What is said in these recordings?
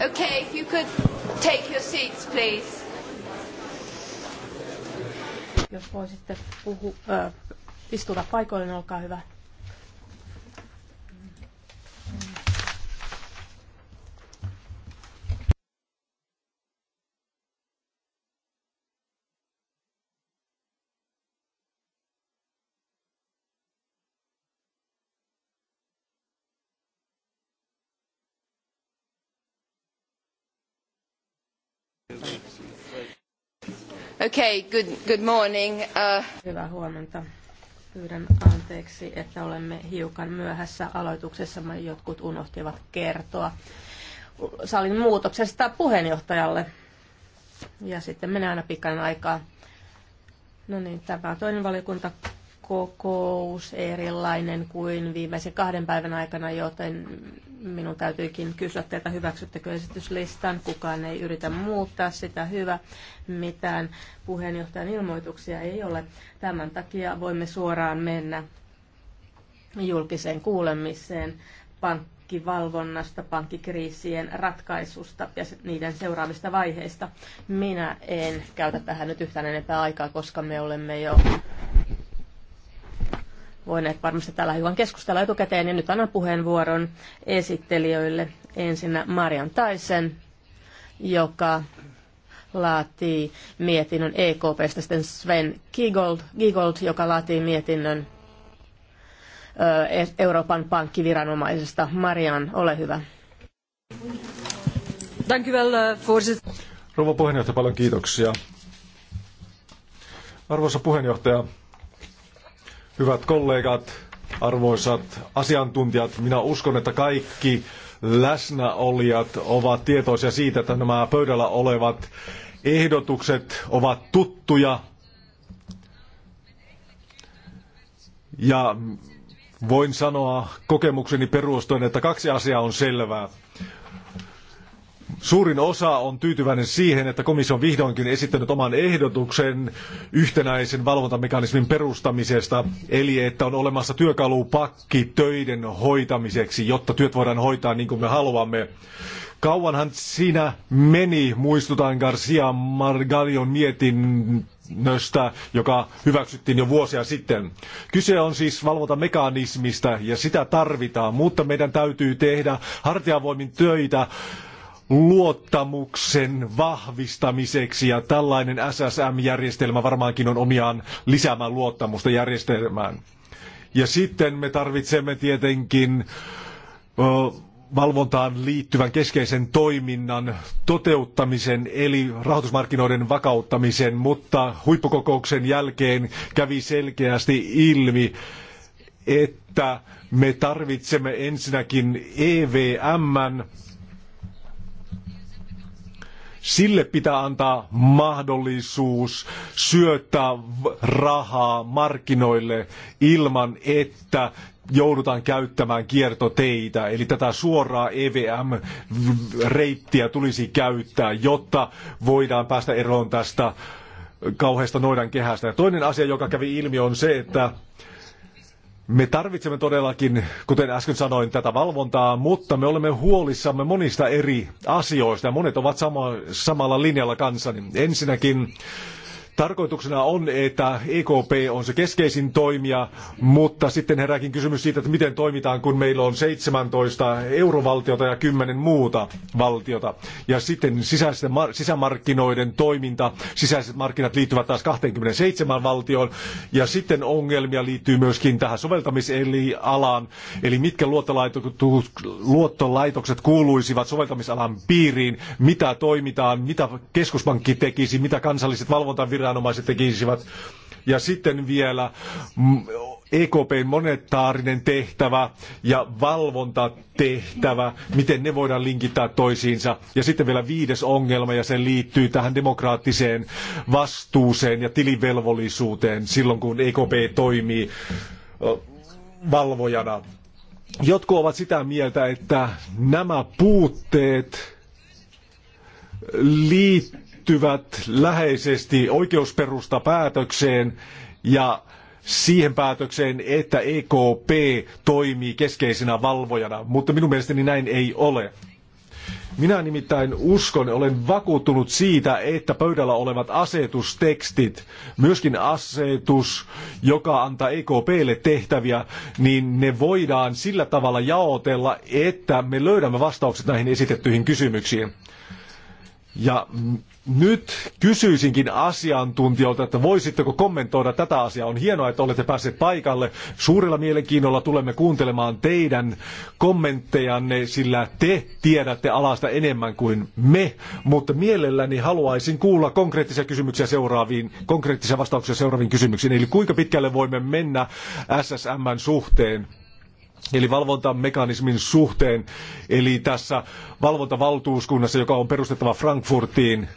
Okay, if you could take your seats, please. Jos voisitte puhu, ö, äh, istuta paikoilleen, olkaa hyvä. Okay, good, good morning. Uh... Hyvää huomenta. Pyydän anteeksi, että olemme hiukan myöhässä aloituksessamme. Jotkut unohtivat kertoa salin muutoksesta puheenjohtajalle. Ja sitten menee aina pikan aikaa. No niin, tämä on toinen valiokunta kokous erilainen kuin viimeisen kahden päivän aikana, joten minun täytyykin kysyä teiltä, hyväksyttekö esityslistan. Kukaan ei yritä muuttaa sitä. Hyvä. Mitään puheenjohtajan ilmoituksia ei ole. Tämän takia voimme suoraan mennä julkiseen kuulemiseen pankkivalvonnasta, pankkikriisien ratkaisusta ja niiden seuraavista vaiheista. Minä en käytä tähän nyt yhtään enempää aikaa, koska me olemme jo voineet varmasti tällä hyvän keskustella etukäteen. Ja nyt annan puheenvuoron esittelijöille. Ensinnä Marian Taisen, joka laatii mietinnön EKPstä, sitten Sven Giegold, Giegold joka laatii mietinnön e- Euroopan pankkiviranomaisesta. Marian, ole hyvä. Dank u wel, eh, Rouva puheenjohtaja, paljon kiitoksia. Arvoisa puheenjohtaja, Hyvät kollegat, arvoisat asiantuntijat, minä uskon, että kaikki läsnäolijat ovat tietoisia siitä, että nämä pöydällä olevat ehdotukset ovat tuttuja. Ja voin sanoa kokemukseni perustuen, että kaksi asiaa on selvää. Suurin osa on tyytyväinen siihen, että komissio on vihdoinkin esittänyt oman ehdotuksen yhtenäisen valvontamekanismin perustamisesta, eli että on olemassa työkalupakki töiden hoitamiseksi, jotta työt voidaan hoitaa niin kuin me haluamme. Kauanhan siinä meni, muistutan Garcia Margalion mietinnöstä, joka hyväksyttiin jo vuosia sitten. Kyse on siis valvontamekanismista ja sitä tarvitaan, mutta meidän täytyy tehdä hartiavoimin töitä luottamuksen vahvistamiseksi ja tällainen SSM-järjestelmä varmaankin on omiaan lisäämään luottamusta järjestelmään. Ja sitten me tarvitsemme tietenkin valvontaan liittyvän keskeisen toiminnan toteuttamisen eli rahoitusmarkkinoiden vakauttamisen, mutta huippukokouksen jälkeen kävi selkeästi ilmi, että me tarvitsemme ensinnäkin EVMn Sille pitää antaa mahdollisuus syöttää rahaa markkinoille ilman, että joudutaan käyttämään kiertoteitä, eli tätä suoraa EVM-reittiä tulisi käyttää, jotta voidaan päästä eroon tästä kauheasta noidan kehästä. Ja toinen asia, joka kävi ilmi, on se, että me tarvitsemme todellakin, kuten äsken sanoin, tätä valvontaa, mutta me olemme huolissamme monista eri asioista ja monet ovat sama, samalla linjalla kanssani. Ensinnäkin Tarkoituksena on, että EKP on se keskeisin toimija, mutta sitten herääkin kysymys siitä, että miten toimitaan, kun meillä on 17 eurovaltiota ja 10 muuta valtiota. Ja sitten sisämarkkinoiden toiminta, sisäiset markkinat liittyvät taas 27 valtioon. Ja sitten ongelmia liittyy myöskin tähän soveltamisalaan, eli mitkä luottolaitokset kuuluisivat soveltamisalan piiriin, mitä toimitaan, mitä keskuspankki tekisi, mitä kansalliset valvontaviranomaiset viranomaiset tekisivät. Ja sitten vielä mm, EKPn monetaarinen tehtävä ja valvontatehtävä, miten ne voidaan linkittää toisiinsa. Ja sitten vielä viides ongelma, ja se liittyy tähän demokraattiseen vastuuseen ja tilivelvollisuuteen silloin, kun EKP toimii valvojana. Jotkut ovat sitä mieltä, että nämä puutteet liittyvät liittyvät läheisesti oikeusperusta päätökseen ja siihen päätökseen, että EKP toimii keskeisenä valvojana, mutta minun mielestäni näin ei ole. Minä nimittäin uskon, olen vakuuttunut siitä, että pöydällä olevat asetustekstit, myöskin asetus, joka antaa EKPlle tehtäviä, niin ne voidaan sillä tavalla jaotella, että me löydämme vastaukset näihin esitettyihin kysymyksiin. Ja nyt kysyisinkin asiantuntijoilta, että voisitteko kommentoida tätä asiaa. On hienoa, että olette päässeet paikalle. Suurella mielenkiinnolla tulemme kuuntelemaan teidän kommenttejanne, sillä te tiedätte alasta enemmän kuin me. Mutta mielelläni haluaisin kuulla konkreettisia kysymyksiä seuraaviin, konkreettisia vastauksia seuraaviin kysymyksiin. Eli kuinka pitkälle voimme mennä SSMn suhteen? eli valvontamekanismin suhteen, eli tässä valvontavaltuuskunnassa, joka on perustettava Frankfurtiin,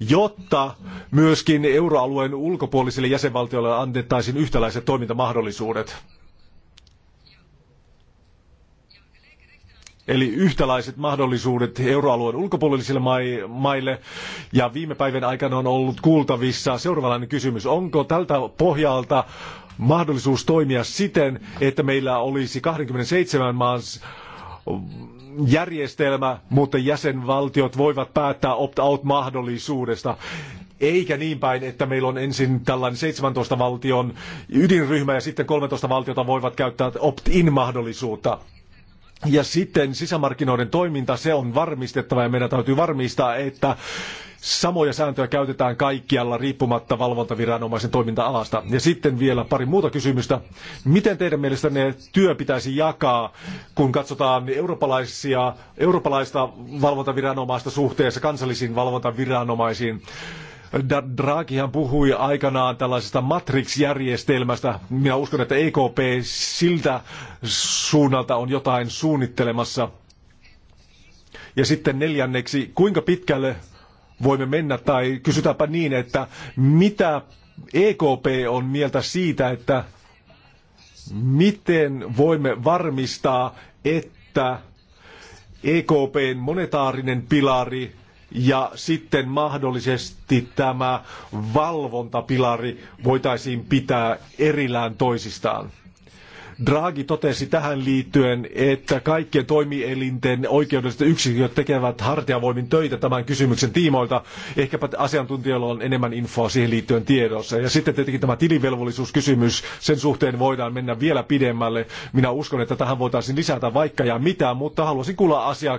jotta myöskin euroalueen ulkopuolisille jäsenvaltioille annettaisiin yhtäläiset toimintamahdollisuudet. Eli yhtäläiset mahdollisuudet euroalueen ulkopuolisille maille. Ja viime päivän aikana on ollut kuultavissa seuraavanlainen kysymys. Onko tältä pohjalta mahdollisuus toimia siten, että meillä olisi 27 maan järjestelmä, mutta jäsenvaltiot voivat päättää opt-out-mahdollisuudesta. Eikä niin päin, että meillä on ensin tällainen 17 valtion ydinryhmä ja sitten 13 valtiota voivat käyttää opt-in-mahdollisuutta. Ja sitten sisämarkkinoiden toiminta, se on varmistettava ja meidän täytyy varmistaa, että samoja sääntöjä käytetään kaikkialla riippumatta valvontaviranomaisen toiminta-alasta. Ja sitten vielä pari muuta kysymystä. Miten teidän mielestänne työ pitäisi jakaa, kun katsotaan eurooppalaisia, eurooppalaista valvontaviranomaista suhteessa kansallisiin valvontaviranomaisiin? Draghihan puhui aikanaan tällaisesta Matrix-järjestelmästä. Minä uskon, että EKP siltä suunnalta on jotain suunnittelemassa. Ja sitten neljänneksi, kuinka pitkälle voimme mennä, tai kysytäänpä niin, että mitä EKP on mieltä siitä, että miten voimme varmistaa, että EKPn monetaarinen pilari ja sitten mahdollisesti tämä valvontapilari voitaisiin pitää erillään toisistaan. Draghi totesi tähän liittyen, että kaikkien toimielinten oikeudelliset yksiköt tekevät hartiavoimin töitä tämän kysymyksen tiimoilta. Ehkäpä asiantuntijoilla on enemmän infoa siihen liittyen tiedossa. Ja sitten tietenkin tämä tilivelvollisuuskysymys, sen suhteen voidaan mennä vielä pidemmälle. Minä uskon, että tähän voitaisiin lisätä vaikka ja mitä, mutta haluaisin kuulla asiaa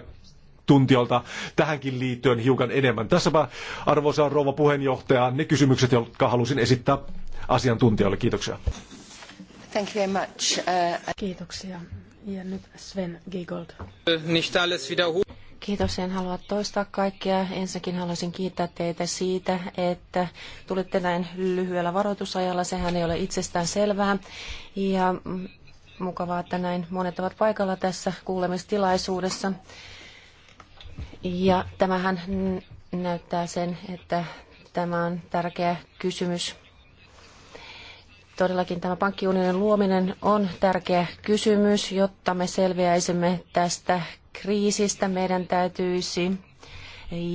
tähänkin liittyen hiukan enemmän. Tässäpä arvoisa rouva puheenjohtaja ne kysymykset, jotka halusin esittää asiantuntijoille. Kiitoksia. Thank you very much. Uh, Kiitoksia. Ja nyt Sven Giegold. Kiitos, en halua toistaa kaikkea. Ensinnäkin haluaisin kiittää teitä siitä, että tulitte näin lyhyellä varoitusajalla. Sehän ei ole itsestään selvää. Ja mukavaa, että näin monet ovat paikalla tässä kuulemistilaisuudessa. Ja tämähän näyttää sen, että tämä on tärkeä kysymys Todellakin tämä pankkiunionin luominen on tärkeä kysymys, jotta me selviäisimme tästä kriisistä. Meidän täytyisi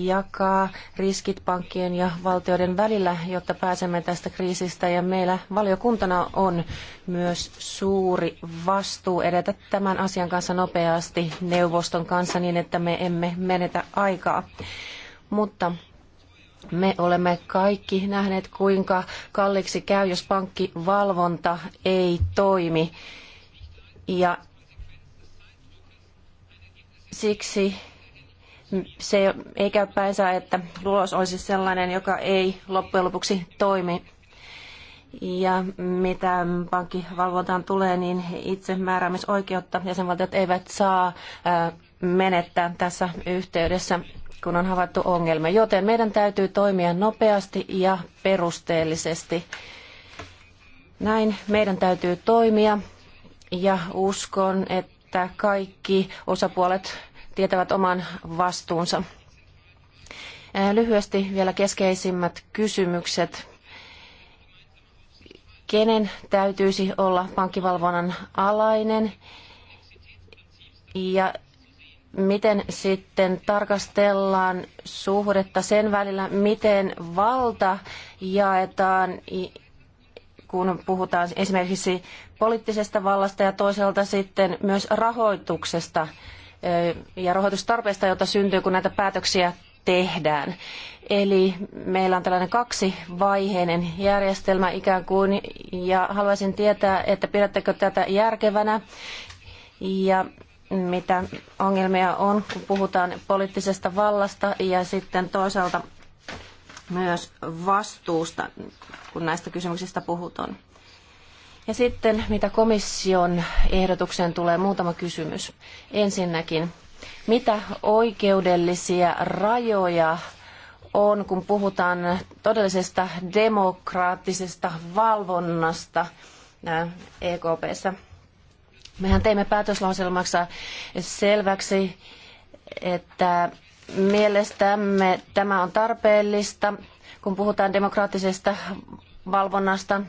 jakaa riskit pankkien ja valtioiden välillä, jotta pääsemme tästä kriisistä. Ja meillä valiokuntana on myös suuri vastuu edetä tämän asian kanssa nopeasti neuvoston kanssa niin, että me emme menetä aikaa. Mutta me olemme kaikki nähneet, kuinka kalliiksi käy, jos pankkivalvonta ei toimi. Ja siksi se ei käy päinsä, että tulos olisi sellainen, joka ei loppujen lopuksi toimi. Ja mitä pankkivalvontaan tulee, niin itsemääräämisoikeutta jäsenvaltiot eivät saa menettää tässä yhteydessä, kun on havaittu ongelma. Joten meidän täytyy toimia nopeasti ja perusteellisesti. Näin meidän täytyy toimia ja uskon, että kaikki osapuolet tietävät oman vastuunsa. Äh, lyhyesti vielä keskeisimmät kysymykset. Kenen täytyisi olla pankkivalvonnan alainen? Ja miten sitten tarkastellaan suhdetta sen välillä, miten valta jaetaan, kun puhutaan esimerkiksi poliittisesta vallasta ja toisaalta sitten myös rahoituksesta ja rahoitustarpeesta, jota syntyy, kun näitä päätöksiä tehdään. Eli meillä on tällainen kaksivaiheinen järjestelmä ikään kuin, ja haluaisin tietää, että pidättekö tätä järkevänä, ja mitä ongelmia on, kun puhutaan poliittisesta vallasta ja sitten toisaalta myös vastuusta, kun näistä kysymyksistä puhutaan. Ja sitten mitä komission ehdotukseen tulee, muutama kysymys. Ensinnäkin, mitä oikeudellisia rajoja on, kun puhutaan todellisesta demokraattisesta valvonnasta EKPssä? Mehän teimme päätöslauselmassa selväksi, että mielestämme tämä on tarpeellista, kun puhutaan demokraattisesta valvonnasta.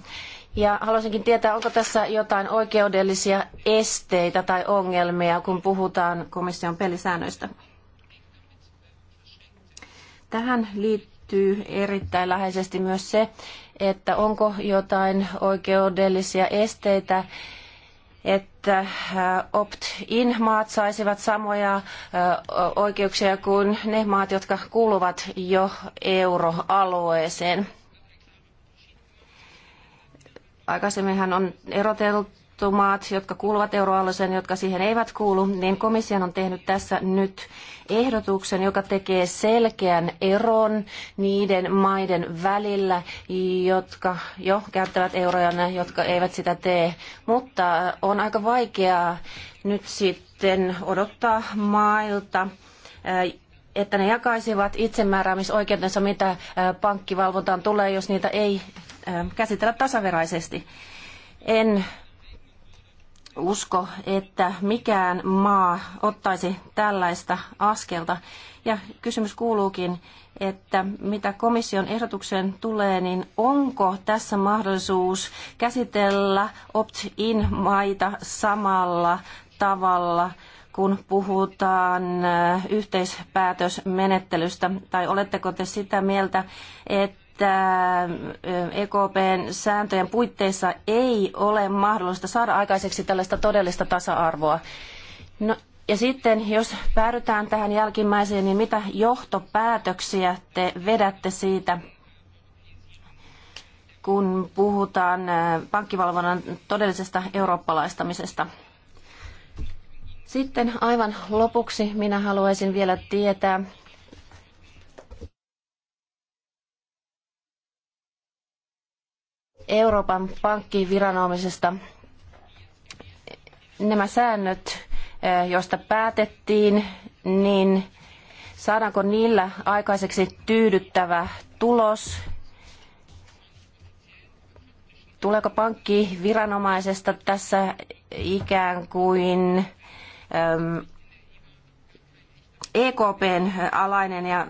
Ja haluaisinkin tietää, onko tässä jotain oikeudellisia esteitä tai ongelmia, kun puhutaan komission pelisäännöistä. Tähän liittyy erittäin läheisesti myös se, että onko jotain oikeudellisia esteitä että äh, opt-in-maat saisivat samoja äh, oikeuksia kuin ne maat, jotka kuuluvat jo euroalueeseen. Aikaisemminhan on eroteltu maat, jotka kuuluvat euroalueeseen, jotka siihen eivät kuulu, niin komission on tehnyt tässä nyt ehdotuksen, joka tekee selkeän eron niiden maiden välillä, jotka jo käyttävät euroja ja jotka eivät sitä tee. Mutta äh, on aika vaikeaa nyt sitten odottaa mailta äh, että ne jakaisivat itsemääräämisoikeutensa, mitä äh, pankkivalvontaan tulee, jos niitä ei käsitellä tasaveräisesti. En usko, että mikään maa ottaisi tällaista askelta. Ja kysymys kuuluukin, että mitä komission ehdotukseen tulee, niin onko tässä mahdollisuus käsitellä opt-in maita samalla tavalla kun puhutaan äh, yhteispäätösmenettelystä, tai oletteko te sitä mieltä, että että EKPn sääntöjen puitteissa ei ole mahdollista saada aikaiseksi tällaista todellista tasa-arvoa. No, ja sitten, jos päädytään tähän jälkimmäiseen, niin mitä johtopäätöksiä te vedätte siitä, kun puhutaan pankkivalvonnan todellisesta eurooppalaistamisesta? Sitten aivan lopuksi minä haluaisin vielä tietää, Euroopan pankkiviranomaisesta. Nämä säännöt, eh, joista päätettiin, niin saadaanko niillä aikaiseksi tyydyttävä tulos? Tuleeko pankkiviranomaisesta tässä ikään kuin EKPn e alainen ja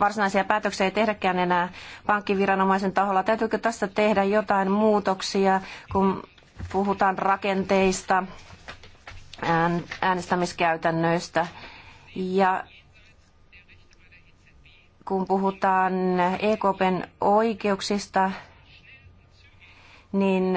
varsinaisia päätöksiä ei tehdäkään enää pankkiviranomaisen taholla. Täytyykö tässä tehdä jotain muutoksia, kun puhutaan rakenteista, äänestämiskäytännöistä ja kun puhutaan EKPn oikeuksista, niin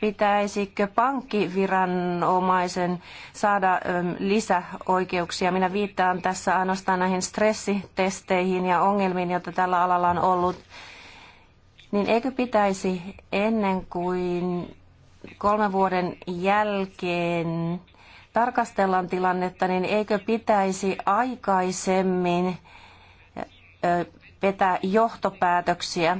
Pitäisikö pankkiviranomaisen saada lisäoikeuksia? Minä viittaan tässä ainoastaan näihin stressitesteihin ja ongelmiin, joita tällä alalla on ollut. Niin eikö pitäisi ennen kuin kolmen vuoden jälkeen tarkastellaan tilannetta, niin eikö pitäisi aikaisemmin vetää johtopäätöksiä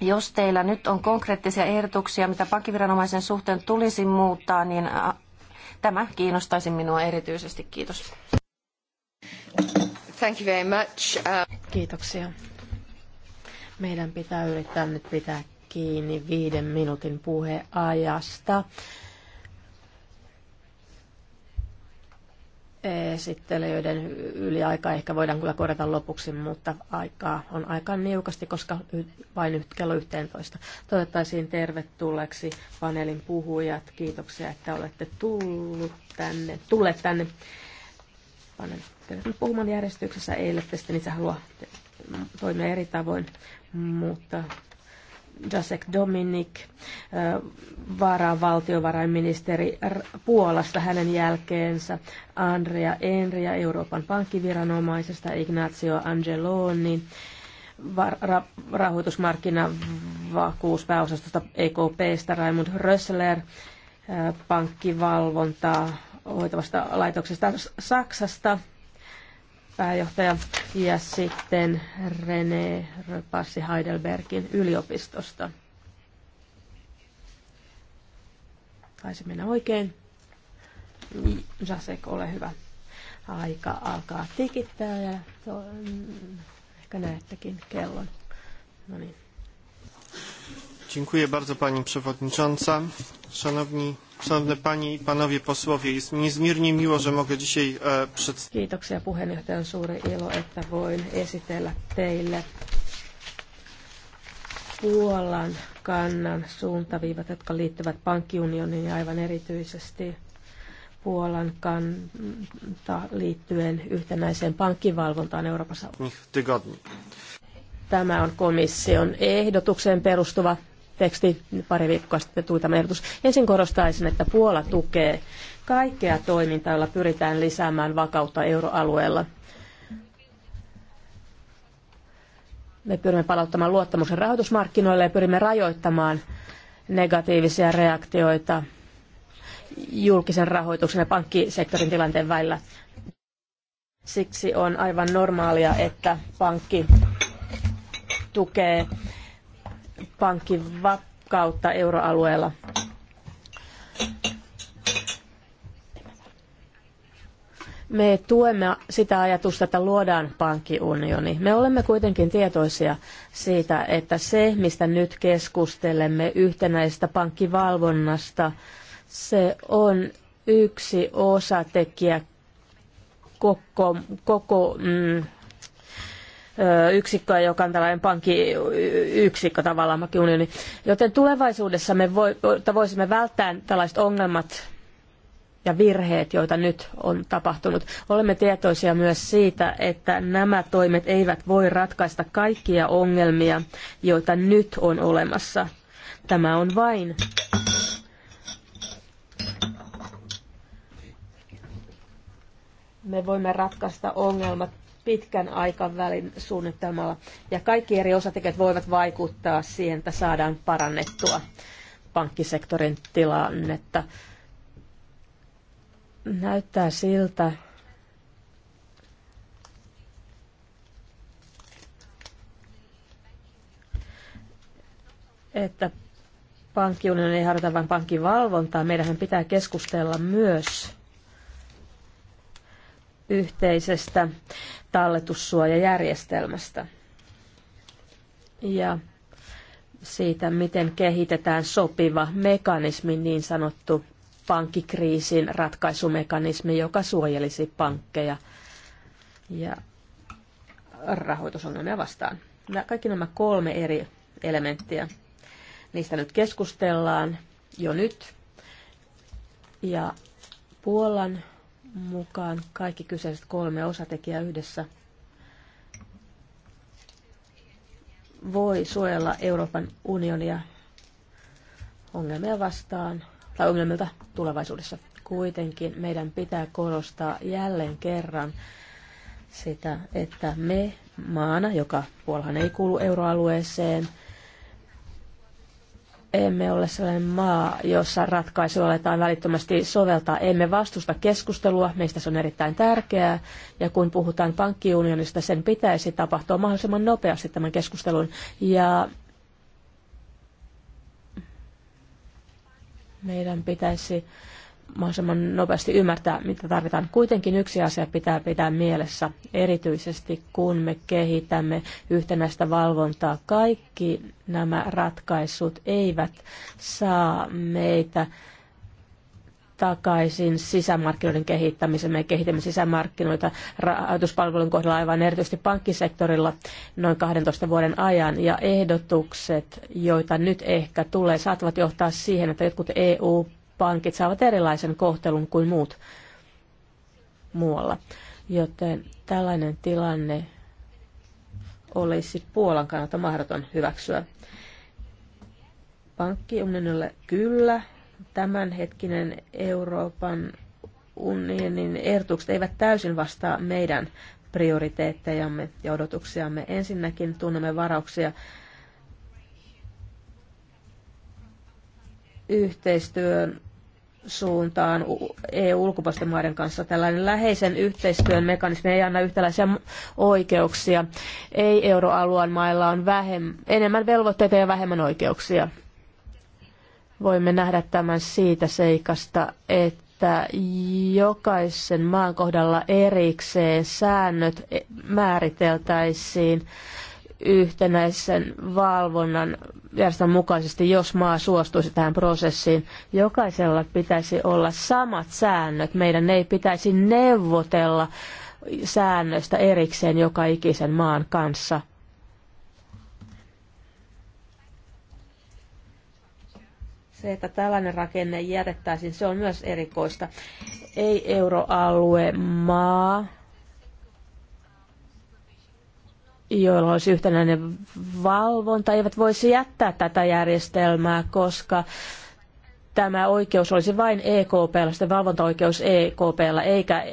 jos teillä nyt on konkreettisia ehdotuksia, mitä pankkiviranomaisen suhteen tulisi muuttaa, niin äh, tämä kiinnostaisi minua erityisesti. Kiitos. Thank you very much. Uh, Kiitoksia. Meidän pitää yrittää nyt pitää kiinni viiden minuutin puheajasta. esittelijöiden yliaika ehkä voidaan kyllä korjata lopuksi, mutta aikaa on aika niukasti, koska vain nyt kello 11. Toivottaisiin tervetulleeksi paneelin puhujat. Kiitoksia, että olette tullut tänne, tulleet tänne. Panen puhuman järjestyksessä ei ole niin se halua toimia eri tavoin, mutta Jacek Dominik, valtiovarainministeri Puolasta hänen jälkeensä, Andrea Enria Euroopan pankkiviranomaisesta, Ignacio Angeloni, ra- rahoitusmarkkinavakuuspääosastosta EKPstä, Raimund Rössler, pankkivalvontaa hoitavasta laitoksesta Saksasta, pääjohtaja ja sitten René Röpassi Heidelbergin yliopistosta. Taisi mennä oikein. Jasek, ole hyvä. Aika alkaa tikittää ja to, ehkä näettekin kellon. Noniin. Dziękuję bardzo pani przewodnicząca. Szanowni Szanowne Panie i Panowie Posłowie, jest mi niezmiernie miło, że mogę dzisiaj e, przedstawić. Kiitoksia puheenjohtaja, on suuri ilo, että voin esitellä teille Puolan kannan suuntaviivat, jotka liittyvät pankkiunioniin ja aivan erityisesti Puolan kanta liittyen yhtenäiseen pankkivalvontaan Euroopassa. Tämä on komission ehdotukseen perustuva teksti pari viikkoa sitten tuli tämä ehdotus. Ensin korostaisin, että Puola tukee kaikkea toimintaa, jolla pyritään lisäämään vakautta euroalueella. Me pyrimme palauttamaan luottamuksen rahoitusmarkkinoille ja pyrimme rajoittamaan negatiivisia reaktioita julkisen rahoituksen ja pankkisektorin tilanteen välillä. Siksi on aivan normaalia, että pankki tukee Pankin vakautta euroalueella. Me tuemme sitä ajatusta, että luodaan pankkiunioni. Me olemme kuitenkin tietoisia siitä, että se, mistä nyt keskustelemme yhtenäisestä pankkivalvonnasta, se on yksi osatekijä koko, koko mm, yksikkö, joka on tällainen pankkiyksikkö tavallaan, unioni. Joten tulevaisuudessa me voisimme välttää tällaiset ongelmat ja virheet, joita nyt on tapahtunut. Olemme tietoisia myös siitä, että nämä toimet eivät voi ratkaista kaikkia ongelmia, joita nyt on olemassa. Tämä on vain me voimme ratkaista ongelmat pitkän aikavälin suunnitelmalla. Ja kaikki eri osatekijät voivat vaikuttaa siihen, että saadaan parannettua pankkisektorin tilannetta. Näyttää siltä, että pankkiunion ei harjoita vain pankin valvontaa. Meidän pitää keskustella myös yhteisestä talletussuojajärjestelmästä ja siitä, miten kehitetään sopiva mekanismi, niin sanottu pankkikriisin ratkaisumekanismi, joka suojelisi pankkeja ja rahoitusongelmia vastaan. Nämä, kaikki nämä kolme eri elementtiä, niistä nyt keskustellaan jo nyt. Ja Puolan mukaan kaikki kyseiset kolme osatekijää yhdessä voi suojella Euroopan unionia ongelmia vastaan tai ongelmilta tulevaisuudessa. Kuitenkin meidän pitää korostaa jälleen kerran sitä, että me maana, joka puolhan ei kuulu euroalueeseen, emme ole sellainen maa, jossa ratkaisuja aletaan välittömästi soveltaa. Emme vastusta keskustelua, meistä se on erittäin tärkeää. Ja kun puhutaan pankkiunionista, sen pitäisi tapahtua mahdollisimman nopeasti tämän keskustelun. Ja meidän pitäisi mahdollisimman nopeasti ymmärtää, mitä tarvitaan. Kuitenkin yksi asia pitää pitää mielessä, erityisesti kun me kehitämme yhtenäistä valvontaa. Kaikki nämä ratkaisut eivät saa meitä takaisin sisämarkkinoiden kehittämiseen. Me kehitämme sisämarkkinoita rahoituspalvelun kohdalla aivan erityisesti pankkisektorilla noin 12 vuoden ajan. Ja ehdotukset, joita nyt ehkä tulee, saattavat johtaa siihen, että jotkut EU pankit saavat erilaisen kohtelun kuin muut muualla. Joten tällainen tilanne olisi Puolan kannalta mahdoton hyväksyä. Pankkiunionille kyllä, tämänhetkinen Euroopan unionin ehdotukset eivät täysin vastaa meidän prioriteettejamme ja odotuksiamme. Ensinnäkin tunnemme varauksia yhteistyön suuntaan EU-ulkopuolisten maiden kanssa. Tällainen läheisen yhteistyön mekanismi ei anna yhtäläisiä oikeuksia. Ei euroalueen mailla on vähem, enemmän velvoitteita ja vähemmän oikeuksia. Voimme nähdä tämän siitä seikasta, että jokaisen maan kohdalla erikseen säännöt e- määriteltäisiin yhtenäisen valvonnan järjestelmän mukaisesti, jos maa suostuisi tähän prosessiin. Jokaisella pitäisi olla samat säännöt. Meidän ei pitäisi neuvotella säännöistä erikseen joka ikisen maan kanssa. Se, että tällainen rakenne jätettäisiin, se on myös erikoista. Ei euroalue maa joilla olisi yhtenäinen valvonta, eivät voisi jättää tätä järjestelmää, koska tämä oikeus olisi vain EKPllä, sitten valvontaoikeus EKPllä, eikä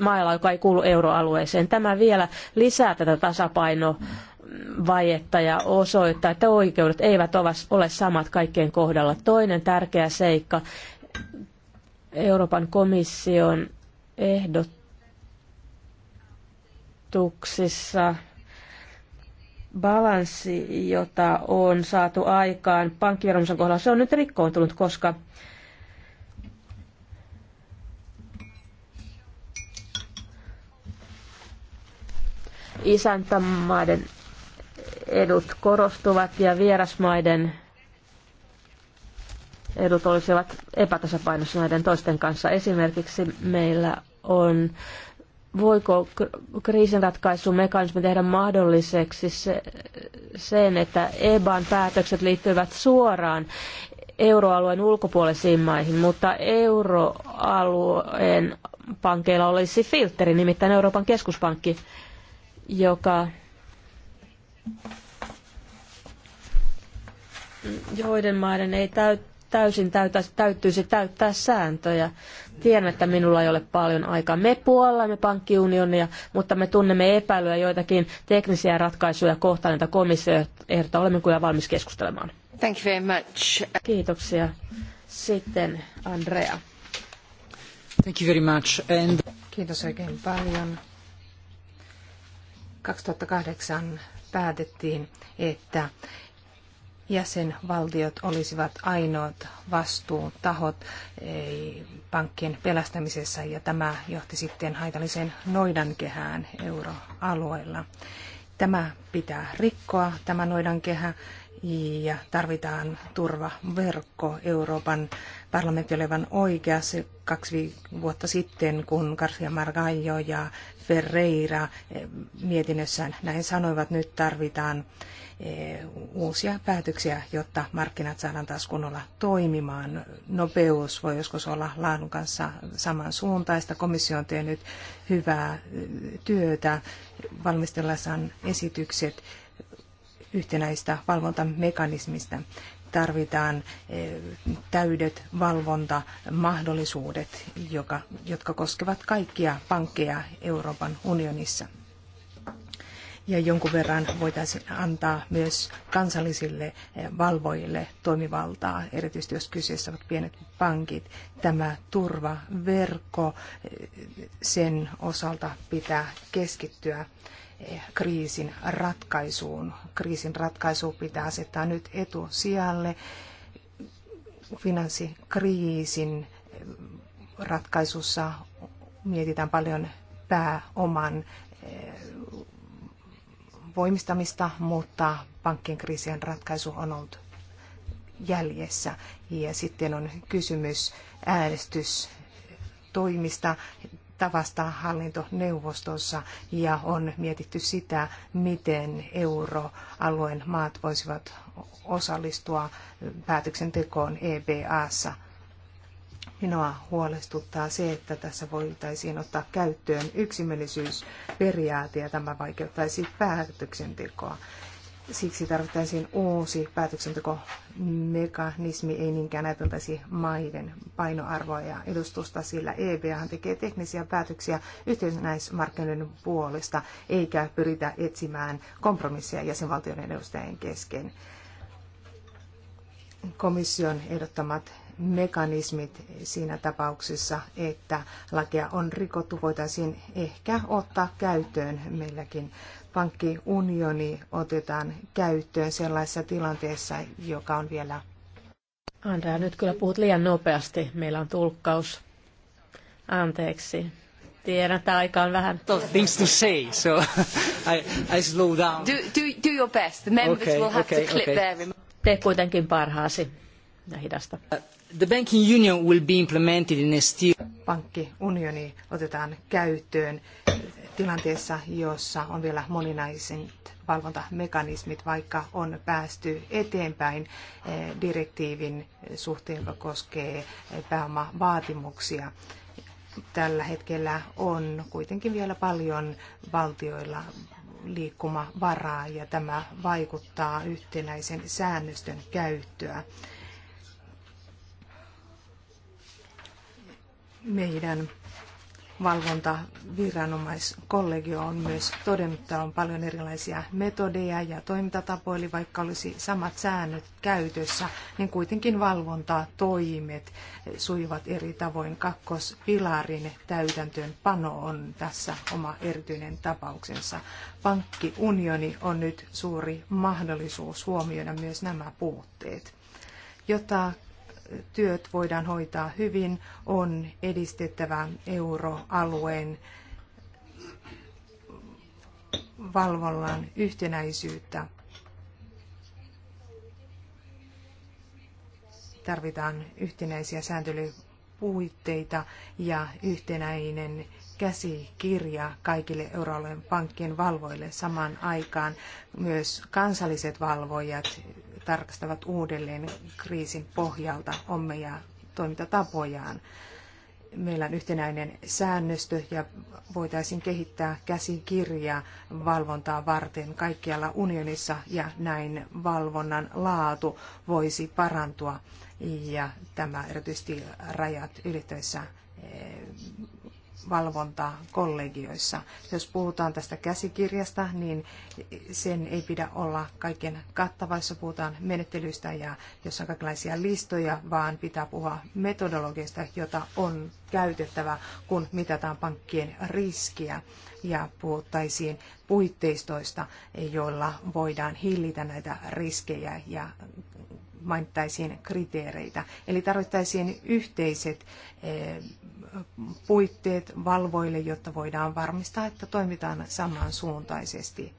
mailla, joka ei kuulu euroalueeseen. Tämä vielä lisää tätä tasapainovajetta ja osoittaa, että oikeudet eivät ole samat kaikkien kohdalla. Toinen tärkeä seikka, Euroopan komission ehdotuksissa balanssi, jota on saatu aikaan pankkiveromisen kohdalla, se on nyt rikkoontunut, koska isäntämaiden edut korostuvat ja vierasmaiden edut olisivat epätasapainossa näiden toisten kanssa. Esimerkiksi meillä on voiko kriisinratkaisumekanismi tehdä mahdolliseksi se, sen, että EBAn päätökset liittyvät suoraan euroalueen ulkopuolisiin maihin, mutta euroalueen pankeilla olisi filtteri, nimittäin Euroopan keskuspankki, joka joiden maiden ei täyt, täysin täytä, täytyisi täyttää sääntöjä. Tiedän, että minulla ei ole paljon aikaa. Me puollamme pankkiunionia, mutta me tunnemme epäilyä joitakin teknisiä ratkaisuja kohtaan, joita komissio ehdottaa. Olemme kyllä valmis keskustelemaan. Thank you very much. Kiitoksia. Sitten Andrea. Thank you very much. And... Kiitos oikein paljon. 2008 päätettiin, että jäsenvaltiot olisivat ainoat vastuutahot pankkien pelastamisessa ja tämä johti sitten haitalliseen noidankehään euroalueella. Tämä pitää rikkoa, tämä noidankehä, ja tarvitaan turvaverkko. Euroopan parlamentti olevan oikeassa kaksi vuotta sitten, kun Garcia Margallo ja Ferreira eh, mietinnössään näin sanoivat, nyt tarvitaan Eh, uusia päätöksiä, jotta markkinat saadaan taas kunnolla toimimaan. Nopeus voi joskus olla laadun kanssa samansuuntaista. Komissio on tehnyt hyvää eh, työtä valmistellessaan esitykset yhtenäistä valvontamekanismista tarvitaan eh, täydet valvontamahdollisuudet, jotka koskevat kaikkia pankkeja Euroopan unionissa ja jonkun verran voitaisiin antaa myös kansallisille eh, valvojille toimivaltaa, erityisesti jos kyseessä ovat pienet pankit. Tämä turvaverkko, eh, sen osalta pitää keskittyä eh, kriisin ratkaisuun. Kriisin ratkaisu pitää asettaa nyt etusijalle. Finanssikriisin ratkaisussa mietitään paljon pääoman voimistamista, mutta pankkien kriisien ratkaisu on ollut jäljessä. Ja sitten on kysymys äänestystoimista, tavasta hallintoneuvostossa ja on mietitty sitä, miten euroalueen maat voisivat osallistua päätöksentekoon EBAssa – Minua huolestuttaa se, että tässä voitaisiin ottaa käyttöön yksimielisyysperiaate ja tämä vaikeuttaisi päätöksentekoa. Siksi tarvittaisiin uusi päätöksentekomekanismi, ei niinkään ajateltaisi maiden painoarvoa ja edustusta, sillä EBA tekee teknisiä päätöksiä yhteisnäismarkkinoiden puolesta, eikä pyritä etsimään kompromisseja jäsenvaltioiden edustajien kesken komission ehdottamat mekanismit siinä tapauksessa, että lakia on rikottu, voitaisiin ehkä ottaa käyttöön meilläkin. Pankkiunioni otetaan käyttöön sellaisessa tilanteessa, joka on vielä... Andrea, nyt kyllä puhut liian nopeasti. Meillä on tulkkaus. Anteeksi. Tiedän, että aika on vähän... Things to say, so I, I slow down. Do, do, do your best. The members okay, will have okay, to clip okay. their... Tee kuitenkin parhaasi ja hidasta. Uh, The banking union will be implemented in a Pankkiunioni otetaan käyttöön tilanteessa, jossa on vielä moninaiset valvontamekanismit, vaikka on päästy eteenpäin eh, direktiivin suhteen, joka koskee pääomavaatimuksia. Tällä hetkellä on kuitenkin vielä paljon valtioilla liikkumavaraa ja tämä vaikuttaa yhtenäisen säännöstön käyttöä. meidän valvontaviranomaiskollegio on myös todennut, että on paljon erilaisia metodeja ja toimintatapoja, eli vaikka olisi samat säännöt käytössä, niin kuitenkin valvontatoimet sujuvat eri tavoin. Kakkospilarin täytäntöönpano on tässä oma erityinen tapauksensa. Pankkiunioni on nyt suuri mahdollisuus huomioida myös nämä puutteet. Jota työt voidaan hoitaa hyvin, on edistettävä euroalueen valvonnan yhtenäisyyttä. Tarvitaan yhtenäisiä sääntelypuitteita ja yhtenäinen käsikirja kaikille euroalueen pankkien valvoille samaan aikaan. Myös kansalliset valvojat tarkastavat uudelleen kriisin pohjalta omia toimintatapojaan. Meillä on yhtenäinen säännöstö ja voitaisiin kehittää käsikirjaa valvontaa varten kaikkialla unionissa ja näin valvonnan laatu voisi parantua ja tämä erityisesti rajat ylittäessä eh, valvontaa kollegioissa. Jos puhutaan tästä käsikirjasta, niin sen ei pidä olla kaiken jos puhutaan menettelyistä ja jos on kaikenlaisia listoja, vaan pitää puhua metodologiasta, jota on käytettävä, kun mitataan pankkien riskiä ja puhuttaisiin puitteistoista, joilla voidaan hillitä näitä riskejä ja mainittaisiin kriteereitä. Eli tarvittaisiin yhteiset eh, puitteet valvoille, jotta voidaan varmistaa, että toimitaan samansuuntaisesti.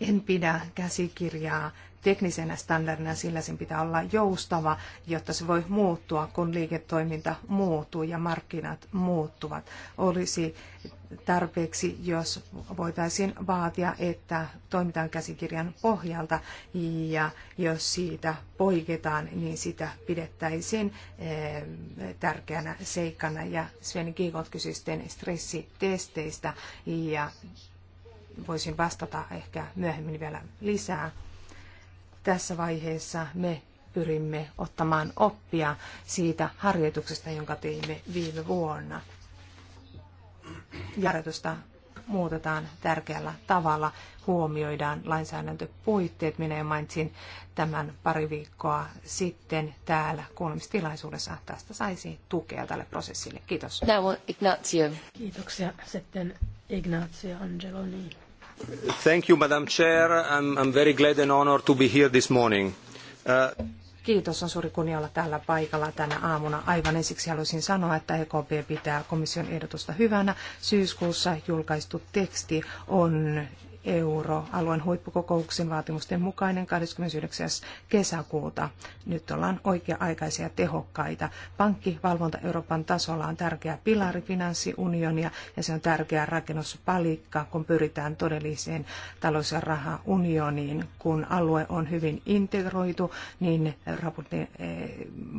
En pidä käsikirjaa teknisenä standardina, sillä sen pitää olla joustava, jotta se voi muuttua, kun liiketoiminta muuttuu ja markkinat muuttuvat. Olisi tarpeeksi, jos voitaisiin vaatia, että toimitaan käsikirjan pohjalta ja jos siitä poiketaan, niin sitä pidettäisiin eh, tärkeänä seikkana. Ja Sven Kiikot kysyi sitten stressitesteistä ja voisin vastata ehkä myöhemmin vielä lisää. Tässä vaiheessa me pyrimme ottamaan oppia siitä harjoituksesta, jonka teimme viime vuonna – järjestystä muutetaan tärkeällä tavalla, huomioidaan lainsäädäntöpuitteet. Minä mainitsin tämän pari viikkoa sitten täällä kuulemistilaisuudessa. Tästä saisi tukea tälle prosessille. Kiitos. Ignazio. Kiitoksia. Sitten Ignazio Angeloni. Thank you, Madam Chair. I'm, I'm very glad and honored to be here this morning. Uh... Kiitos, on suuri kunnia olla täällä paikalla tänä aamuna. Aivan ensiksi haluaisin sanoa, että EKP pitää komission ehdotusta hyvänä. Syyskuussa julkaistu teksti on euroalueen huippukokouksen vaatimusten mukainen 29. kesäkuuta. Nyt ollaan oikea-aikaisia ja tehokkaita. Pankkivalvonta Euroopan tasolla on tärkeä pilari finanssiunionia ja se on tärkeä rakennuspalikka, kun pyritään todelliseen talous- ja rahaunioniin. Kun alue on hyvin integroitu, niin eh,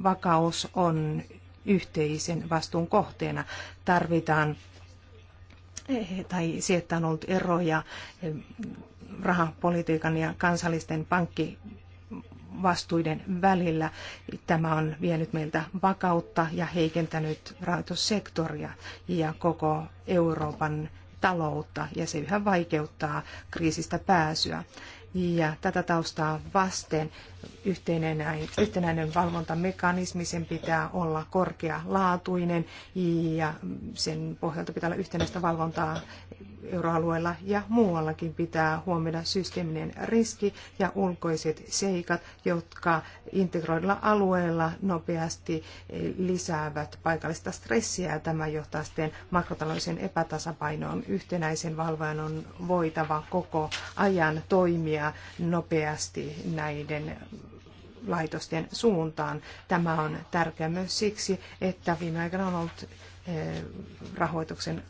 vakaus on yhteisen vastuun kohteena. Tarvitaan tai se, että on ollut eroja eh, rahapolitiikan ja kansallisten pankki vastuiden välillä. Tämä on vienyt meiltä vakautta ja heikentänyt rahoitussektoria ja koko Euroopan taloutta ja se yhä vaikeuttaa kriisistä pääsyä. Ja tätä taustaa vasten yhteinen, yhtenäinen valvontamekanismi, sen pitää olla korkealaatuinen ja sen pohjalta pitää olla yhtenäistä valvontaa euroalueella ja muuallakin pitää huomioida systeeminen riski ja ulkoiset seikat, jotka integroidulla alueella nopeasti lisäävät paikallista stressiä ja tämä johtaa sitten makrotalouden epätasapainoon. Yhtenäisen valvojan on voitava koko ajan toimia nopeasti näiden laitosten suuntaan. Tämä on tärkeää myös siksi, että viime aikoina on ollut eh, rahoituksen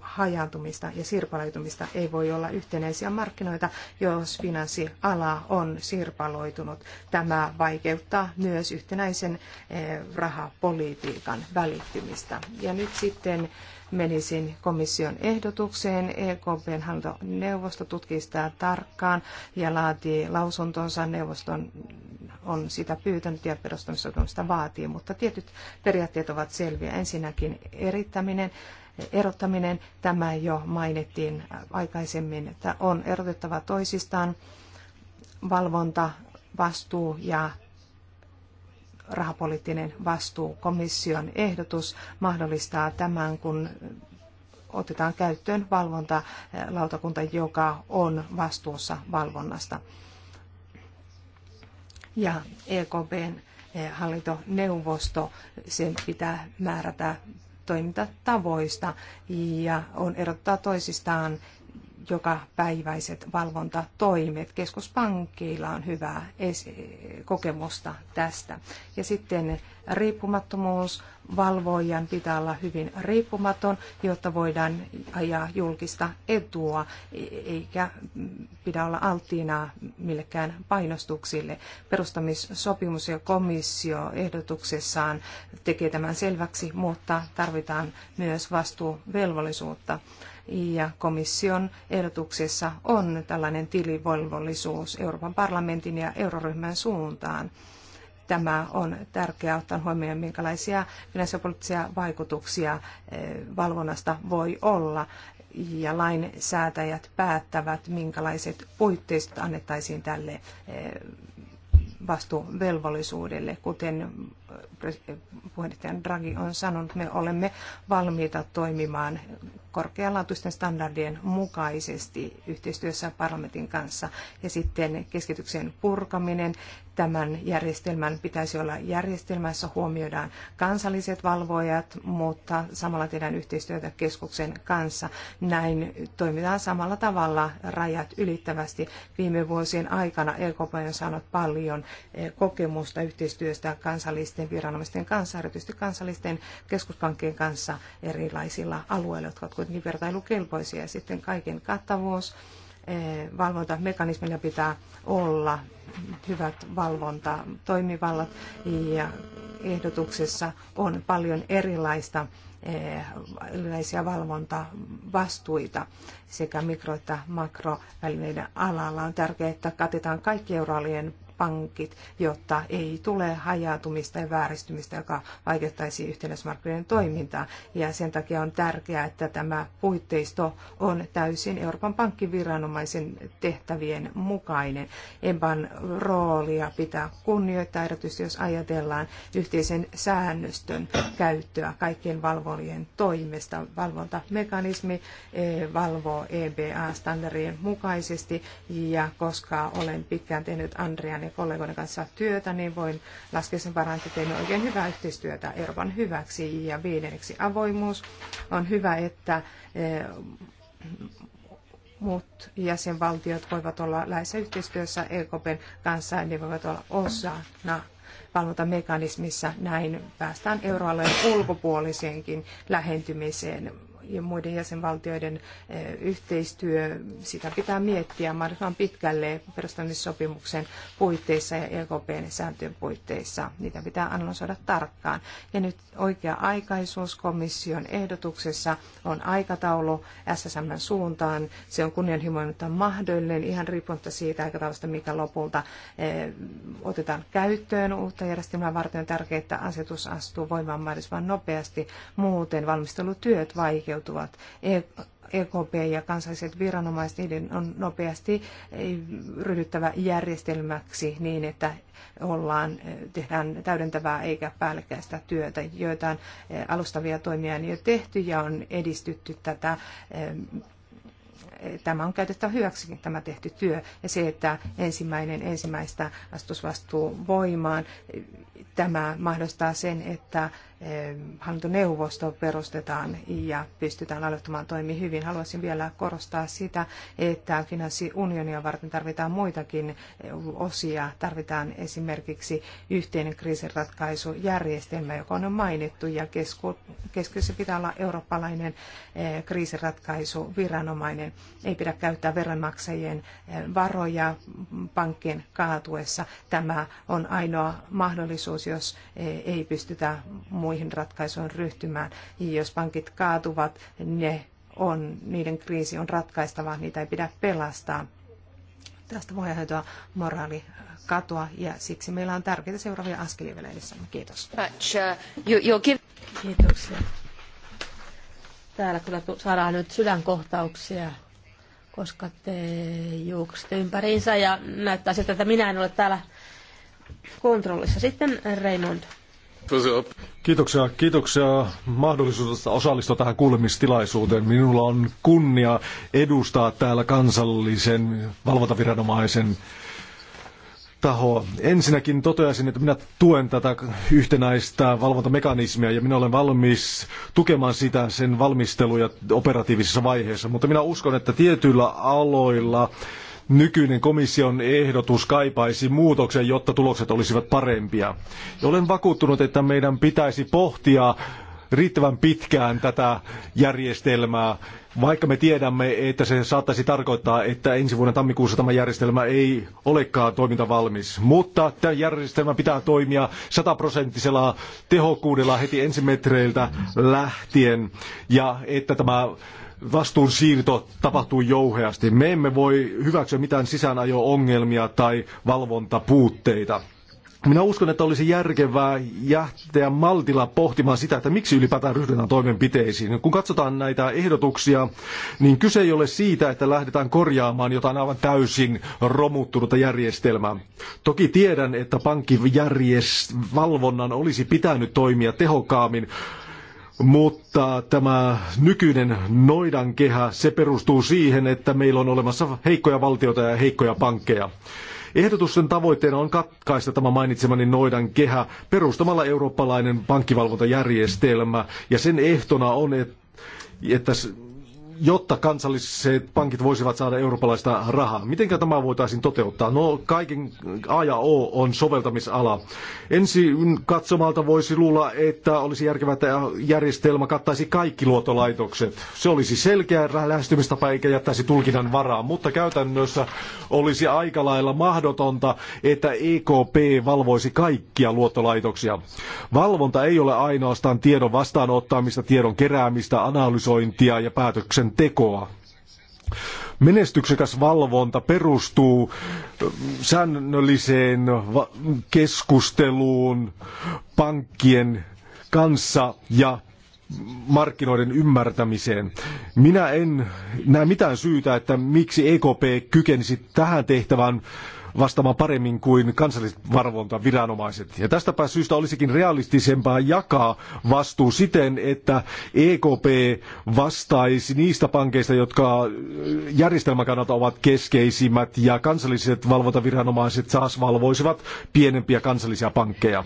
hajaantumista ja sirpaloitumista. Ei voi olla yhtenäisiä markkinoita, jos finanssiala on sirpaloitunut. Tämä vaikeuttaa myös yhtenäisen eh, rahapolitiikan välittymistä. Ja nyt sitten menisin komission ehdotukseen. EKPn hallintoneuvosto tutkii sitä tarkkaan ja laatii lausuntonsa. Neuvoston on sitä pyytänyt ja perustamissopimusta vaatii, mutta tietyt periaatteet ovat selviä. Ensinnäkin erittäminen erottaminen, tämä jo mainittiin aikaisemmin, että on erotettava toisistaan valvonta, vastuu ja rahapoliittinen vastuu. Komission ehdotus mahdollistaa tämän, kun otetaan käyttöön valvontalautakunta, joka on vastuussa valvonnasta. Ja EKPn eh, hallintoneuvosto, sen pitää määrätä toimintatavoista ja on erottaa toisistaan joka päiväiset valvontatoimet. Keskuspankkeilla on hyvää kokemusta tästä. Ja sitten riippumattomuus. Valvojan pitää olla hyvin riippumaton, jotta voidaan ajaa julkista etua, e-, eikä pidä olla alttiina millekään painostuksille. Perustamissopimus ja komissio ehdotuksessaan tekee tämän selväksi, mutta tarvitaan myös vastuuvelvollisuutta ja komission ehdotuksessa on tällainen tilivolvollisuus Euroopan parlamentin ja euroryhmän suuntaan. Tämä on tärkeää ottaa huomioon, minkälaisia finanssipoliittisia vaikutuksia eh, valvonnasta voi olla ja lainsäätäjät päättävät, minkälaiset puitteet annettaisiin tälle eh, vastuuvelvollisuudelle, kuten puheenjohtaja Draghi on sanonut, me olemme valmiita toimimaan korkealaatuisten standardien mukaisesti yhteistyössä parlamentin kanssa. Ja sitten keskityksen purkaminen. Tämän järjestelmän pitäisi olla järjestelmässä huomioidaan kansalliset valvojat, mutta samalla tehdään yhteistyötä keskuksen kanssa. Näin toimitaan samalla tavalla rajat ylittävästi. Viime vuosien aikana EKP on saanut paljon eh, kokemusta yhteistyöstä kansallisten kansallisten viranomaisten kanssa, erityisesti kansallisten keskuspankkien kanssa erilaisilla alueilla, jotka ovat kuitenkin vertailukelpoisia. Ja sitten kaiken kattavuus, eh, valvontamekanismilla pitää olla hyvät valvontatoimivallat ja ehdotuksessa on paljon erilaista eh, erilaisia valvontavastuita sekä mikro- että makrovälineiden alalla. On tärkeää, että katetaan kaikki euroalueen pankit, jotta ei tule hajaantumista ja vääristymistä, joka vaikeuttaisi yhtenäismarkkinoiden toimintaa. Ja sen takia on tärkeää, että tämä puitteisto on täysin Euroopan pankkiviranomaisen tehtävien mukainen. EBAn roolia pitää kunnioittaa, erityisesti jos ajatellaan yhteisen säännöstön käyttöä kaikkien valvojien toimesta. Valvontamekanismi eh, valvoo EBA-standardien mukaisesti ja koska olen pitkään tehnyt Andrian ja kollegoiden kanssa työtä, niin voin laskea sen varaan, että teemme oikein hyvää yhteistyötä Euroopan hyväksi. Ja viidenneksi avoimuus. On hyvä, että e, muut jäsenvaltiot voivat olla lähes yhteistyössä EKPn kanssa, ne voivat olla osana valvontamekanismissa. Näin päästään euroalueen ulkopuoliseenkin lähentymiseen ja muiden jäsenvaltioiden eh, yhteistyö, sitä pitää miettiä mahdollisimman pitkälle perustamissopimuksen puitteissa ja EKPn sääntöjen puitteissa. Niitä pitää analysoida tarkkaan. Ja nyt oikea-aikaisuus komission ehdotuksessa on aikataulu SSM suuntaan. Se on kunnianhimoinen, mutta mahdollinen ihan riippumatta siitä aikataulusta, mikä lopulta eh, otetaan käyttöön uutta järjestelmää varten. On tärkeää, että asetus astuu voimaan mahdollisimman nopeasti. Muuten valmistelutyöt vaikeutuvat vaikeutuvat. EKP e ja kansalliset viranomaiset, niiden on nopeasti eh, ryhdyttävä järjestelmäksi niin, että ollaan, eh, tehdään täydentävää eikä päällekkäistä työtä. Joitain eh, alustavia toimia on jo tehty ja on edistytty tätä tämä on käytettävä hyväksi tämä tehty työ ja se, että ensimmäinen ensimmäistä astusvastuu voimaan, tämä mahdollistaa sen, että hallintoneuvosto perustetaan ja pystytään aloittamaan toimi hyvin. Haluaisin vielä korostaa sitä, että finanssiunionia varten tarvitaan muitakin osia. Tarvitaan esimerkiksi yhteinen kriisinratkaisujärjestelmä, joka on mainittu, ja kesku, keskiössä pitää olla eurooppalainen eh, kriisinratkaisuviranomainen. Ei pidä käyttää veronmaksajien eh, varoja pankkien kaatuessa. Tämä on ainoa mahdollisuus, jos eh, ei pystytä muihin ratkaisuihin ryhtymään. Jos pankit kaatuvat, ne on, niiden kriisi on ratkaistava, niitä ei pidä pelastaa. Tästä voi aiheutua moraali katoa ja siksi meillä on tärkeitä seuraavia askelia vielä edessämme. Kiitos. Kiitoksia. Täällä kyllä saadaan nyt sydänkohtauksia, koska te juoksitte ympäriinsä ja näyttää siltä, että minä en ole täällä kontrollissa. Sitten Raymond. Kiitoksia, kiitoksia mahdollisuudesta osallistua tähän kuulemistilaisuuteen. Minulla on kunnia edustaa täällä kansallisen valvontaviranomaisen tahoa. Ensinnäkin toteaisin, että minä tuen tätä yhtenäistä valvontamekanismia ja minä olen valmis tukemaan sitä sen valmisteluja operatiivisessa vaiheessa, mutta minä uskon, että tietyillä aloilla nykyinen komission ehdotus kaipaisi muutoksen, jotta tulokset olisivat parempia. Olen vakuuttunut, että meidän pitäisi pohtia riittävän pitkään tätä järjestelmää, vaikka me tiedämme, että se saattaisi tarkoittaa, että ensi vuoden tammikuussa tämä järjestelmä ei olekaan toimintavalmis. Mutta tämä järjestelmä pitää toimia sataprosenttisella tehokkuudella heti ensimetreiltä lähtien, ja että tämä vastuunsiirto tapahtuu jouheasti. Me emme voi hyväksyä mitään sisäänajo-ongelmia tai valvontapuutteita. Minä uskon, että olisi järkevää jähteä maltilla pohtimaan sitä, että miksi ylipäätään ryhdytään toimenpiteisiin. Kun katsotaan näitä ehdotuksia, niin kyse ei ole siitä, että lähdetään korjaamaan jotain aivan täysin romuttunutta järjestelmää. Toki tiedän, että pankkivalvonnan olisi pitänyt toimia tehokkaammin, mutta tämä nykyinen noidankehä, se perustuu siihen, että meillä on olemassa heikkoja valtioita ja heikkoja pankkeja. Ehdotusten tavoitteena on katkaista tämä mainitsemani noidan kehä perustamalla eurooppalainen pankkivalvontajärjestelmä ja sen ehtona on, että jotta kansalliset pankit voisivat saada eurooppalaista rahaa. Miten tämä voitaisiin toteuttaa? No kaiken A ja O on soveltamisala. Ensi katsomalta voisi luulla, että olisi järkevää, että järjestelmä kattaisi kaikki luotolaitokset. Se olisi selkeä lähestymistapa eikä jättäisi tulkinnan varaa, mutta käytännössä olisi aika lailla mahdotonta, että EKP valvoisi kaikkia luottolaitoksia. Valvonta ei ole ainoastaan tiedon vastaanottamista, tiedon keräämistä, analysointia ja päätöksen päätöksentekoa. Menestyksekäs valvonta perustuu säännölliseen keskusteluun pankkien kanssa ja markkinoiden ymmärtämiseen. Minä en näe mitään syytä, että miksi EKP kykenisi tähän tehtävään vastaamaan paremmin kuin kansalliset valvontaviranomaiset. Ja tästäpä syystä olisikin realistisempaa jakaa vastuu siten, että EKP vastaisi niistä pankeista, jotka järjestelmän kannalta ovat keskeisimmät ja kansalliset valvontaviranomaiset taas valvoisivat pienempiä kansallisia pankkeja.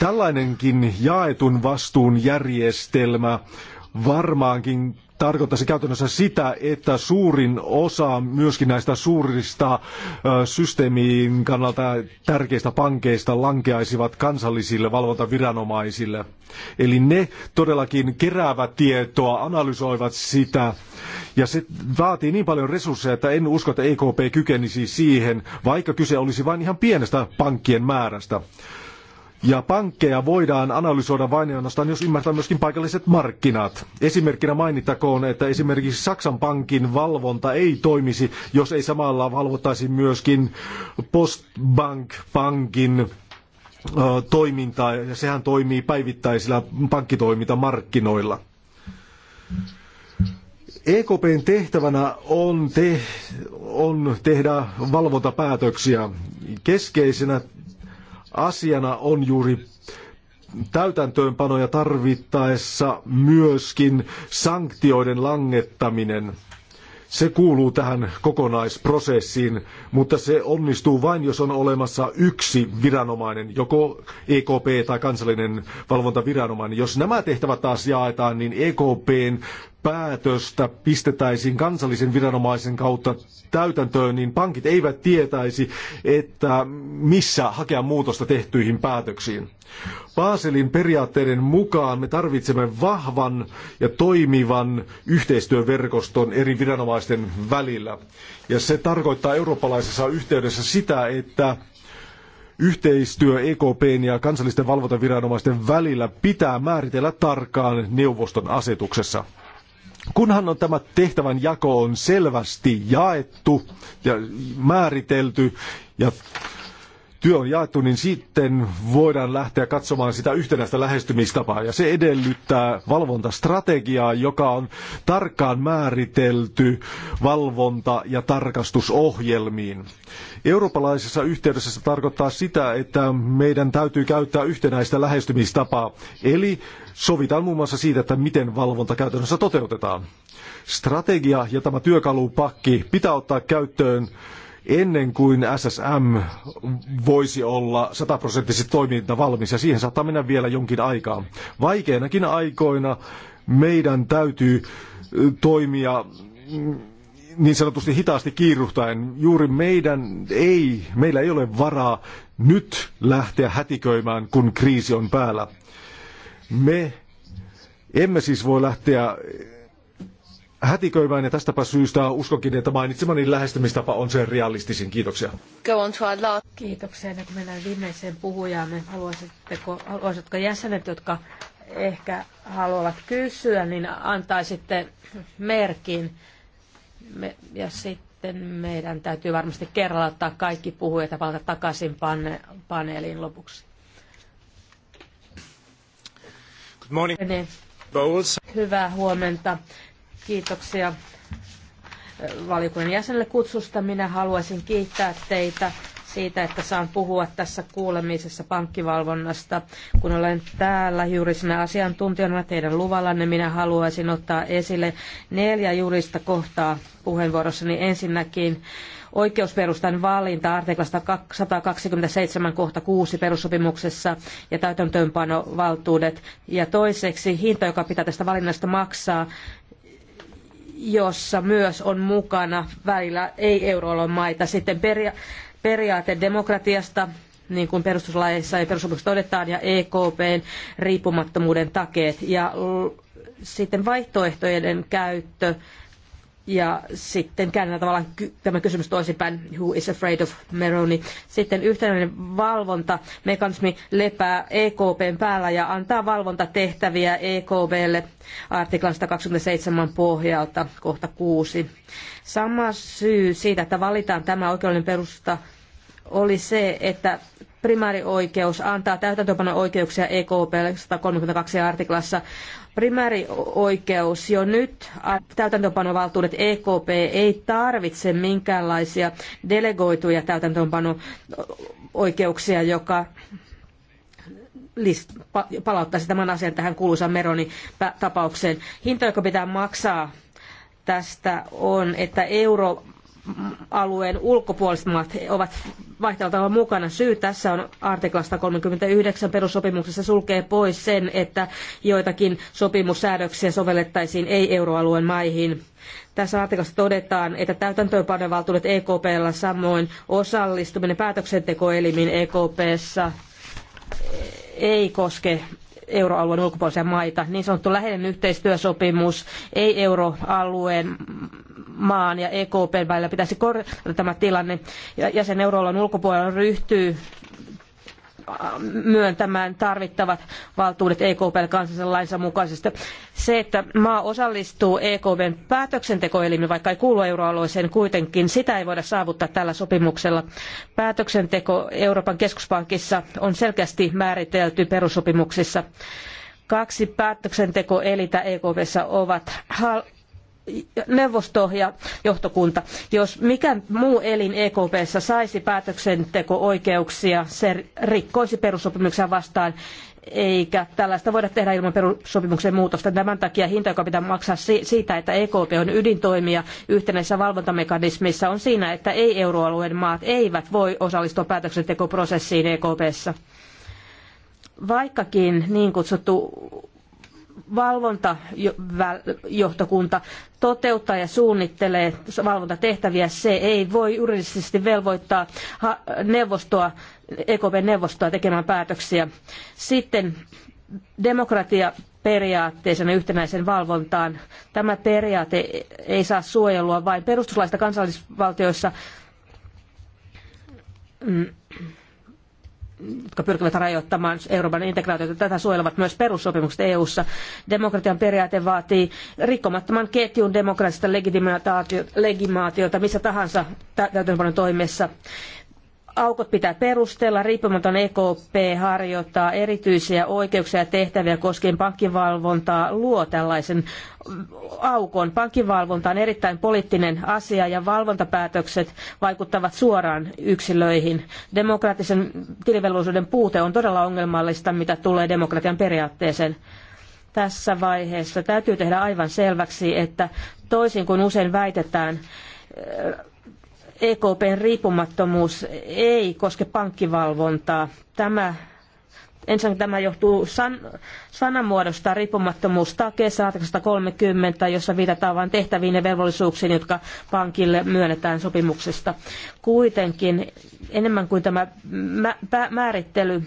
Tällainenkin jaetun vastuun järjestelmä varmaankin tarkoittaisi käytännössä sitä, että suurin osa myöskin näistä suurista systeemiin kannalta tärkeistä pankeista lankeaisivat kansallisille valvontaviranomaisille. Eli ne todellakin keräävät tietoa, analysoivat sitä ja se vaatii niin paljon resursseja, että en usko, että EKP kykenisi siihen, vaikka kyse olisi vain ihan pienestä pankkien määrästä. Ja pankkeja voidaan analysoida vain ainoastaan, jos ymmärtää myöskin paikalliset markkinat. Esimerkkinä mainittakoon, että esimerkiksi Saksan pankin valvonta ei toimisi, jos ei samalla valvottaisi myöskin Postbank-pankin toimintaa, ja sehän toimii päivittäisillä pankkitoimintamarkkinoilla. EKPn tehtävänä on, te, on tehdä valvontapäätöksiä. Keskeisenä asiana on juuri täytäntöönpanoja tarvittaessa myöskin sanktioiden langettaminen. Se kuuluu tähän kokonaisprosessiin, mutta se onnistuu vain, jos on olemassa yksi viranomainen, joko EKP tai kansallinen valvontaviranomainen. Jos nämä tehtävät taas jaetaan, niin EKPn päätöstä pistetäisiin kansallisen viranomaisen kautta täytäntöön, niin pankit eivät tietäisi, että missä hakea muutosta tehtyihin päätöksiin. Baselin periaatteiden mukaan me tarvitsemme vahvan ja toimivan yhteistyöverkoston eri viranomaisten välillä. Ja se tarkoittaa eurooppalaisessa yhteydessä sitä, että Yhteistyö EKPn ja kansallisten valvontaviranomaisten välillä pitää määritellä tarkkaan neuvoston asetuksessa. Kunhan on tämä tehtävän jako on selvästi jaettu ja määritelty ja työ on jaettu, niin sitten voidaan lähteä katsomaan sitä yhtenäistä lähestymistapaa. Ja se edellyttää valvontastrategiaa, joka on tarkkaan määritelty valvonta- ja tarkastusohjelmiin. Eurooppalaisessa yhteydessä se tarkoittaa sitä, että meidän täytyy käyttää yhtenäistä lähestymistapaa. Eli Sovitaan muun muassa siitä, että miten valvonta käytännössä toteutetaan. Strategia ja tämä työkalupakki pitää ottaa käyttöön ennen kuin SSM voisi olla sataprosenttisesti toiminta valmis, ja siihen saattaa mennä vielä jonkin aikaa. Vaikeinakin aikoina meidän täytyy toimia mm, niin sanotusti hitaasti kiiruhtaen. Juuri meidän ei, meillä ei ole varaa nyt lähteä hätiköimään, kun kriisi on päällä. Me emme siis voi lähteä hätiköimään ja tästäpä syystä uskonkin, että mainitsemani lähestymistapa on sen realistisin. Kiitoksia. Go on to our Kiitoksia. Ennen kuin mennään viimeiseen niin haluaisitteko haluaisitko jäsenet, jotka ehkä haluavat kysyä, niin antaisitte merkin. Me, ja sitten meidän täytyy varmasti kerralla ottaa kaikki puhujat ja palata takaisin pane, paneeliin lopuksi. Hyvää huomenta. Kiitoksia äh, valiokunnan jäsenelle kutsusta. Minä haluaisin kiittää teitä siitä, että saan puhua tässä kuulemisessa pankkivalvonnasta. Kun olen täällä juurisinä asiantuntijana teidän luvallanne, minä haluaisin ottaa esille neljä juurista kohtaa puheenvuorossani. Ensinnäkin oikeusperustan valinta artiklasta 127 kohta 6 perussopimuksessa ja täytäntöönpanovaltuudet. Ja toiseksi hinta, joka pitää tästä valinnasta maksaa, jossa myös on mukana välillä ei-euroalueen maita. Sitten peria- periaate demokratiasta, niin kuin perustuslaissa ja perussopimuksessa todetaan, ja EKPn riippumattomuuden takeet. Ja sitten vaihtoehtojen käyttö ja sitten käännetään tavallaan ky- tämä kysymys toisinpäin, who is afraid of Meroni. Sitten yhtenäinen valvontamekanismi lepää EKPn päällä ja antaa valvontatehtäviä EKBlle artiklan 127 pohjalta, kohta 6. Sama syy siitä, että valitaan tämä oikeudellinen perusta oli se, että primäärioikeus antaa täytäntöönpano oikeuksia e EKP 132 artiklassa. Primäärioikeus jo nyt täytäntöönpanovaltuudet EKP ei tarvitse minkäänlaisia delegoituja täytäntöönpano-oikeuksia, joka list, palauttaisi tämän asian tähän kuuluisaan Meronin tapaukseen. Hinta, joka pitää maksaa tästä on, että euro alueen ulkopuoliset maat ovat vaihtelutavalla mukana. Syy tässä on artiklasta 39 perussopimuksessa sulkee pois sen, että joitakin sopimussäädöksiä sovellettaisiin ei-euroalueen maihin. Tässä artiklassa todetaan, että täytäntöönpanovaltuudet EKPllä samoin osallistuminen päätöksentekoelimiin EKPssä ei koske euroalueen ulkopuolisia maita. Niin sanottu läheinen yhteistyösopimus ei euroalueen maan ja EKPn välillä pitäisi korjata tämä tilanne. ja Jäsen euroalueen ulkopuolella ryhtyy myöntämään tarvittavat valtuudet EKPn kansallisen lainsa mukaisesti. Se, että maa osallistuu EKPn päätöksentekoelimen, vaikka ei kuulu euroalueeseen kuitenkin, sitä ei voida saavuttaa tällä sopimuksella. Päätöksenteko Euroopan keskuspankissa on selkeästi määritelty perussopimuksissa. Kaksi päätöksentekoelintä EKPssä ovat neuvosto ja johtokunta. Jos mikä muu elin EKPssä saisi päätöksenteko-oikeuksia, se rikkoisi perussopimuksia vastaan eikä tällaista voida tehdä ilman perussopimuksen muutosta. Tämän takia hinta, joka pitää maksaa siitä, että EKP on ydintoimija yhtenäisessä valvontamekanismissa, on siinä, että ei-euroalueen maat eivät voi osallistua päätöksentekoprosessiin EKPssä. Vaikkakin niin kutsuttu valvontajohtokunta toteuttaa ja suunnittelee valvontatehtäviä. Se ei voi juridisesti velvoittaa neuvostoa, EKP-neuvostoa tekemään päätöksiä. Sitten demokratia periaatteeseen yhtenäisen valvontaan. Tämä periaate ei saa suojelua vain perustuslaista kansallisvaltioissa mm jotka pyrkivät rajoittamaan Euroopan integraatiota. Tätä suojelevat myös perussopimukset EU-ssa. Demokratian periaate vaatii rikkomattoman ketjun demokraattista legitimaatiota missä tahansa täytäntöönpanon toimessa aukot pitää perustella. Riippumaton EKP harjoittaa erityisiä oikeuksia ja tehtäviä koskien pankkivalvontaa, luo tällaisen aukon. Pankkivalvonta on erittäin poliittinen asia ja valvontapäätökset vaikuttavat suoraan yksilöihin. Demokraattisen tilivelvollisuuden puute on todella ongelmallista, mitä tulee demokratian periaatteeseen tässä vaiheessa täytyy tehdä aivan selväksi, että toisin kuin usein väitetään, EKPn riippumattomuus ei koske pankkivalvontaa. Tämä Ensinnäkin tämä johtuu san, sanamuodosta riippumattomuus takeessa artiklasta 30, jossa viitataan vain tehtäviin ja velvollisuuksiin, jotka pankille myönnetään sopimuksesta. Kuitenkin enemmän kuin tämä määrittely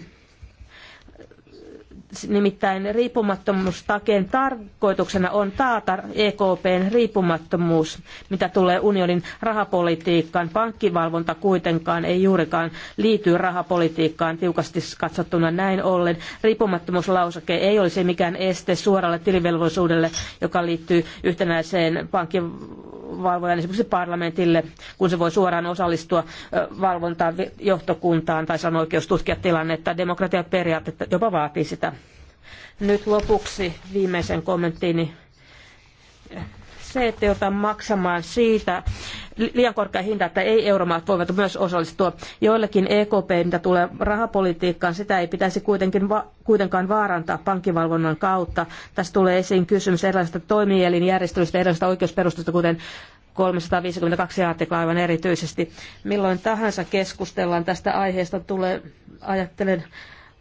Nimittäin riippumattomuustakeen tarkoituksena on taata EKPn riippumattomuus, mitä tulee unionin rahapolitiikkaan. Pankkivalvonta kuitenkaan ei juurikaan liity rahapolitiikkaan tiukasti katsottuna näin ollen. Riippumattomuuslauseke ei olisi mikään este suoralle tilivelvollisuudelle, joka liittyy yhtenäiseen pankkivalvojan esimerkiksi parlamentille, kun se voi suoraan osallistua valvontaan johtokuntaan tai sanon oikeus tutkia tilannetta. Demokratiaperiaatetta jopa vaatii sitä nyt lopuksi viimeisen kommenttiini. Se, että joudutaan maksamaan siitä liian korkea hinta, että ei-euromaat voivat myös osallistua. Joillekin EKP, mitä tulee rahapolitiikkaan, sitä ei pitäisi kuitenkin va- kuitenkaan vaarantaa pankkivalvonnan kautta. Tässä tulee esiin kysymys erilaisista toimielinjärjestelyistä, erilaisista oikeusperustasta, kuten 352 artiklaa aivan erityisesti. Milloin tahansa keskustellaan tästä aiheesta, tulee, ajattelen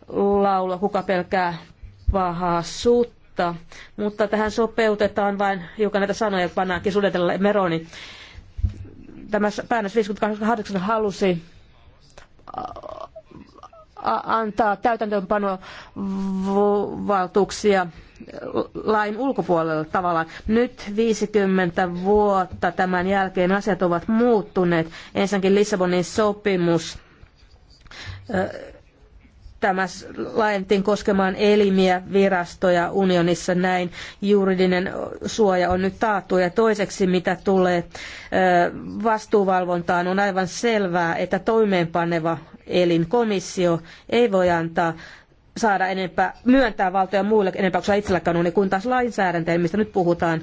laulua, kuka pelkää pahaa suutta, mutta tähän sopeutetaan vain hiukan näitä sanoja, pannaankin sudetella meroni. Tämä päännös 58 halusi antaa täytäntöönpanovaltuuksia lain ulkopuolella tavallaan. Nyt 50 vuotta tämän jälkeen asiat ovat muuttuneet. Ensinnäkin Lissabonin sopimus tämä laajentiin koskemaan elimiä, virastoja unionissa näin. Juridinen suoja on nyt taattu ja toiseksi mitä tulee vastuuvalvontaan on aivan selvää, että toimeenpaneva elin komissio ei voi antaa saada enempää, myöntää valtoja muille enempää kuin itselläkään on, niin kun taas lainsäädäntöön, mistä nyt puhutaan,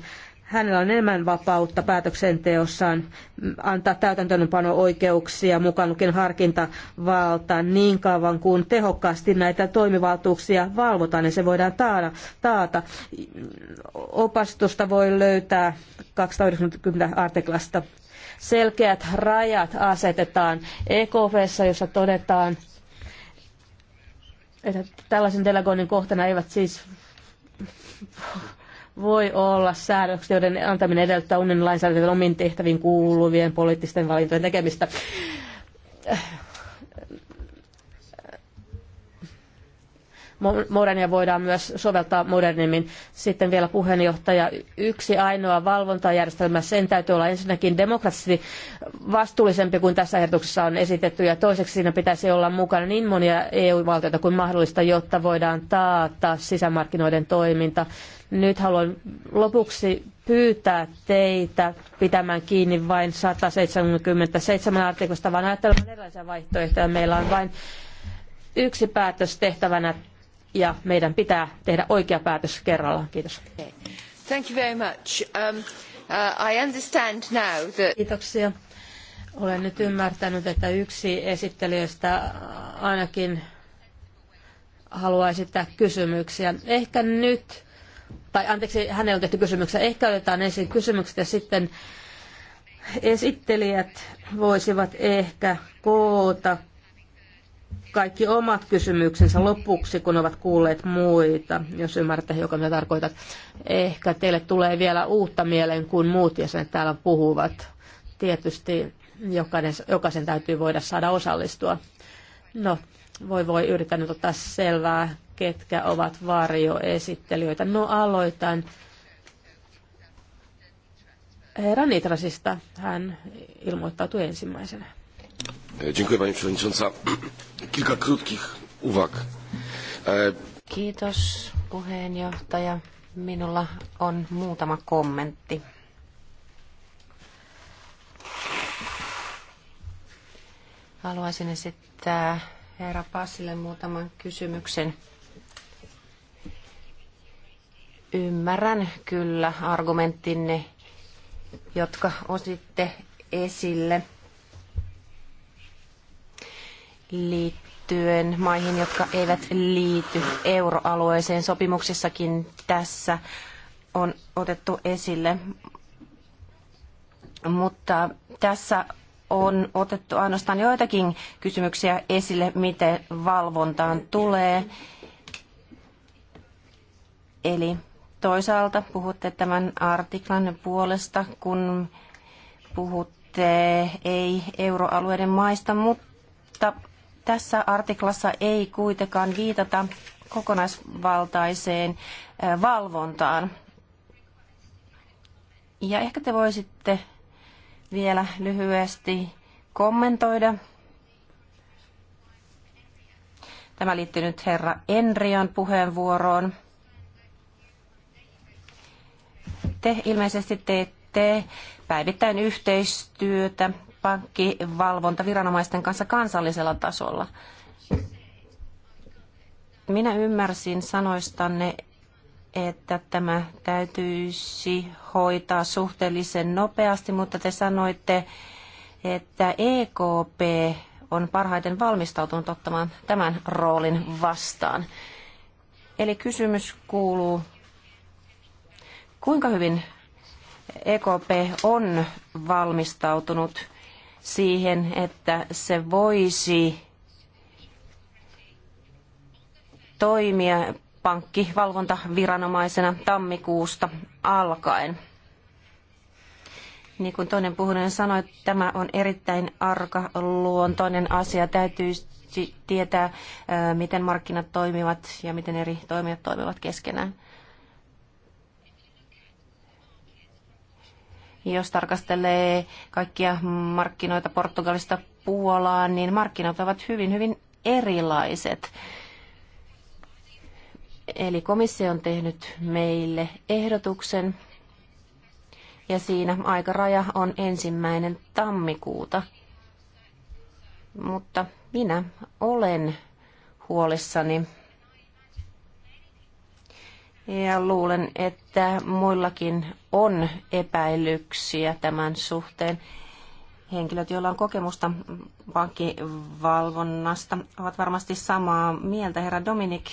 hänellä on enemmän vapautta päätöksenteossaan antaa täytäntöönpano-oikeuksia, mukaan lukien harkintavalta, niin kauan kuin tehokkaasti näitä toimivaltuuksia valvotaan ja se voidaan taata. Opastusta voi löytää 290 artiklasta. Selkeät rajat asetetaan EKVssä, jossa todetaan, että tällaisen delegoinnin kohtana eivät siis voi olla säädöksiä, joiden antaminen edellyttää unionin lainsäädännön omiin tehtäviin kuuluvien poliittisten valintojen tekemistä modernia voidaan myös soveltaa modernimmin. Sitten vielä puheenjohtaja, yksi ainoa valvontajärjestelmä, sen täytyy olla ensinnäkin demokraattisesti vastuullisempi kuin tässä ehdotuksessa on esitetty, ja toiseksi siinä pitäisi olla mukana niin monia EU-valtioita kuin mahdollista, jotta voidaan taata sisämarkkinoiden toiminta. Nyt haluan lopuksi pyytää teitä pitämään kiinni vain 177 artiklasta, vaan ajattelemaan erilaisia vaihtoehtoja. Meillä on vain yksi päätös tehtävänä ja meidän pitää tehdä oikea päätös kerralla. Kiitos. Thank you very much. Um, uh, I understand now that... Kiitoksia. Olen nyt ymmärtänyt, että yksi esittelijöistä ainakin haluaa esittää kysymyksiä. Ehkä nyt, tai anteeksi, hänelle on tehty kysymyksiä. Ehkä otetaan ensin kysymykset ja sitten esittelijät voisivat ehkä koota kaikki omat kysymyksensä lopuksi, kun ovat kuulleet muita, jos ymmärrätte hiukan mitä tarkoitat. Ehkä teille tulee vielä uutta mieleen, kun muut jäsenet täällä puhuvat. Tietysti jokainen, jokaisen täytyy voida saada osallistua. No, voi voi, yritän nyt ottaa selvää, ketkä ovat varjoesittelijöitä. No, aloitan herra Nitrasista. Hän ilmoittautui ensimmäisenä. E, dziękuję Pani Przewodnicząca. Kilka krótkich uwag. E, Kiitos puheenjohtaja. Minulla on muutama kommentti. Haluaisin esittää herra Passille muutaman kysymyksen. Ymmärrän kyllä argumenttinne, jotka ositte esille – liittyen maihin, jotka eivät liity euroalueeseen. Sopimuksissakin tässä on otettu esille. Mutta tässä on otettu ainoastaan joitakin kysymyksiä esille, miten valvontaan tulee. Eli toisaalta puhutte tämän artiklan puolesta, kun puhutte ei-euroalueiden maista, mutta tässä artiklassa ei kuitenkaan viitata kokonaisvaltaiseen valvontaan. Ja ehkä te voisitte vielä lyhyesti kommentoida. Tämä liittyy nyt herra Enrian puheenvuoroon. Te ilmeisesti teette päivittäin yhteistyötä pankkivalvontaviranomaisten kanssa kansallisella tasolla. Minä ymmärsin sanoistanne, että tämä täytyisi hoitaa suhteellisen nopeasti, mutta te sanoitte, että EKP on parhaiten valmistautunut ottamaan tämän roolin vastaan. Eli kysymys kuuluu, kuinka hyvin EKP on valmistautunut siihen, että se voisi toimia pankkivalvontaviranomaisena tammikuusta alkaen. Niin kuin toinen puhunen sanoi, tämä on erittäin arka luontoinen asia. Täytyy tietää, miten markkinat toimivat ja miten eri toimijat toimivat keskenään. Jos tarkastelee kaikkia markkinoita Portugalista Puolaan, niin markkinat ovat hyvin, hyvin erilaiset. Eli komissio on tehnyt meille ehdotuksen ja siinä aikaraja on ensimmäinen tammikuuta. Mutta minä olen huolissani ja luulen, että muillakin on epäilyksiä tämän suhteen. Henkilöt, joilla on kokemusta pankkivalvonnasta, ovat varmasti samaa mieltä. Herra Dominik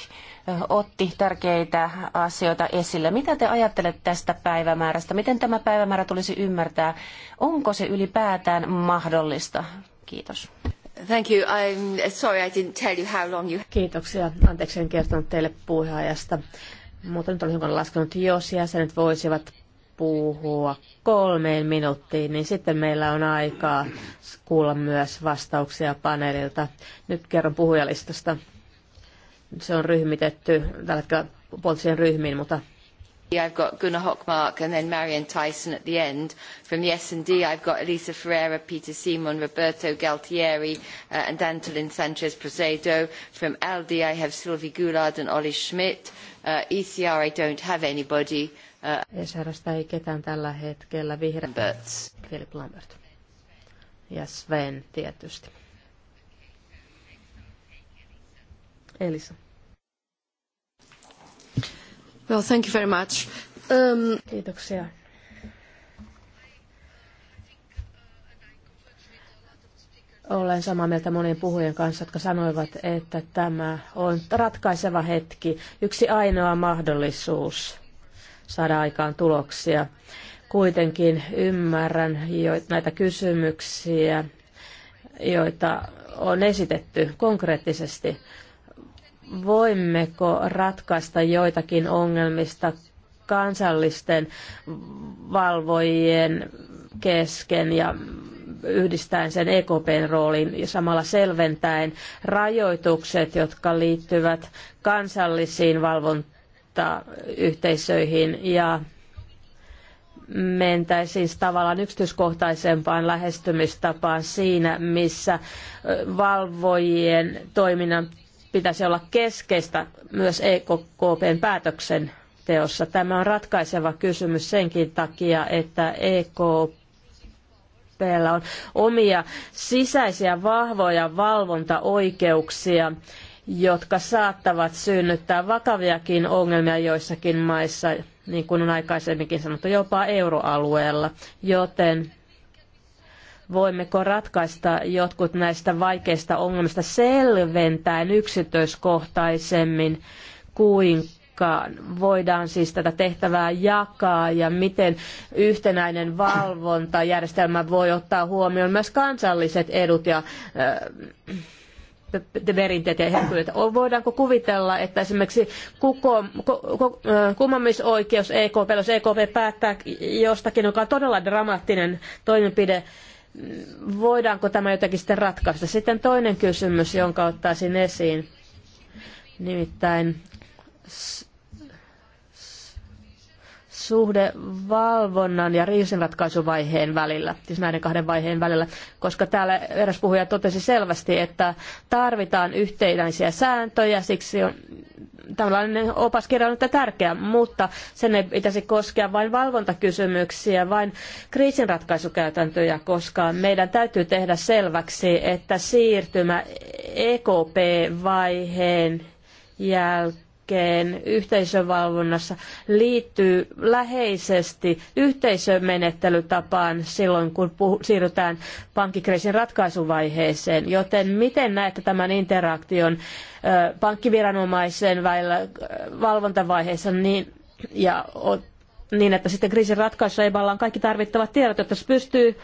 otti tärkeitä asioita esille. Mitä te ajattelette tästä päivämäärästä? Miten tämä päivämäärä tulisi ymmärtää? Onko se ylipäätään mahdollista? Kiitos. Thank you. I'm sorry I didn't tell you how long you... Kiitoksia. Anteeksi, en kertonut teille puheajasta mutta nyt olen hiukan laskenut, jos jäsenet voisivat puhua kolmeen minuuttiin, niin sitten meillä on aikaa kuulla myös vastauksia paneelilta. Nyt kerron puhujalistasta. Se on ryhmitetty tällä hetkellä puolisiin ryhmiin, mutta I've got Gunnar Hockmark and then Marion Tyson at the end. From the S&D, I've got Elisa Ferreira, Peter Simon, Roberto Galtieri uh, and Antolin Sanchez-Prosedo. From ALDE. I have Sylvie Goulard and Olli Schmidt. Uh, ECR, I don't have anybody. Uh, e ei ketään tällä hetkellä. Vihreä. Philip Lambert. Ja Sven tietysti. Elisa. Well, thank you very much. Um... Kiitoksia. Olen samaa mieltä monien puhujien kanssa, jotka sanoivat, että tämä on ratkaiseva hetki, yksi ainoa mahdollisuus saada aikaan tuloksia. Kuitenkin ymmärrän jo näitä kysymyksiä, joita on esitetty konkreettisesti voimmeko ratkaista joitakin ongelmista kansallisten valvojien kesken ja yhdistäen sen EKPn roolin ja samalla selventäen rajoitukset, jotka liittyvät kansallisiin valvontayhteisöihin ja mentäisiin tavallaan yksityiskohtaisempaan lähestymistapaan siinä, missä valvojien toiminnan pitäisi olla keskeistä myös EKKPn päätöksenteossa. Tämä on ratkaiseva kysymys senkin takia, että EKPllä on omia sisäisiä vahvoja valvontaoikeuksia, jotka saattavat synnyttää vakaviakin ongelmia joissakin maissa, niin kuin on aikaisemminkin sanottu, jopa euroalueella. Joten voimmeko ratkaista jotkut näistä vaikeista ongelmista selventäen yksityiskohtaisemmin, kuinka voidaan siis tätä tehtävää jakaa ja miten yhtenäinen valvontajärjestelmä voi ottaa huomioon myös kansalliset edut ja äh, perinteet ja herkkyydet. Voidaanko kuvitella, että esimerkiksi kuko, äh, kumoamisoikeus EKP, jos EKP päättää jostakin, joka on todella dramaattinen toimenpide, voidaanko tämä jotenkin sitten ratkaista? Sitten toinen kysymys, jonka ottaisin esiin, nimittäin suhde valvonnan ja riisinratkaisuvaiheen välillä, siis näiden kahden vaiheen välillä, koska täällä eräs puhuja totesi selvästi, että tarvitaan yhtenäisiä sääntöjä, siksi on tällainen opaskirja on tärkeä, mutta sen ei pitäisi koskea vain valvontakysymyksiä, vain kriisinratkaisukäytäntöjä, koska meidän täytyy tehdä selväksi, että siirtymä EKP-vaiheen jälkeen hankkeen yhteisövalvonnassa liittyy läheisesti yhteisömenettelytapaan silloin, kun puh- siirrytään pankkikriisin ratkaisuvaiheeseen. Joten miten näette tämän interaktion ö, pankkiviranomaisen välillä ö, valvontavaiheessa niin, ja o, niin, että sitten kriisin ratkaisussa EBAlla on kaikki tarvittavat tiedot, jotta se pystyy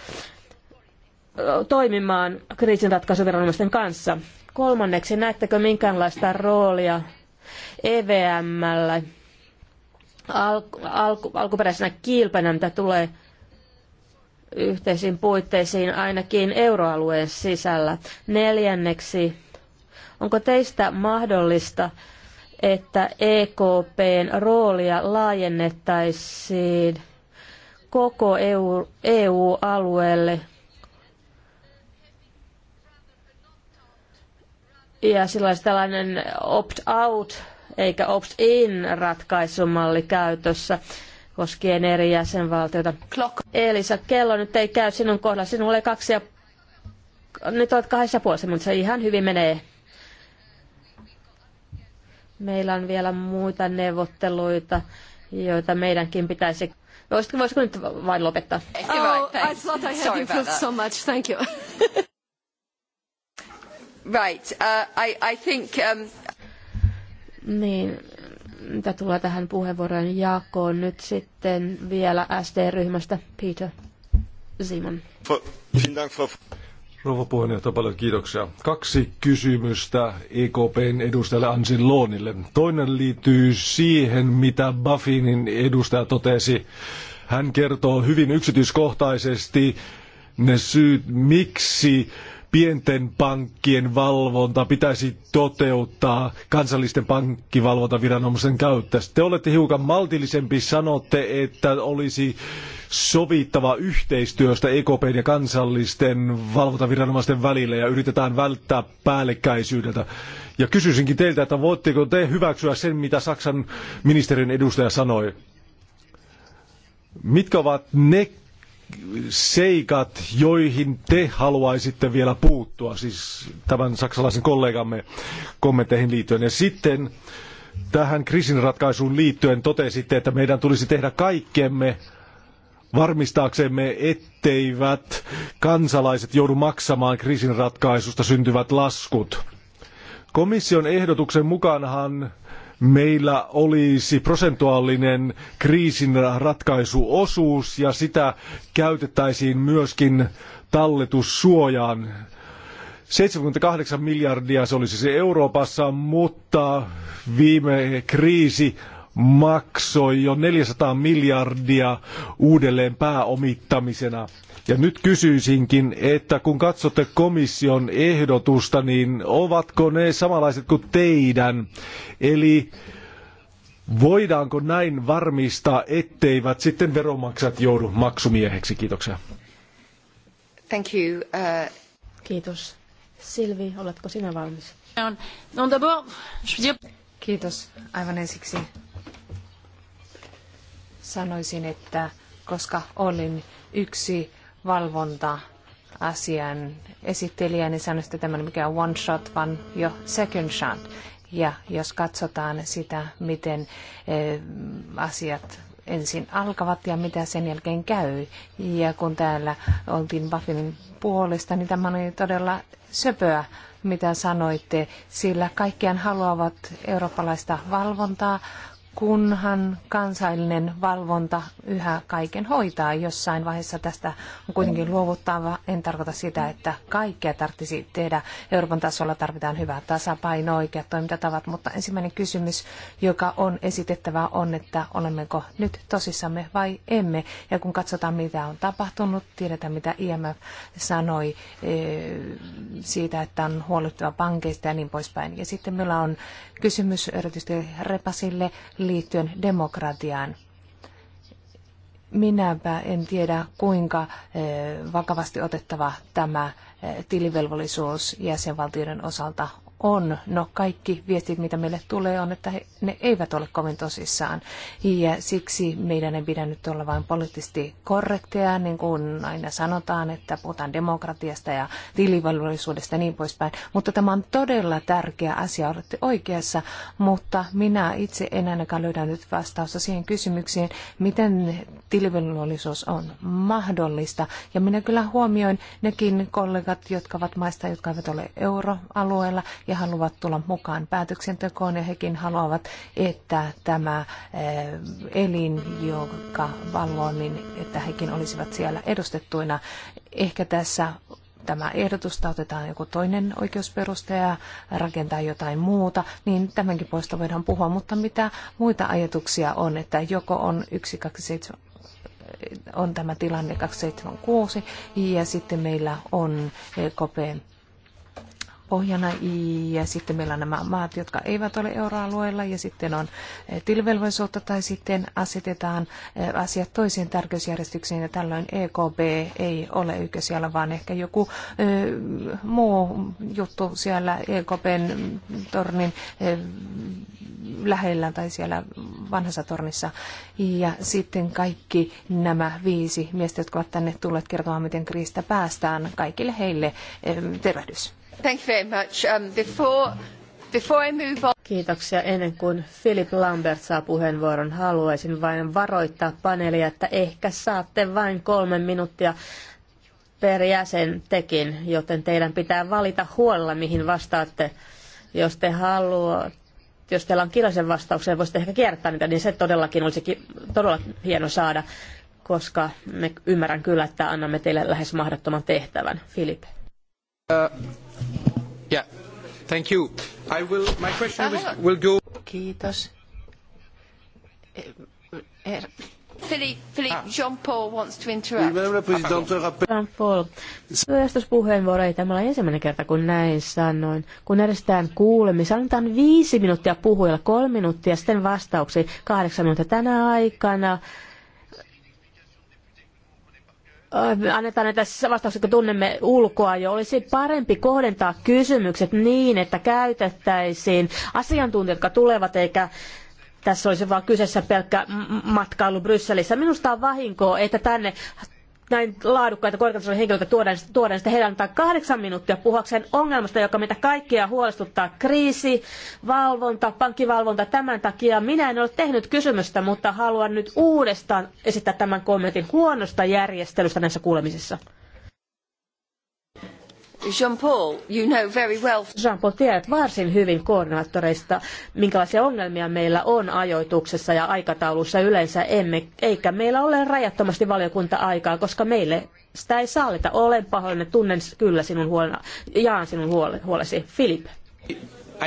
toimimaan kriisinratkaisuviranomaisten kanssa. Kolmanneksi, näettekö minkäänlaista roolia EVMlle alku, alku, alkuperäisenä kilpenä, mitä tulee yhteisiin puitteisiin ainakin euroalueen sisällä. Neljänneksi, onko teistä mahdollista, että EKPn roolia laajennettaisiin koko EU-alueelle? eu e alueelle Ja silloin tällainen opt-out eikä opt-in ratkaisumalli käytössä koskien eri jäsenvaltioita. Clock. Elisa, kello nyt ei käy sinun kohdalla. Sinulla oli kaksi ja... Nyt olet kahdessa puolessa, mutta se ihan hyvin menee. Meillä on vielä muita neuvotteluita, joita meidänkin pitäisi... Voisitko, voisitko nyt vain lopettaa? Oh, I thought I had improved so much. Thank you. Right, uh, I, I think... Um... Niin, mitä tulee tähän puheenvuorojen niin jakoon nyt sitten vielä SD-ryhmästä Peter Simon. Rouva puheenjohtaja, paljon kiitoksia. Kaksi kysymystä EKPn edustajalle Ansin Loonille. Toinen liittyy siihen, mitä Buffinin edustaja totesi. Hän kertoo hyvin yksityiskohtaisesti ne syyt, miksi pienten pankkien valvonta pitäisi toteuttaa kansallisten pankkivalvontaviranomaisten kautta. Te olette hiukan maltillisempi, sanotte, että olisi sovittava yhteistyöstä EKPn ja kansallisten valvontaviranomaisten välillä ja yritetään välttää päällekkäisyydeltä. Ja kysyisinkin teiltä, että voitteko te hyväksyä sen, mitä Saksan ministerin edustaja sanoi? Mitkä ovat ne seikat, joihin te haluaisitte vielä puuttua, siis tämän saksalaisen kollegamme kommentteihin liittyen. Ja sitten tähän kriisinratkaisuun liittyen totesitte, että meidän tulisi tehdä kaikkemme varmistaaksemme, etteivät kansalaiset joudu maksamaan kriisinratkaisusta syntyvät laskut. Komission ehdotuksen mukaanhan meillä olisi prosentuaalinen kriisin ratkaisuosuus ja sitä käytettäisiin myöskin talletussuojaan. 78 miljardia se olisi se Euroopassa, mutta viime kriisi maksoi jo 400 miljardia uudelleen pääomittamisena. Ja nyt kysyisinkin, että kun katsotte komission ehdotusta, niin ovatko ne samanlaiset kuin teidän? Eli voidaanko näin varmistaa, etteivät sitten veronmaksajat joudu maksumieheksi? Kiitoksia. Thank you. Uh... Kiitos. Silvi, oletko sinä valmis? Kiitos. Aivan ensiksi sanoisin, että koska olin yksi valvonta asian esittelijä, niin sanoi, että tämä mikä on one shot, vaan jo second shot. Ja jos katsotaan sitä, miten eh, asiat ensin alkavat ja mitä sen jälkeen käy. Ja kun täällä oltiin Buffinin puolesta, niin tämä oli todella söpöä, mitä sanoitte, sillä kaikkiaan haluavat eurooppalaista valvontaa, kunhan kansainvälinen valvonta yhä kaiken hoitaa. Jossain vaiheessa tästä on kuitenkin luovuttava. En tarkoita sitä, että kaikkea tarvitsisi tehdä. Euroopan tasolla tarvitaan hyvää tasapainoa, oikeat toimintatavat, mutta ensimmäinen kysymys, joka on esitettävä, on, että olemmeko nyt tosissamme vai emme. Ja kun katsotaan, mitä on tapahtunut, tiedetään, mitä IMF sanoi eh, siitä, että on huolittava pankeista ja niin poispäin. Ja sitten meillä on kysymys erityisesti Repasille liittyen demokratiaan. Minäpä en tiedä, kuinka eh, vakavasti otettava tämä eh, tilivelvollisuus jäsenvaltioiden osalta on? No kaikki viestit, mitä meille tulee, on, että he, ne eivät ole kovin tosissaan. Ja siksi meidän ei pidä nyt olla vain poliittisesti korrekteja, niin kuin aina sanotaan, että puhutaan demokratiasta ja tilivallisuudesta ja niin poispäin. Mutta tämä on todella tärkeä asia, olette oikeassa, mutta minä itse en ainakaan löydä nyt vastausta siihen kysymykseen, miten tilivallisuus on mahdollista. Ja minä kyllä huomioin nekin kollegat, jotka ovat maista, jotka eivät ole euroalueella, ja haluavat tulla mukaan päätöksentekoon ja hekin haluavat, että tämä eh, elin, joka valvoo, niin että hekin olisivat siellä edustettuina. Ehkä tässä tämä ehdotusta otetaan joku toinen oikeusperuste ja rakentaa jotain muuta, niin tämänkin puolesta voidaan puhua, mutta mitä muita ajatuksia on, että joko on 127 on tämä tilanne 276 ja sitten meillä on eh, KP pohjana ja sitten meillä on nämä maat, jotka eivät ole euroalueella ja sitten on eh, tilvelvollisuutta tai sitten asetetaan eh, asiat toiseen tärkeysjärjestykseen ja tällöin EKB ei ole siellä vaan ehkä joku eh, muu juttu siellä EKBn tornin lähellä tai siellä vanhassa tornissa. Ja sitten kaikki nämä viisi miestä, jotka ovat tänne tulleet kertomaan, miten kriistä päästään, kaikille heille tervehdys. Thank you very much. Um, before, before I move on... Kiitoksia. Ennen kuin Philip Lambert saa puheenvuoron, haluaisin vain varoittaa paneelia, että ehkä saatte vain kolme minuuttia per jäsen tekin, joten teidän pitää valita huolella, mihin vastaatte. Jos te haluatte jos teillä on kirjallisen vastauksen, voisitte ehkä kiertää niitä, niin se todellakin olisi todella hieno saada, koska me ymmärrän kyllä, että annamme teille lähes mahdottoman tehtävän. Filip. Yeah. Thank you. I will, my question ah, will, will go... Kiitos. Er... Philippe, Philippe, ah. Jean-Paul wants to interrupt. Jean-Paul, työjärjestyspuheenvuoro ei tämä ole ensimmäinen kerta, kun näin sanoin. Kun järjestetään kuulemisen, annetaan viisi minuuttia puhujalle, kolme minuuttia, sitten vastauksi kahdeksan minuuttia tänä aikana Äh, annetaan näitä vastauksia, kun tunnemme ulkoa jo. Olisi parempi kohdentaa kysymykset niin, että käytettäisiin asiantuntijat, jotka tulevat, eikä tässä olisi vain kyseessä pelkkä matkailu Brysselissä. Minusta on vahinko, että tänne näin laadukkaita korkeatasoisia henkilöitä tuodaan, tuodaan sitten heidän antaa kahdeksan minuuttia puhuakseen ongelmasta, joka meitä kaikkia huolestuttaa. Kriisi, valvonta, pankkivalvonta tämän takia. Minä en ole tehnyt kysymystä, mutta haluan nyt uudestaan esittää tämän kommentin huonosta järjestelystä näissä kuulemisissa. Jean-Paul, you know very well. Jean-Paul, tiedät varsin hyvin koordinaattoreista, minkälaisia ongelmia meillä on ajoituksessa ja aikataulussa yleensä emme, eikä meillä ole rajattomasti valiokunta-aikaa, koska meille sitä ei sallita. Olen pahoillinen, tunnen kyllä sinun huolena, jaan sinun huole, huolesi. Philip.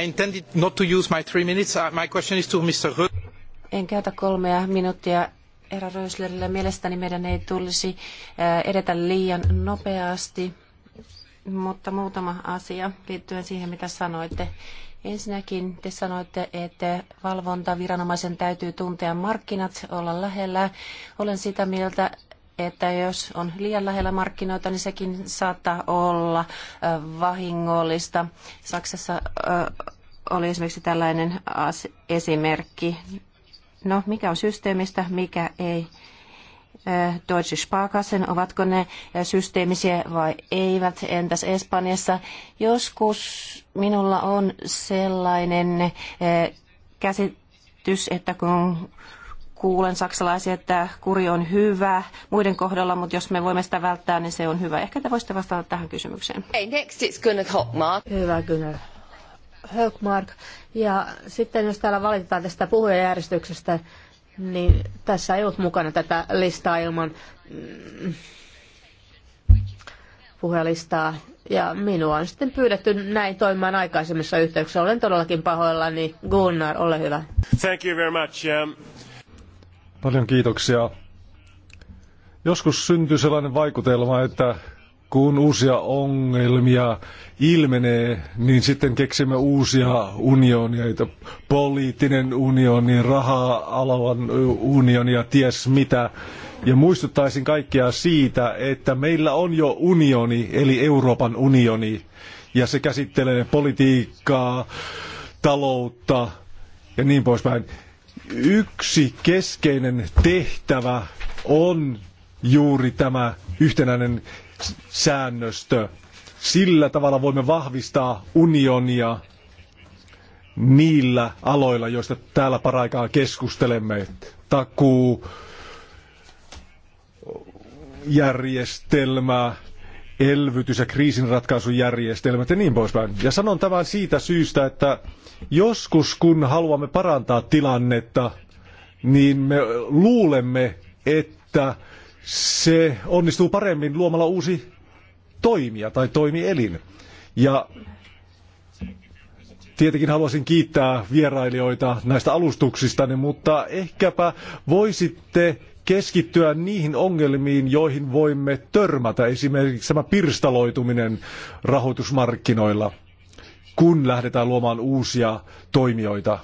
I intended not to use my three minutes. Uh, my question is to Mr. Rö- en käytä kolmea minuuttia herra Röslerille. Mielestäni meidän ei tulisi uh, edetä liian nopeasti mutta muutama asia liittyen siihen, mitä sanoitte. Ensinnäkin te sanoitte, että valvontaviranomaisen täytyy tuntea markkinat, olla lähellä. Olen sitä mieltä, että jos on liian lähellä markkinoita, niin sekin saattaa olla vahingollista. Saksassa oli esimerkiksi tällainen esimerkki. No, mikä on systeemistä, mikä ei. Deutsche Sparkassen, ovatko ne systeemisiä vai eivät, entäs Espanjassa. Joskus minulla on sellainen käsitys, että kun kuulen saksalaisia, että kuri on hyvä muiden kohdalla, mutta jos me voimme sitä välttää, niin se on hyvä. Ehkä te voisitte vastata tähän kysymykseen. Hey, next it's Gunnar Hockmark. Hyvä Gunnar Hockmark. Ja sitten jos täällä valitetaan tästä puhujajärjestyksestä, niin tässä ei ollut mukana tätä listaa ilman mm, puhelistaa. Ja minua on sitten pyydetty näin toimimaan aikaisemmissa yhteyksissä. Olen todellakin pahoillani. Gunnar, ole hyvä. Thank you very much. Um... Paljon kiitoksia. Joskus syntyy sellainen vaikutelma, että kun uusia ongelmia ilmenee, niin sitten keksimme uusia unioneita. Poliittinen unioni, raha-alavan unioni ja ties mitä. Ja muistuttaisin kaikkia siitä, että meillä on jo unioni, eli Euroopan unioni. Ja se käsittelee politiikkaa, taloutta ja niin poispäin. Yksi keskeinen tehtävä on juuri tämä yhtenäinen säännöstö. Sillä tavalla voimme vahvistaa unionia niillä aloilla, joista täällä paraikaa keskustelemme. Takuu, järjestelmä, elvytys- ja kriisinratkaisujärjestelmät ja niin poispäin. Ja sanon tämän siitä syystä, että joskus kun haluamme parantaa tilannetta, niin me luulemme, että se onnistuu paremmin luomalla uusi toimija tai toimielin. Ja tietenkin haluaisin kiittää vierailijoita näistä alustuksistanne, mutta ehkäpä voisitte keskittyä niihin ongelmiin, joihin voimme törmätä, esimerkiksi tämä pirstaloituminen rahoitusmarkkinoilla, kun lähdetään luomaan uusia toimijoita.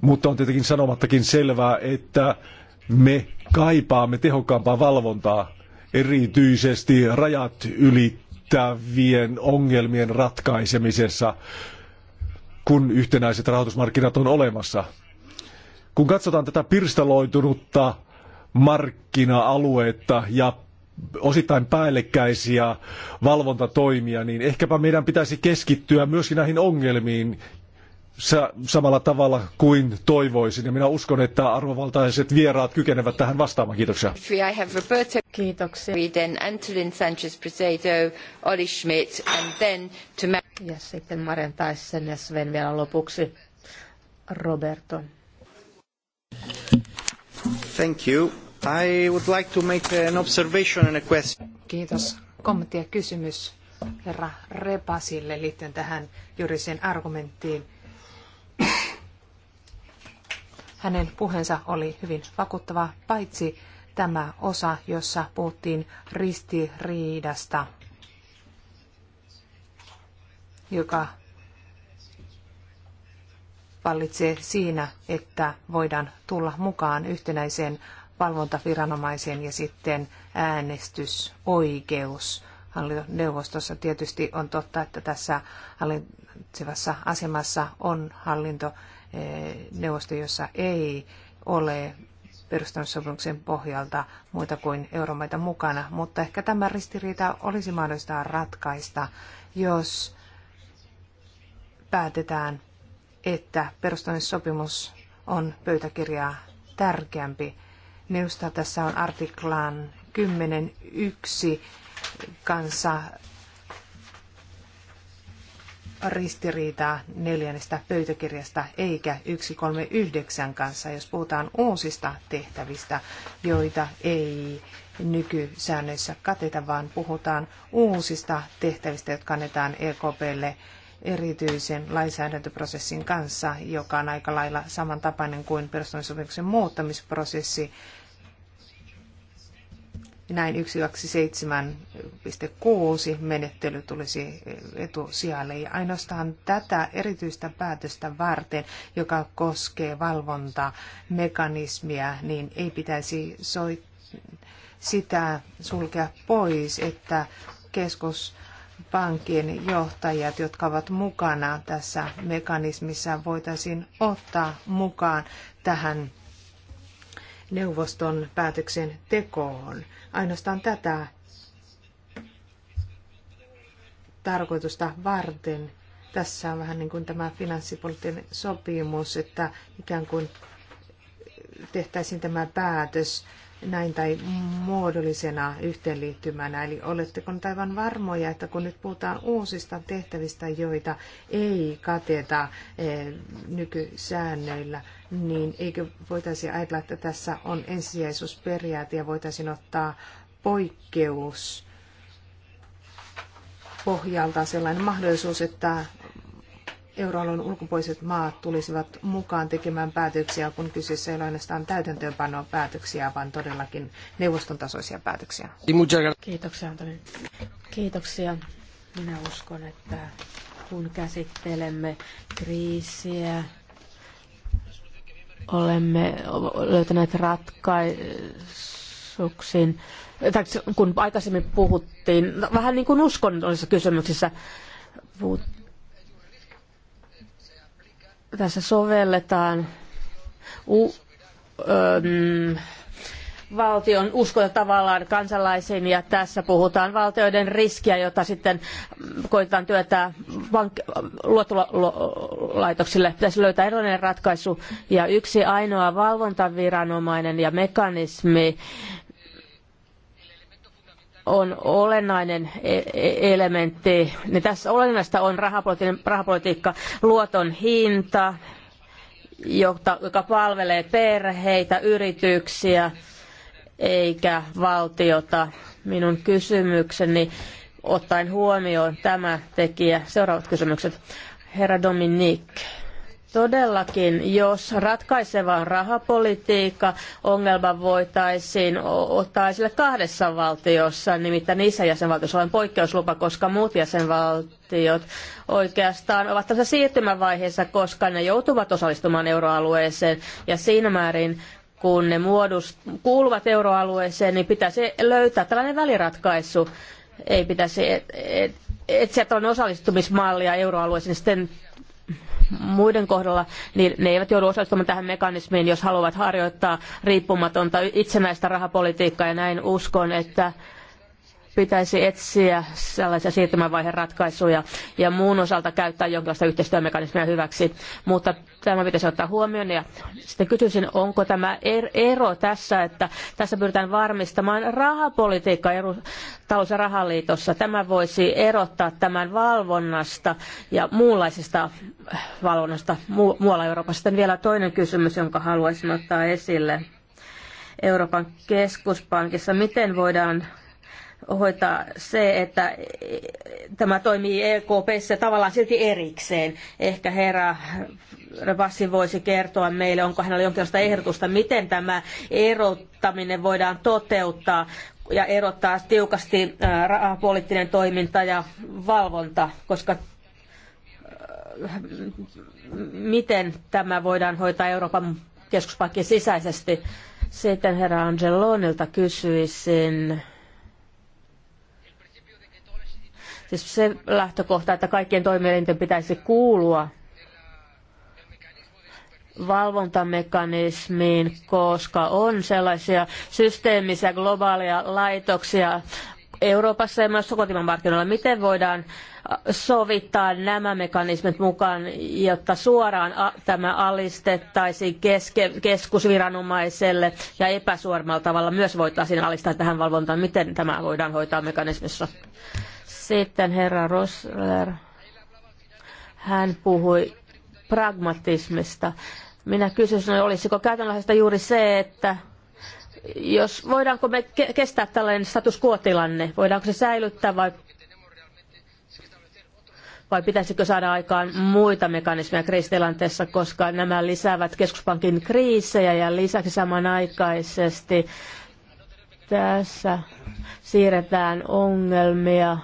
Mutta on tietenkin sanomattakin selvää, että me kaipaamme tehokkaampaa valvontaa, erityisesti rajat ylittävien ongelmien ratkaisemisessa, kun yhtenäiset rahoitusmarkkinat on olemassa. Kun katsotaan tätä pirstaloitunutta markkina-aluetta ja osittain päällekkäisiä valvontatoimia, niin ehkäpä meidän pitäisi keskittyä myöskin näihin ongelmiin samalla tavalla kuin toivoisin. Ja minä uskon, että arvovaltaiset vieraat kykenevät tähän vastaamaan. Kiitoksia. Kiitoksia. Ja sitten Maren Taissen ja Sven vielä lopuksi. Roberto. Thank you. I would like to make an observation and a question. Kiitos. Kommentti ja kysymys herra Repasille liittyen tähän juuri sen argumenttiin Hänen puheensa oli hyvin vakuuttava, paitsi tämä osa, jossa puhuttiin ristiriidasta, joka vallitsee siinä, että voidaan tulla mukaan yhtenäiseen valvontaviranomaiseen ja sitten äänestysoikeus. Hallintoneuvostossa tietysti on totta, että tässä hallitsevassa asemassa on hallinto Eh, neuvosto, jossa ei ole perustamissopimuksen pohjalta muita kuin euromaita mukana, mutta ehkä tämä ristiriita olisi mahdollista ratkaista, jos päätetään, että perustamissopimus on pöytäkirjaa tärkeämpi. Minusta tässä on artiklan 10.1 kanssa ristiriitaa neljännestä pöytäkirjasta eikä 139 kanssa, jos puhutaan uusista tehtävistä, joita ei nykysäännöissä kateta, vaan puhutaan uusista tehtävistä, jotka annetaan EKPlle erityisen lainsäädäntöprosessin kanssa, joka on aika lailla samantapainen kuin perustamissopimuksen muuttamisprosessi, näin 127.6 menettely tulisi etusijalle. Ja ainoastaan tätä erityistä päätöstä varten, joka koskee valvontamekanismia, niin ei pitäisi soit, sitä sulkea pois, että keskus pankin johtajat, jotka ovat mukana tässä mekanismissa, voitaisiin ottaa mukaan tähän neuvoston päätöksen tekoon. Ainoastaan tätä tarkoitusta varten. Tässä on vähän niin kuin tämä finanssipoliittinen sopimus, että ikään kuin tehtäisiin tämä päätös näin tai muodollisena yhteenliittymänä. Eli oletteko nyt aivan varmoja, että kun nyt puhutaan uusista tehtävistä, joita ei kateta eh, nykysäännöillä, niin eikö voitaisiin ajatella, että tässä on ensisijaisuusperiaate ja voitaisiin ottaa poikkeus pohjalta sellainen mahdollisuus, että euroalueen ulkopuoliset maat tulisivat mukaan tekemään päätöksiä, kun kyseessä ei ole ainoastaan täytäntöönpanoa päätöksiä, vaan todellakin neuvoston tasoisia päätöksiä. Kiitoksia, Antoni. Kiitoksia. Minä uskon, että kun käsittelemme kriisiä, olemme löytäneet ratkaisuksiin, kun aikaisemmin puhuttiin, no, vähän niin kuin uskonnollisissa kysymyksissä, tässä sovelletaan u, ö, valtion uskoja tavallaan kansalaisiin ja tässä puhutaan valtioiden riskiä, jota sitten mm, koitetaan työtää luottolaitoksille. Pitäisi löytää erilainen ratkaisu ja yksi ainoa valvontaviranomainen ja mekanismi, on olennainen e- e- elementti. Niin tässä olennaista on rahapolitiikka, luoton hinta, joka palvelee perheitä, yrityksiä eikä valtiota. Minun kysymykseni ottaen huomioon tämä tekijä. Seuraavat kysymykset. Herra Dominik, todellakin, jos ratkaiseva rahapolitiikka ongelma voitaisiin ottaa esille kahdessa valtiossa, nimittäin niissä jäsenvaltioissa on poikkeuslupa, koska muut jäsenvaltiot oikeastaan ovat tässä siirtymävaiheessa, koska ne joutuvat osallistumaan euroalueeseen ja siinä määrin kun ne muodost kuuluvat euroalueeseen, niin pitäisi löytää tällainen väliratkaisu. Ei pitäisi et, et, etsiä osallistumismallia euroalueeseen, niin sitten muiden kohdalla, niin ne eivät joudu osallistumaan tähän mekanismiin, jos haluavat harjoittaa riippumatonta itsenäistä rahapolitiikkaa, ja näin uskon, että pitäisi etsiä sellaisia siirtymävaiheen ratkaisuja ja muun osalta käyttää jonkinlaista yhteistyömekanismia hyväksi. Mutta tämä pitäisi ottaa huomioon ja sitten kysyisin, onko tämä er- ero tässä, että tässä pyritään varmistamaan rahapolitiikka talous- ja rahaliitossa. Tämä voisi erottaa tämän valvonnasta ja muunlaisesta valvonnasta muualla Euroopassa. Sitten vielä toinen kysymys, jonka haluaisin ottaa esille. Euroopan keskuspankissa, miten voidaan hoitaa se, että tämä toimii EKPssä tavallaan silti erikseen. Ehkä herra Vassi voisi kertoa meille, onko hänellä jonkinlaista ehdotusta, miten tämä erottaminen voidaan toteuttaa ja erottaa tiukasti poliittinen toiminta ja valvonta, koska miten tämä voidaan hoitaa Euroopan keskuspankin sisäisesti. Sitten herra Angelonilta kysyisin, Siis se lähtökohta, että kaikkien toimielinten pitäisi kuulua valvontamekanismiin, koska on sellaisia systeemisiä globaaleja laitoksia Euroopassa ja myös kotimaan markkinoilla. Miten voidaan sovittaa nämä mekanismit mukaan, jotta suoraan tämä alistettaisiin keske, keskusviranomaiselle ja epäsuormalla tavalla myös voitaisiin alistaa tähän valvontaan? Miten tämä voidaan hoitaa mekanismissa? Sitten herra Rosler, hän puhui pragmatismista. Minä kysyisin, olisiko käytännössä juuri se, että jos voidaanko me kestää tällainen status quo-tilanne, voidaanko se säilyttää vai, vai pitäisikö saada aikaan muita mekanismeja kriisitilanteessa, koska nämä lisäävät keskuspankin kriisejä ja lisäksi samanaikaisesti tässä siirretään ongelmia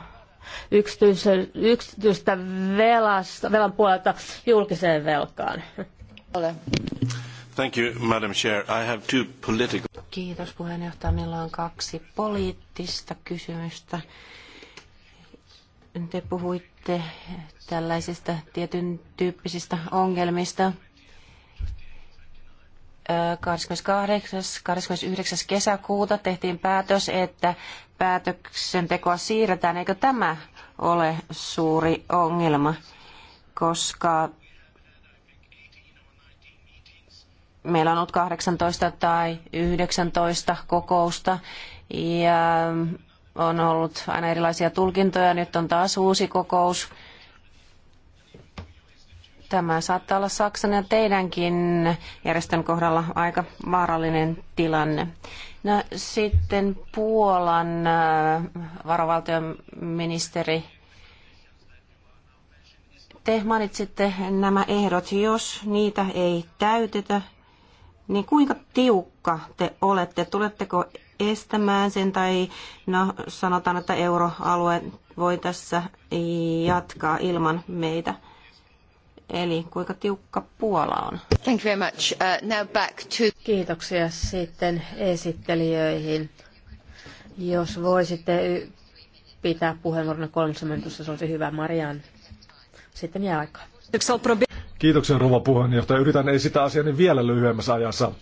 yksityistä velasta, velan puolelta julkiseen velkaan. Ole. Thank you, Madam Chair. I have two political... Kiitos puheenjohtaja. Meillä on kaksi poliittista kysymystä. Te puhuitte tällaisista tietyn tyyppisistä ongelmista. 28. 29. kesäkuuta tehtiin päätös, että päätöksentekoa siirretään. Eikö tämä ole suuri ongelma, koska meillä on ollut 18 tai 19 kokousta ja on ollut aina erilaisia tulkintoja. Nyt on taas uusi kokous Tämä saattaa olla Saksan ja teidänkin järjestön kohdalla aika vaarallinen tilanne. No, sitten Puolan äh, varovaltion ministeri te mainitsitte nämä ehdot, jos niitä ei täytetä, niin kuinka tiukka te olette? Tuletteko estämään sen tai no, sanotaan, että euroalue voi tässä jatkaa ilman meitä? Eli kuinka tiukka Puola on? Thank you very much. Uh, now back to... Kiitoksia sitten esittelijöihin. Jos voisitte pitää puheenvuoron kolmessa minuutissa, se olisi hyvä. Marian, sitten jää aikaa. Kiitoksia rouva puheenjohtaja. Yritän esittää asiani vielä lyhyemmässä ajassa.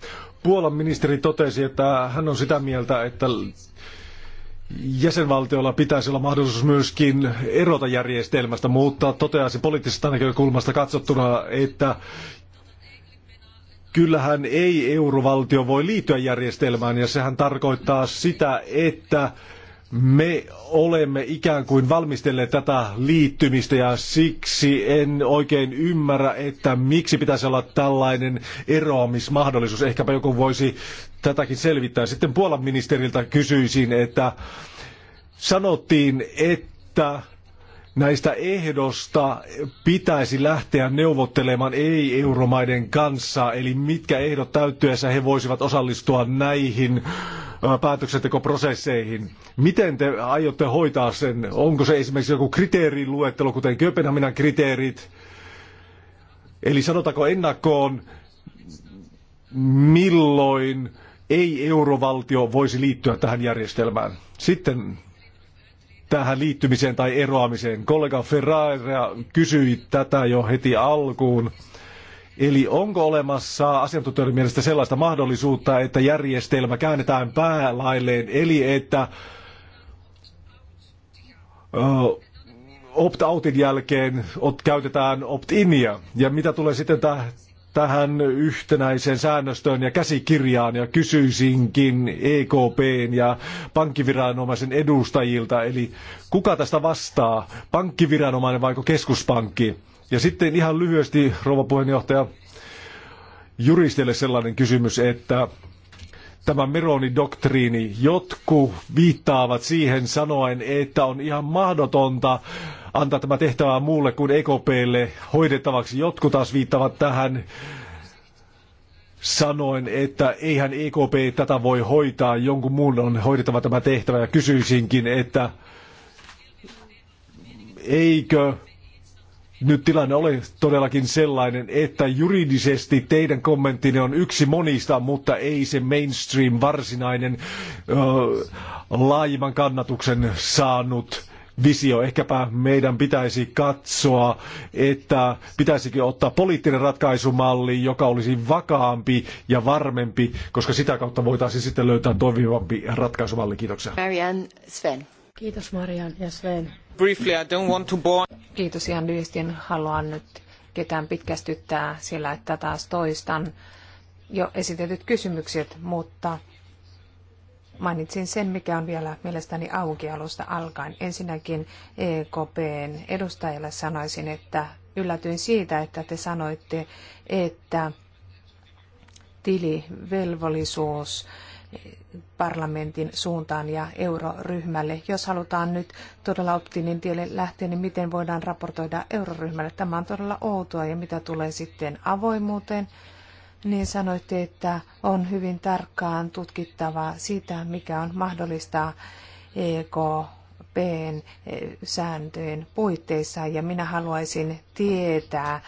Puolan ministeri totesi, että hän on sitä mieltä, että jäsenvaltioilla pitäisi olla mahdollisuus myöskin erota järjestelmästä, mutta toteaisi poliittisesta näkökulmasta katsottuna, että kyllähän ei eurovaltio voi liittyä järjestelmään ja sehän tarkoittaa sitä, että me olemme ikään kuin valmistelleet tätä liittymistä ja siksi en oikein ymmärrä, että miksi pitäisi olla tällainen eroamismahdollisuus. Ehkäpä joku voisi tätäkin selvittää. Sitten Puolan ministeriltä kysyisin, että sanottiin, että näistä ehdosta pitäisi lähteä neuvottelemaan ei-euromaiden kanssa, eli mitkä ehdot täyttyessä he voisivat osallistua näihin päätöksentekoprosesseihin. Miten te aiotte hoitaa sen? Onko se esimerkiksi joku kriteeriluettelo, kuten Kööpenhaminan kriteerit? Eli sanotaanko ennakkoon, milloin ei-eurovaltio voisi liittyä tähän järjestelmään? Sitten tähän liittymiseen tai eroamiseen. Kollega Ferrara kysyi tätä jo heti alkuun. Eli onko olemassa asiantuntijoiden mielestä sellaista mahdollisuutta, että järjestelmä käännetään päälailleen, eli että opt-outin jälkeen ot, käytetään opt-inia. Ja mitä tulee sitten tähän tähän yhtenäiseen säännöstöön ja käsikirjaan ja kysyisinkin EKPn ja pankkiviranomaisen edustajilta, eli kuka tästä vastaa, pankkiviranomainen vaiko keskuspankki? Ja sitten ihan lyhyesti, rouva puheenjohtaja, juristille sellainen kysymys, että tämä Meroni-doktriini, jotkut viittaavat siihen sanoen, että on ihan mahdotonta antaa tämä tehtävä muulle kuin EKPlle hoidettavaksi. Jotkut taas viittavat tähän sanoin, että eihän EKP tätä voi hoitaa, jonkun muun on hoidettava tämä tehtävä ja kysyisinkin, että eikö nyt tilanne ole todellakin sellainen, että juridisesti teidän kommenttinne on yksi monista, mutta ei se mainstream varsinainen ö, laajimman kannatuksen saanut visio. Ehkäpä meidän pitäisi katsoa, että pitäisikö ottaa poliittinen ratkaisumalli, joka olisi vakaampi ja varmempi, koska sitä kautta voitaisiin sitten löytää toimivampi ratkaisumalli. Kiitoksia. Marianne Sven. Kiitos Marian ja Sven. Briefly, I don't want to bore. Kiitos ihan lyhyesti, en halua nyt ketään pitkästyttää sillä, että taas toistan jo esitetyt kysymykset, mutta Mainitsin sen, mikä on vielä mielestäni auki alusta alkaen. Ensinnäkin EKPn edustajalle sanoisin, että yllätyin siitä, että te sanoitte, että tilivelvollisuus parlamentin suuntaan ja euroryhmälle. Jos halutaan nyt todella optiinin tielle lähteä, niin miten voidaan raportoida euroryhmälle? Tämä on todella outoa ja mitä tulee sitten avoimuuteen, niin sanoitte, että on hyvin tarkkaan tutkittava sitä, mikä on mahdollista EKPn eh, sääntöjen puitteissa. Ja minä haluaisin tietää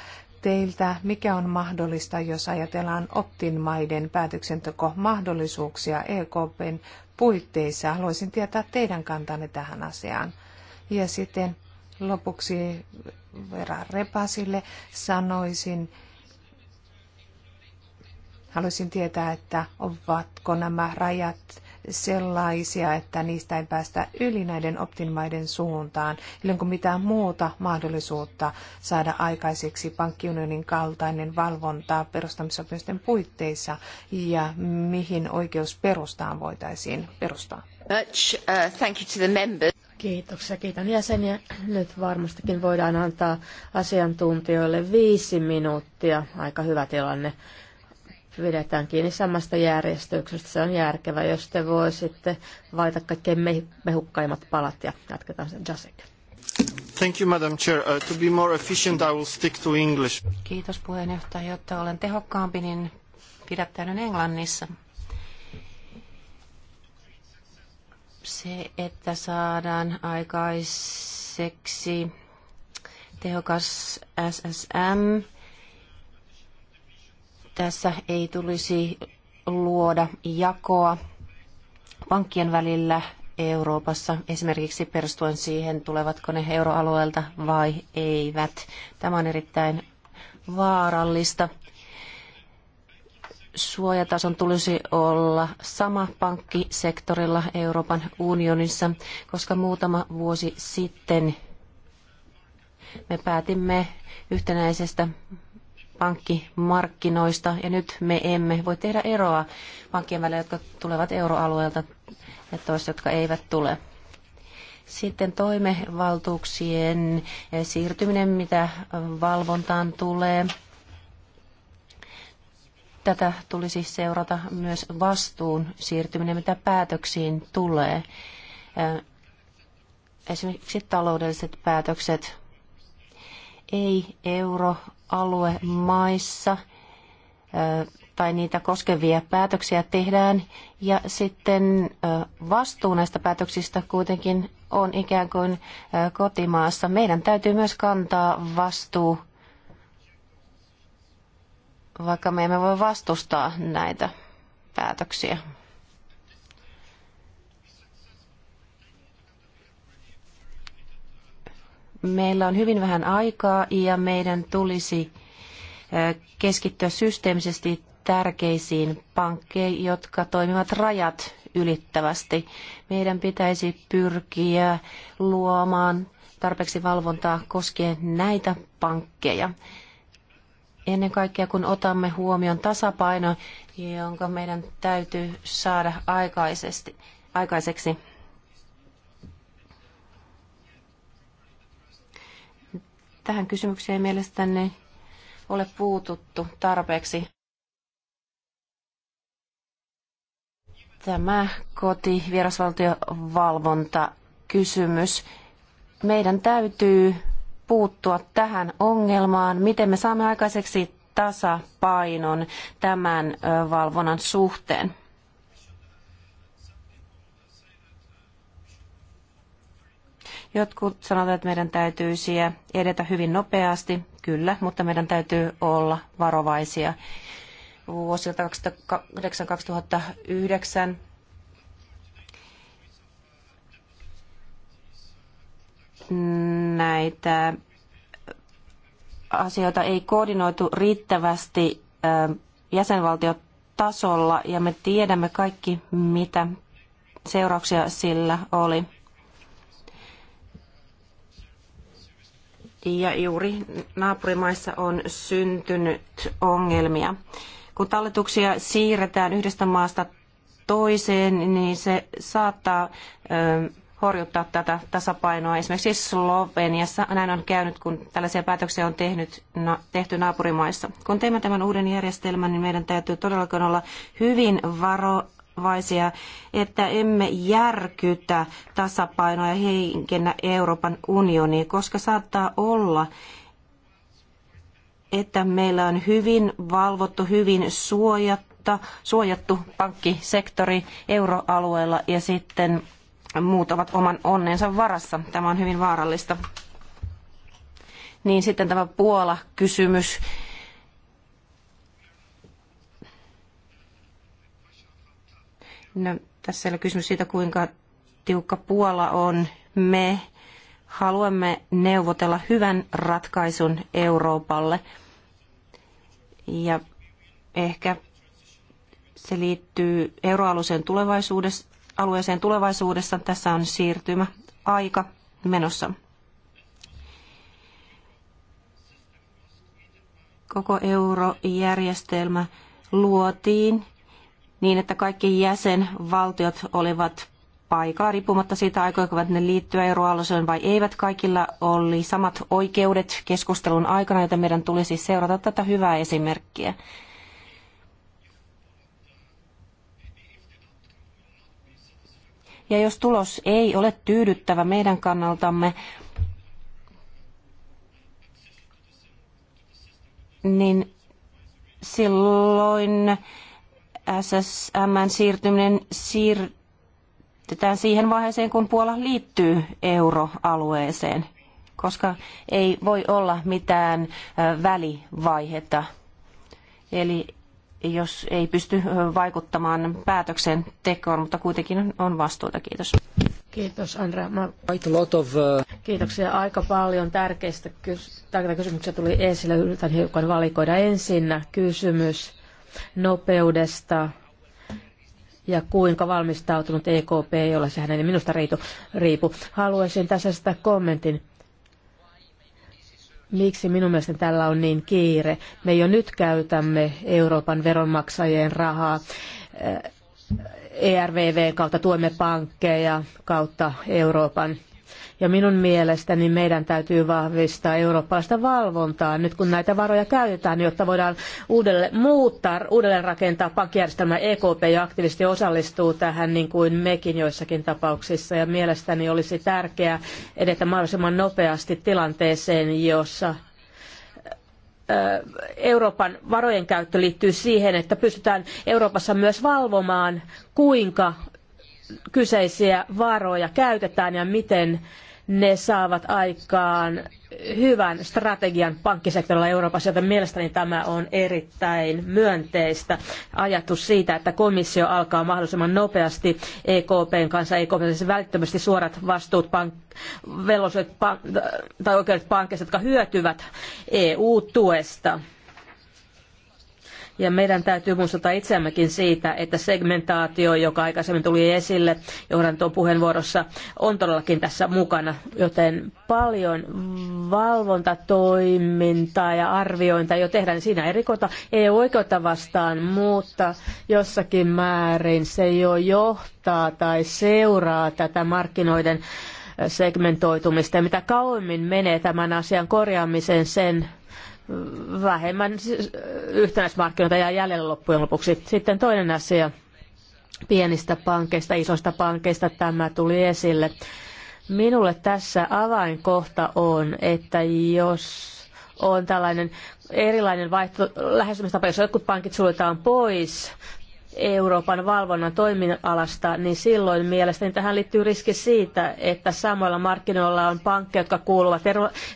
teiltä, mikä on mahdollista, jos ajatellaan optin päätöksenteko päätöksentekomahdollisuuksia EKPn puitteissa. Haluaisin tietää teidän kantanne tähän asiaan. Ja sitten lopuksi Vera Repasille sanoisin, Haluaisin tietää, että ovatko nämä rajat sellaisia, että niistä ei päästä yli näiden optimaiden suuntaan. Eli onko mitään muuta mahdollisuutta saada aikaiseksi pankkiunionin kaltainen valvonta perustamissopimusten puitteissa ja mihin oikeusperustaan voitaisiin perustaa? Much, uh, thank you to the members. Kiitoksia, kiitän jäseniä. Nyt varmastikin voidaan antaa asiantuntijoille viisi minuuttia. Aika hyvä tilanne pidetään kiinni samasta järjestyksestä. Se on järkevä, jos te voisitte valita kaikkein mehukkaimmat palat ja jatketaan sen Jasek. Thank you, Madam Chair. Uh, to be more efficient, I will stick to English. Kiitos puheenjohtaja. Jotta olen tehokkaampi, niin pidättäydyn Englannissa. Se, että saadaan aikaiseksi tehokas SSM, tässä ei tulisi luoda jakoa pankkien välillä Euroopassa, esimerkiksi perustuen siihen, tulevatko ne euroalueelta vai eivät. Tämä on erittäin vaarallista. Suojatason tulisi olla sama pankkisektorilla Euroopan unionissa, koska muutama vuosi sitten me päätimme yhtenäisestä pankkimarkkinoista ja nyt me emme voi tehdä eroa pankkien välillä, jotka tulevat euroalueelta ja toiset, jotka eivät tule. Sitten toimevaltuuksien siirtyminen, mitä valvontaan tulee. Tätä tulisi seurata myös vastuun siirtyminen, mitä päätöksiin tulee. Esimerkiksi taloudelliset päätökset ei euroaluemaissa tai niitä koskevia päätöksiä tehdään ja sitten vastuu näistä päätöksistä kuitenkin on ikään kuin kotimaassa. Meidän täytyy myös kantaa vastuu, vaikka me emme voi vastustaa näitä päätöksiä. Meillä on hyvin vähän aikaa ja meidän tulisi keskittyä systeemisesti tärkeisiin pankkeihin, jotka toimivat rajat ylittävästi. Meidän pitäisi pyrkiä luomaan tarpeeksi valvontaa koskien näitä pankkeja. Ennen kaikkea kun otamme huomioon tasapaino, jonka meidän täytyy saada aikaisesti, aikaiseksi. Tähän kysymykseen ei mielestäni ole puututtu tarpeeksi. Tämä koti vierasvaltiovalvonta kysymys. Meidän täytyy puuttua tähän ongelmaan, miten me saamme aikaiseksi tasapainon tämän valvonnan suhteen. Jotkut sanovat, että meidän täytyisi edetä hyvin nopeasti, kyllä, mutta meidän täytyy olla varovaisia. Vuosilta 2008-2009 näitä asioita ei koordinoitu riittävästi jäsenvaltiotasolla ja me tiedämme kaikki, mitä seurauksia sillä oli. ja juuri naapurimaissa on syntynyt ongelmia. Kun talletuksia siirretään yhdestä maasta toiseen, niin se saattaa horjuttaa tätä tasapainoa. Esimerkiksi Sloveniassa näin on käynyt, kun tällaisia päätöksiä on tehnyt, na, tehty naapurimaissa. Kun teemme tämän uuden järjestelmän, niin meidän täytyy todellakin olla hyvin varo, varovaisia, että emme järkytä tasapainoa ja heikennä Euroopan unionia, koska saattaa olla, että meillä on hyvin valvottu, hyvin suojatta, suojattu pankkisektori euroalueella ja sitten muut ovat oman onnensa varassa. Tämä on hyvin vaarallista. Niin sitten tämä Puola-kysymys No, tässä on kysymys siitä, kuinka tiukka Puola on. Me haluamme neuvotella hyvän ratkaisun Euroopalle. Ja ehkä se liittyy euroalueeseen tulevaisuudessa, alueeseen tulevaisuudessa. Tässä on siirtymä aika menossa. Koko eurojärjestelmä luotiin niin, että kaikki jäsenvaltiot olivat paikalla riippumatta siitä, aikoiko ne liittyä euroalueeseen vai eivät. Kaikilla oli samat oikeudet keskustelun aikana, joten meidän tulisi seurata tätä hyvää esimerkkiä. Ja jos tulos ei ole tyydyttävä meidän kannaltamme, niin silloin SSMn siirtyminen siirtetään siihen vaiheeseen, kun Puola liittyy euroalueeseen, koska ei voi olla mitään välivaihetta. Eli jos ei pysty vaikuttamaan päätöksentekoon, mutta kuitenkin on vastuuta. Kiitos. Kiitos Andrea. Mä... Kiitoksia aika paljon tärkeistä kys... kysymyksiä tuli esille. Yritän hiukan valikoida ensinnä kysymys nopeudesta ja kuinka valmistautunut EKP ei ole, sehän ei minusta riitu, riipu. Haluaisin tässä sitä kommentin. Miksi minun mielestäni tällä on niin kiire? Me jo nyt käytämme Euroopan veronmaksajien rahaa ERVVn kautta tuemme pankkeja kautta Euroopan ja minun mielestäni meidän täytyy vahvistaa eurooppalaista valvontaa nyt kun näitä varoja käytetään, jotta voidaan uudelle, muuttaa, uudelleen rakentaa pankkijärjestelmä. EKP ja aktiivisesti osallistuu tähän niin kuin mekin joissakin tapauksissa. Ja mielestäni olisi tärkeää edetä mahdollisimman nopeasti tilanteeseen, jossa Euroopan varojen käyttö liittyy siihen, että pystytään Euroopassa myös valvomaan, kuinka kyseisiä varoja käytetään ja miten ne saavat aikaan hyvän strategian pankkisektorilla Euroopassa, joten mielestäni tämä on erittäin myönteistä. Ajatus siitä, että komissio alkaa mahdollisimman nopeasti EKPn kanssa, EKP siis välittömästi suorat vastuut, pank- velvollisuudet pank- tai oikeudet pankkeista, jotka hyötyvät EU-tuesta ja meidän täytyy muistuttaa itseämmekin siitä, että segmentaatio, joka aikaisemmin tuli esille johdantoon puheenvuorossa, on todellakin tässä mukana, joten paljon valvontatoimintaa ja arviointia jo tehdään. Siinä ei rikota EU-oikeutta vastaan, mutta jossakin määrin se jo johtaa tai seuraa tätä markkinoiden segmentoitumista. Ja mitä kauemmin menee tämän asian korjaamiseen, sen vähemmän yhtenäismarkkinoita ja jäljellä loppujen lopuksi. Sitten toinen asia pienistä pankeista, isoista pankeista tämä tuli esille. Minulle tässä avainkohta on, että jos on tällainen erilainen vaihto, lähestymistapa, jos jotkut pankit suljetaan pois Euroopan valvonnan toimialasta, niin silloin mielestäni tähän liittyy riski siitä, että samoilla markkinoilla on pankkeja, jotka kuuluvat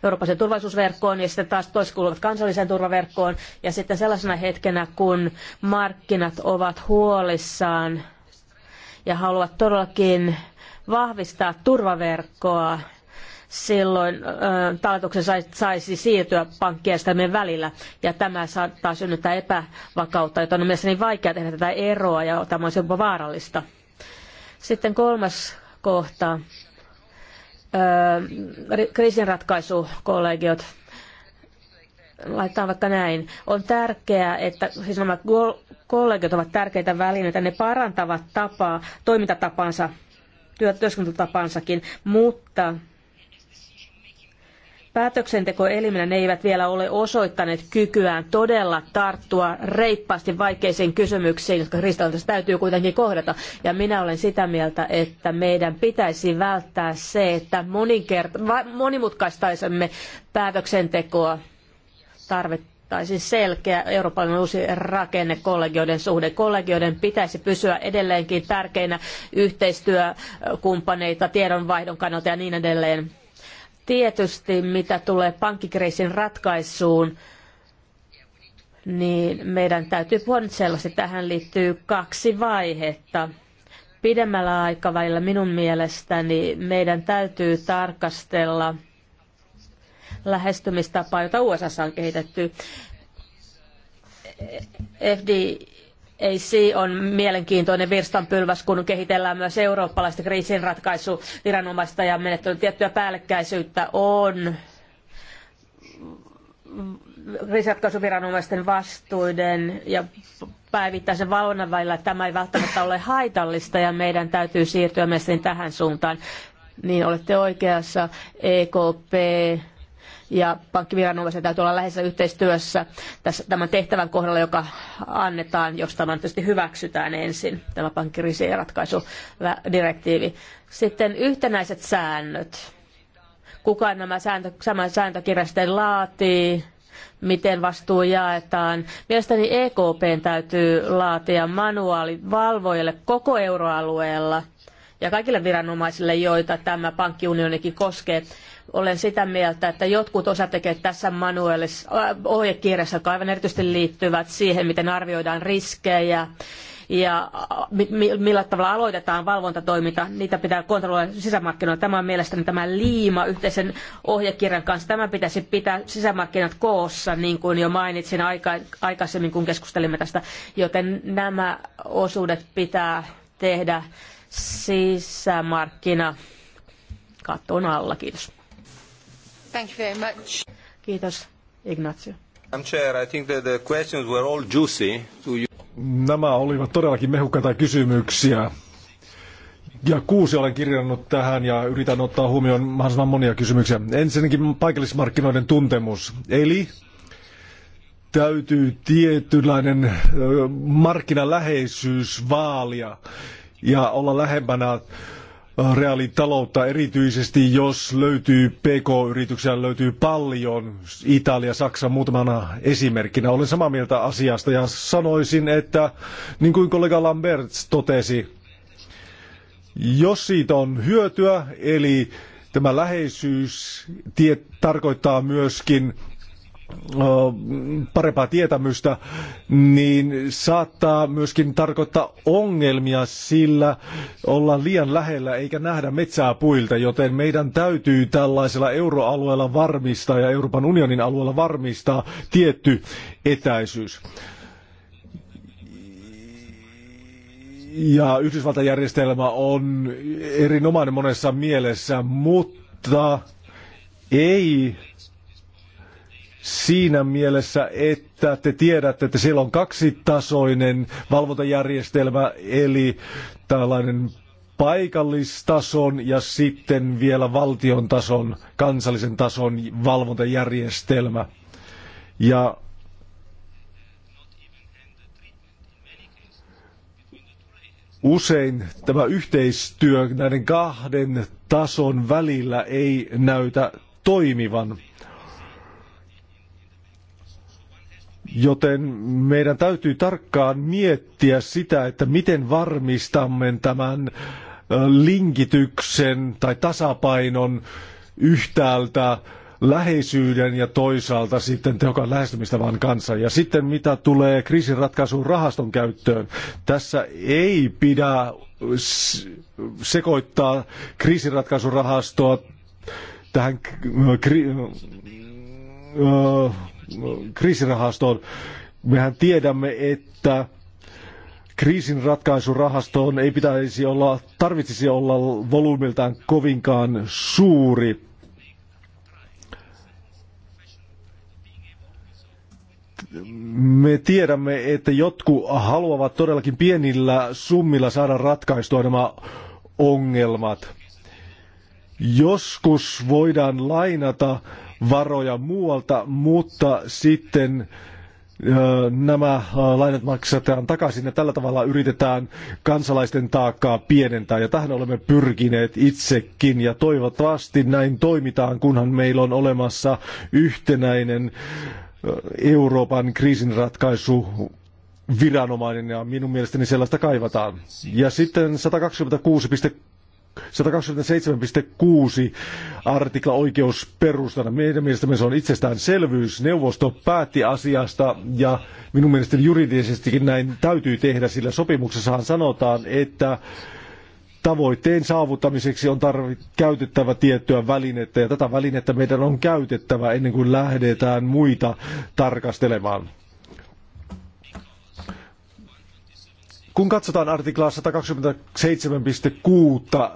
Euroopan turvallisuusverkkoon ja sitten taas toiset kuuluvat kansalliseen turvaverkkoon. Ja sitten sellaisena hetkenä, kun markkinat ovat huolissaan ja haluavat todellakin vahvistaa turvaverkkoa, silloin talletuksen saisi siirtyä pankkijärjestelmien välillä. Ja tämä saattaa synnyttää epävakautta, joten on mielestäni vaikea tehdä tätä eroa ja tämä olisi jopa vaarallista. Sitten kolmas kohta. Kriisinratkaisukollegiot laitetaan vaikka näin. On tärkeää, että siis nämä kollegiot ovat tärkeitä välineitä, ne parantavat tapaa, toimintatapansa, työskentelytapansakin, mutta ne eivät vielä ole osoittaneet kykyään todella tarttua reippaasti vaikeisiin kysymyksiin, jotka kristallisesti täytyy kuitenkin kohdata. Ja minä olen sitä mieltä, että meidän pitäisi välttää se, että moninkert- monimutkaistaisemme päätöksentekoa tarvittaisiin tai Euroopan selkeä eurooppalainen uusi rakenne kollegioiden suhde. Kollegioiden pitäisi pysyä edelleenkin tärkeinä yhteistyökumppaneita tiedonvaihdon kannalta ja niin edelleen Tietysti mitä tulee pankkikriisin ratkaisuun, niin meidän täytyy puhua nyt Tähän liittyy kaksi vaihetta. Pidemmällä aikavälillä minun mielestäni meidän täytyy tarkastella lähestymistapaa, jota USA on kehitetty. FD, AC on mielenkiintoinen virstanpylväs, kun kehitellään myös eurooppalaista kriisinratkaisuviranomaista ja menettelyä. Tiettyä päällekkäisyyttä on kriisinratkaisuviranomaisten vastuiden ja päivittäisen valvonnan välillä. Tämä ei välttämättä ole haitallista ja meidän täytyy siirtyä mielestäni tähän suuntaan. Niin olette oikeassa. EKP ja pankkiviranomaisen täytyy olla läheisessä yhteistyössä tässä, tämän tehtävän kohdalla, joka annetaan, jos tämä tietysti hyväksytään ensin, tämä pankkirisiin ratkaisudirektiivi. Sitten yhtenäiset säännöt. Kuka nämä sääntö, saman sääntökirjasten laatii, miten vastuu jaetaan. Mielestäni EKPn täytyy laatia manuaali valvojille koko euroalueella ja kaikille viranomaisille, joita tämä pankkiunionikin koskee olen sitä mieltä, että jotkut osatekijät tässä manuaalissa äh, ohjekirjassa, jotka aivan erityisesti liittyvät siihen, miten arvioidaan riskejä ja millä tavalla aloitetaan valvontatoiminta, niitä pitää kontrolloida sisämarkkinoilla. Tämä on mielestäni tämä liima yhteisen ohjekirjan kanssa. Tämä pitäisi pitää sisämarkkinat koossa, niin kuin jo mainitsin aikaisemmin, kun keskustelimme tästä. Joten nämä osuudet pitää tehdä sisämarkkina katon alla. Kiitos. Thank you very much. Kiitos, Ignacio. I'm chair. I think that the questions were all juicy to you. Nämä olivat todellakin mehukkaita kysymyksiä. Ja kuusi olen kirjannut tähän ja yritän ottaa huomioon mahdollisimman monia kysymyksiä. Ensinnäkin paikallismarkkinoiden tuntemus. Eli täytyy tietynlainen markkinaläheisyys vaalia ja olla lähempänä reaalitaloutta, erityisesti jos löytyy PK-yrityksiä, löytyy paljon, Italia, Saksa muutamana esimerkkinä. Olen samaa mieltä asiasta ja sanoisin, että niin kuin kollega Lamberts totesi, jos siitä on hyötyä, eli tämä läheisyys tie, tarkoittaa myöskin parempaa tietämystä, niin saattaa myöskin tarkoittaa ongelmia, sillä ollaan liian lähellä eikä nähdä metsää puilta, joten meidän täytyy tällaisella euroalueella varmistaa ja Euroopan unionin alueella varmistaa tietty etäisyys. Ja Yhdysvaltajärjestelmä on erinomainen monessa mielessä, mutta ei siinä mielessä, että te tiedätte, että siellä on kaksitasoinen valvontajärjestelmä, eli tällainen paikallistason ja sitten vielä valtion tason, kansallisen tason valvontajärjestelmä. Ja usein tämä yhteistyö näiden kahden tason välillä ei näytä toimivan. Joten meidän täytyy tarkkaan miettiä sitä, että miten varmistamme tämän linkityksen tai tasapainon yhtäältä läheisyyden ja toisaalta sitten tehokan lähestymistavan kanssa. Ja sitten mitä tulee kriisinratkaisun rahaston käyttöön, tässä ei pidä sekoittaa kriisinratkaisurahastoa tähän kri- kriisirahastoon. Mehän tiedämme, että kriisinratkaisurahastoon ei pitäisi olla, tarvitsisi olla volyymiltaan kovinkaan suuri. Me tiedämme, että jotkut haluavat todellakin pienillä summilla saada ratkaistua nämä ongelmat. Joskus voidaan lainata äh, varoja muualta, mutta sitten nämä lainat maksetaan takaisin ja tällä tavalla yritetään kansalaisten taakkaa pienentää ja tähän olemme pyrkineet itsekin ja toivottavasti näin toimitaan, kunhan meillä on olemassa yhtenäinen Euroopan kriisinratkaisu viranomainen ja minun mielestäni sellaista kaivataan. Ja sitten 126. 127.6 artikla oikeusperustana. Meidän mielestämme se on itsestäänselvyys. Neuvosto päätti asiasta ja minun mielestäni juridisestikin näin täytyy tehdä, sillä sopimuksessahan sanotaan, että tavoitteen saavuttamiseksi on tarvi, käytettävä tiettyä välinettä ja tätä välinettä meidän on käytettävä ennen kuin lähdetään muita tarkastelemaan. Kun katsotaan artiklaa 127.6,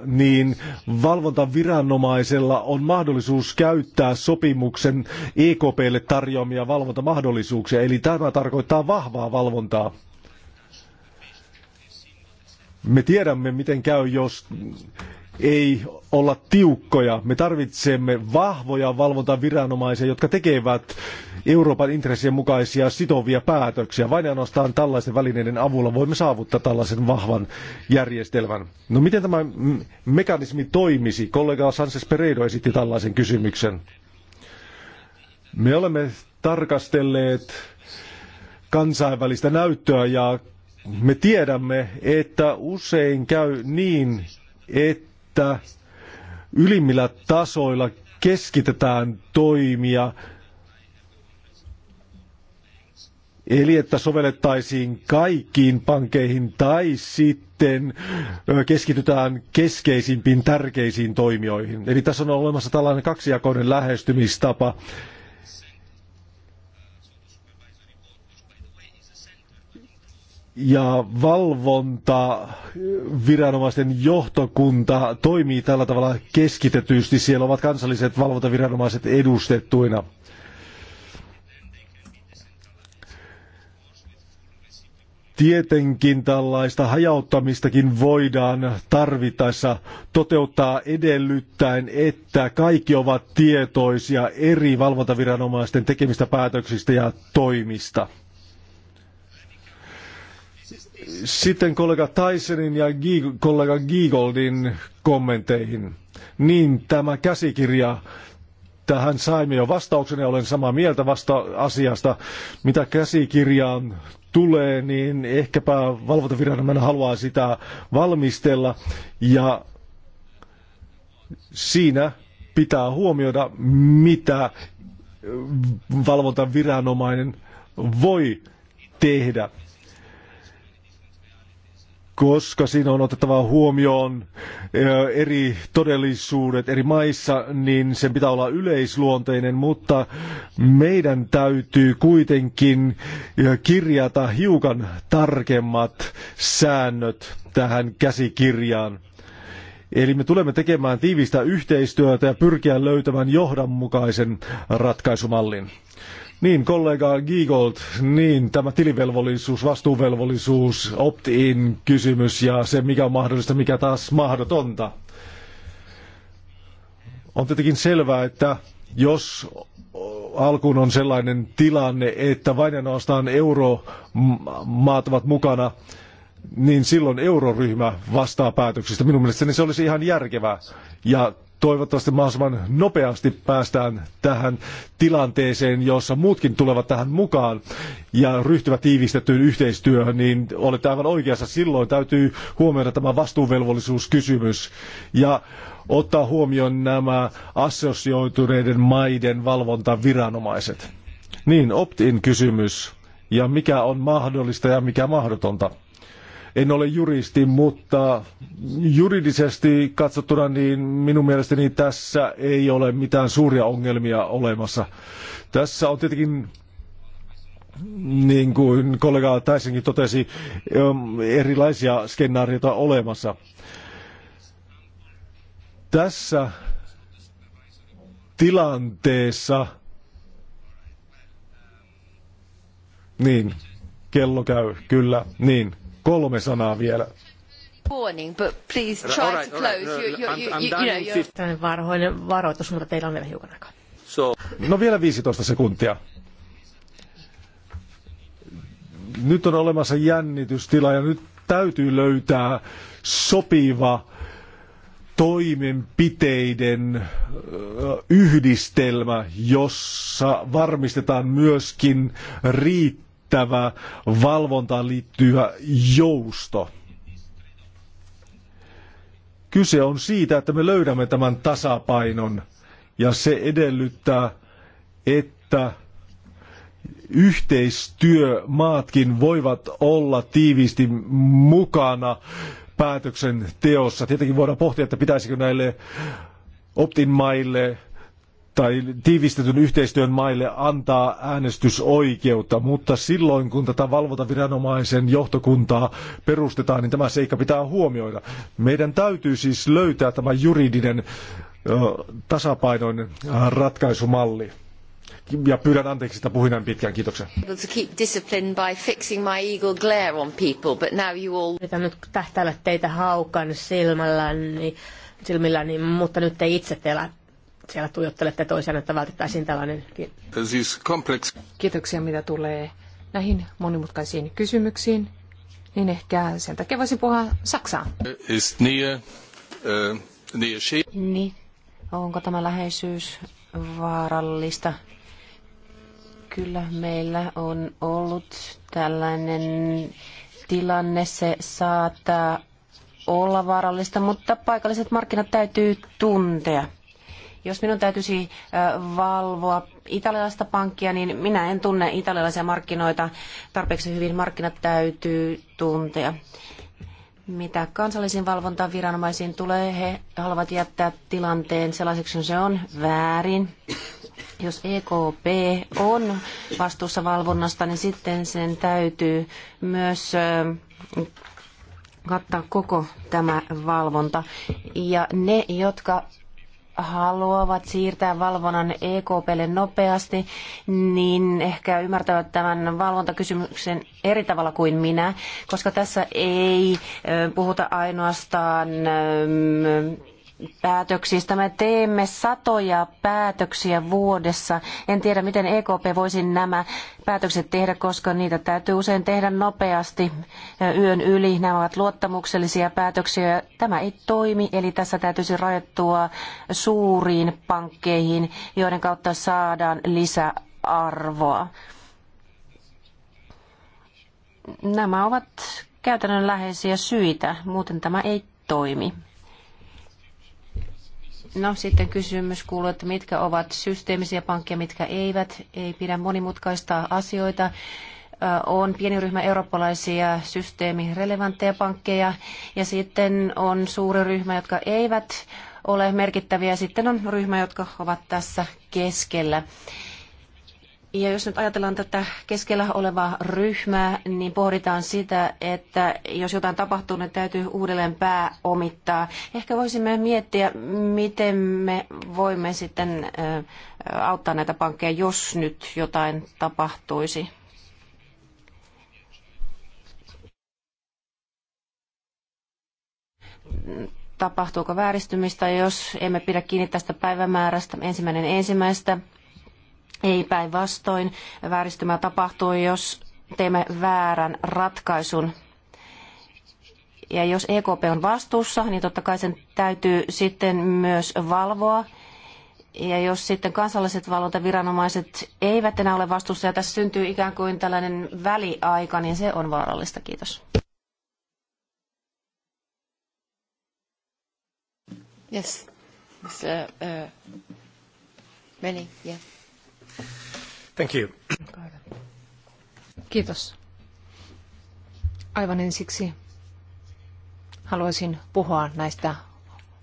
niin valvontaviranomaisella on mahdollisuus käyttää sopimuksen EKPlle tarjoamia valvontamahdollisuuksia, eli tämä tarkoittaa vahvaa valvontaa. Me tiedämme, miten käy, jos ei olla tiukkoja. Me tarvitsemme vahvoja valvontaviranomaisia, jotka tekevät Euroopan intressien mukaisia sitovia päätöksiä. Vain ainoastaan tällaisten välineiden avulla voimme saavuttaa tällaisen vahvan järjestelmän. No miten tämä mekanismi toimisi? Kollega Sanchez Peredo esitti tällaisen kysymyksen. Me olemme tarkastelleet kansainvälistä näyttöä ja me tiedämme, että usein käy niin, että että ylimmillä tasoilla keskitetään toimia, eli että sovellettaisiin kaikkiin pankkeihin tai sitten keskitytään keskeisimpiin tärkeisiin toimijoihin. Eli tässä on olemassa tällainen kaksijakoinen lähestymistapa. ja valvonta, viranomaisten johtokunta toimii tällä tavalla keskitetysti. Siellä ovat kansalliset valvontaviranomaiset edustettuina. Tietenkin tällaista hajauttamistakin voidaan tarvittaessa toteuttaa edellyttäen, että kaikki ovat tietoisia eri valvontaviranomaisten tekemistä päätöksistä ja toimista. Sitten kollega Tysonin ja kollega Giegoldin kommenteihin. Niin, tämä käsikirja, tähän saimme jo vastauksen ja olen samaa mieltä vasta asiasta. Mitä käsikirjaan tulee, niin ehkäpä valvontaviranomainen haluaa sitä valmistella ja siinä pitää huomioida, mitä valvontaviranomainen voi tehdä koska siinä on otettava huomioon eri todellisuudet eri maissa, niin sen pitää olla yleisluonteinen, mutta meidän täytyy kuitenkin kirjata hiukan tarkemmat säännöt tähän käsikirjaan. Eli me tulemme tekemään tiivistä yhteistyötä ja pyrkiä löytämään johdonmukaisen ratkaisumallin. Niin, kollega Giegold, niin tämä tilivelvollisuus, vastuuvelvollisuus, opt-in kysymys ja se mikä on mahdollista, mikä taas mahdotonta. On tietenkin selvää, että jos alkuun on sellainen tilanne, että vain ja ainoastaan euromaat ovat mukana, niin silloin euroryhmä vastaa päätöksistä. Minun mielestäni se olisi ihan järkevää. Ja toivottavasti mahdollisimman nopeasti päästään tähän tilanteeseen, jossa muutkin tulevat tähän mukaan ja ryhtyvät tiivistettyyn yhteistyöhön, niin olette aivan oikeassa. Silloin täytyy huomioida tämä vastuuvelvollisuuskysymys ja ottaa huomioon nämä assosioituneiden maiden valvontaviranomaiset. Niin, opt-in kysymys. Ja mikä on mahdollista ja mikä mahdotonta? En ole juristi, mutta juridisesti katsottuna niin minun mielestäni tässä ei ole mitään suuria ongelmia olemassa. Tässä on tietenkin niin kuin kollega Taisenkin totesi, erilaisia skenaarioita olemassa. Tässä tilanteessa, niin, kello käy, kyllä, niin. Kolme sanaa vielä. Warning, but please try to close. You, you, you, you, know, varhoinen varoitus, mutta teillä on vielä hiukan aikaa. No vielä 15 sekuntia. Nyt on olemassa jännitystila ja nyt täytyy löytää sopiva toimenpiteiden yhdistelmä, jossa varmistetaan myöskin riittävä riittävä valvontaan liittyvä jousto. Kyse on siitä, että me löydämme tämän tasapainon ja se edellyttää, että yhteistyömaatkin voivat olla tiiviisti mukana päätöksenteossa. Tietenkin voidaan pohtia, että pitäisikö näille optin maille tai tiivistetyn yhteistyön maille antaa äänestysoikeutta, mutta silloin kun tätä valvontaviranomaisen johtokuntaa perustetaan, niin tämä seikka pitää huomioida. Meidän täytyy siis löytää tämä juridinen tasapainoinen ratkaisumalli. Ja pyydän anteeksi, että puhuin näin pitkään. Kiitoksia. Yritän nyt tähtäillä teitä haukan silmällä, niin, silmillä, niin, mutta nyt te itse teillä siellä tuijottelette toisiaan, että vältettäisiin tällainen. Kiitoksia, mitä tulee näihin monimutkaisiin kysymyksiin. Niin ehkä sen takia voisin puhua Saksaa. Uh, niin. Onko tämä läheisyys vaarallista? Kyllä meillä on ollut tällainen tilanne. Se saattaa olla vaarallista, mutta paikalliset markkinat täytyy tuntea. Jos minun täytyisi valvoa italialaista pankkia, niin minä en tunne italialaisia markkinoita tarpeeksi hyvin. Markkinat täytyy tuntea. Mitä kansallisiin valvontaviranomaisiin tulee, he haluavat jättää tilanteen sellaiseksi, kun se on väärin. Jos EKP on vastuussa valvonnasta, niin sitten sen täytyy myös kattaa koko tämä valvonta. Ja ne, jotka haluavat siirtää valvonnan EKPlle nopeasti, niin ehkä ymmärtävät tämän valvontakysymyksen eri tavalla kuin minä, koska tässä ei puhuta ainoastaan päätöksistä. Me teemme satoja päätöksiä vuodessa. En tiedä, miten EKP voisi nämä päätökset tehdä, koska niitä täytyy usein tehdä nopeasti yön yli. Nämä ovat luottamuksellisia päätöksiä. Tämä ei toimi, eli tässä täytyisi rajoittua suuriin pankkeihin, joiden kautta saadaan lisäarvoa. Nämä ovat käytännönläheisiä syitä, muuten tämä ei toimi. No sitten kysymys kuuluu, että mitkä ovat systeemisiä pankkeja, mitkä eivät. Ei pidä monimutkaistaa asioita. On pieni ryhmä eurooppalaisia systeemirelevantteja pankkeja ja sitten on suuri ryhmä, jotka eivät ole merkittäviä. Sitten on ryhmä, jotka ovat tässä keskellä. Ja jos nyt ajatellaan tätä keskellä olevaa ryhmää, niin pohditaan sitä, että jos jotain tapahtuu, niin täytyy uudelleen pääomittaa. Ehkä voisimme miettiä, miten me voimme sitten auttaa näitä pankkeja, jos nyt jotain tapahtuisi. Tapahtuuko vääristymistä, jos emme pidä kiinni tästä päivämäärästä ensimmäinen ensimmäistä? Ei päinvastoin. Vääristymä tapahtuu, jos teemme väärän ratkaisun. Ja jos EKP on vastuussa, niin totta kai sen täytyy sitten myös valvoa. Ja jos sitten kansalliset valvontaviranomaiset eivät enää ole vastuussa ja tässä syntyy ikään kuin tällainen väliaika, niin se on vaarallista. Kiitos. Yes. So, uh, many, uh, yeah. Thank you. Kiitos. Aivan ensiksi haluaisin puhua näistä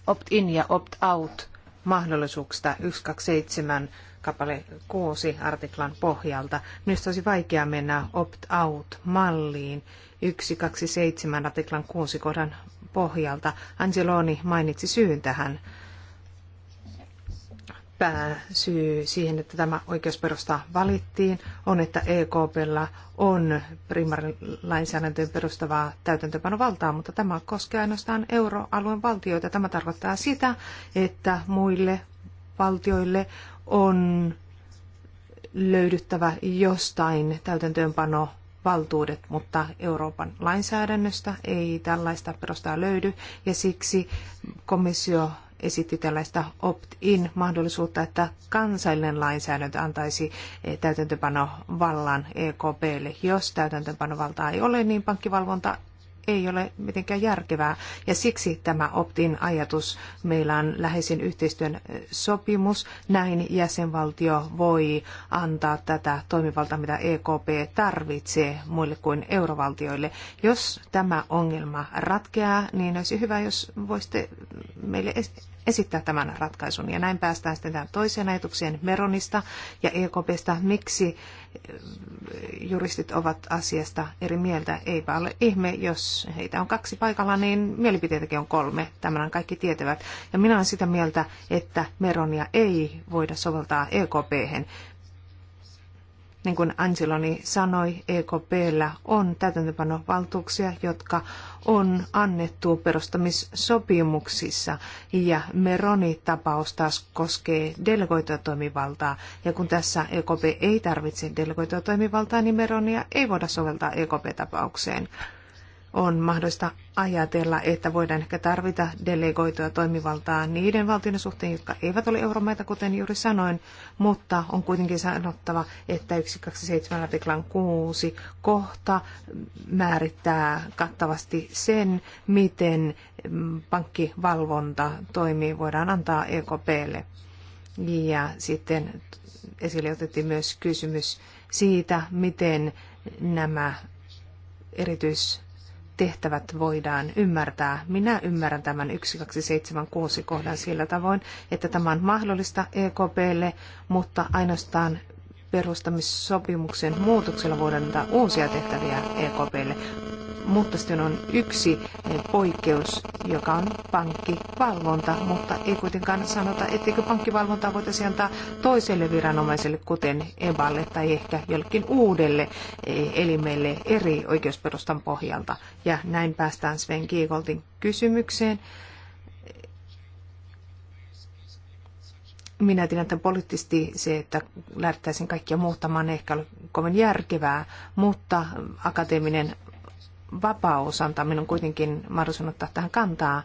opt-in ja opt-out mahdollisuuksista 127 kappale 6 artiklan pohjalta. Minusta olisi vaikea mennä opt-out-malliin 127 artiklan 6 kohdan pohjalta. Angeloni mainitsi syyn tähän pääsyy siihen, että tämä oikeusperusta valittiin, on, että EKPlla on primarilainsäädäntöön perustavaa täytäntöpanovaltaa, mutta tämä koskee ainoastaan euroalueen valtioita. Tämä tarkoittaa sitä, että muille valtioille on löydyttävä jostain täytäntöönpano valtuudet, mutta Euroopan lainsäädännöstä ei tällaista perustaa löydy ja siksi komissio esitti tällaista opt-in-mahdollisuutta, että kansallinen lainsäädäntö antaisi eh, täytäntöpanovallan EKPlle. Jos täytäntöpanovaltaa ei ole, niin pankkivalvonta ei ole mitenkään järkevää. Ja siksi tämä in ajatus, meillä on läheisen yhteistyön sopimus, näin jäsenvaltio voi antaa tätä toimivaltaa, mitä EKP tarvitsee muille kuin eurovaltioille. Jos tämä ongelma ratkeaa, niin olisi hyvä, jos voisitte meille esittää tämän ratkaisun. Ja näin päästään sitten tähän toiseen ajatukseen Meronista ja EKPstä, miksi eh, juristit ovat asiasta eri mieltä. Eipä ole ihme, jos heitä on kaksi paikalla, niin mielipiteitäkin on kolme. Tämän kaikki tietävät. Ja minä olen sitä mieltä, että Meronia ei voida soveltaa EKPhen. Niin kuin Angeloni sanoi, EKPllä on täytäntöpanovaltuuksia, jotka on annettu perustamissopimuksissa ja Meroni-tapaus taas koskee delegoitua toimivaltaa. Ja kun tässä EKP ei tarvitse delegoitua toimivaltaa, niin Meronia ei voida soveltaa EKP-tapaukseen on mahdollista ajatella, että voidaan ehkä tarvita delegoitua toimivaltaa niiden valtioiden suhteen, jotka eivät ole euromaita, kuten juuri sanoin, mutta on kuitenkin sanottava, että 127 artiklan 6 kohta määrittää kattavasti sen, miten pankkivalvonta toimii, voidaan antaa EKPlle. Ja sitten esille otettiin myös kysymys siitä, miten nämä erityis tehtävät voidaan ymmärtää. Minä ymmärrän tämän 1276 kohdan sillä tavoin, että tämä on mahdollista EKPlle, mutta ainoastaan perustamissopimuksen muutoksella voidaan antaa uusia tehtäviä EKPlle mutta sitten on yksi eh, poikkeus, joka on pankkivalvonta, mutta ei kuitenkaan sanota, etteikö pankkivalvontaa voitaisiin antaa toiselle viranomaiselle, kuten EBAlle tai ehkä jollekin uudelle eh, elimelle eri oikeusperustan pohjalta. Ja näin päästään Sven Kiikoltin kysymykseen. minä tiedän, että poliittisesti se, että lähdettäisiin kaikkia muuttamaan, ei ehkä ole kovin järkevää, mutta akateeminen vapaus antaa minun kuitenkin mahdollisuuden ottaa tähän kantaa.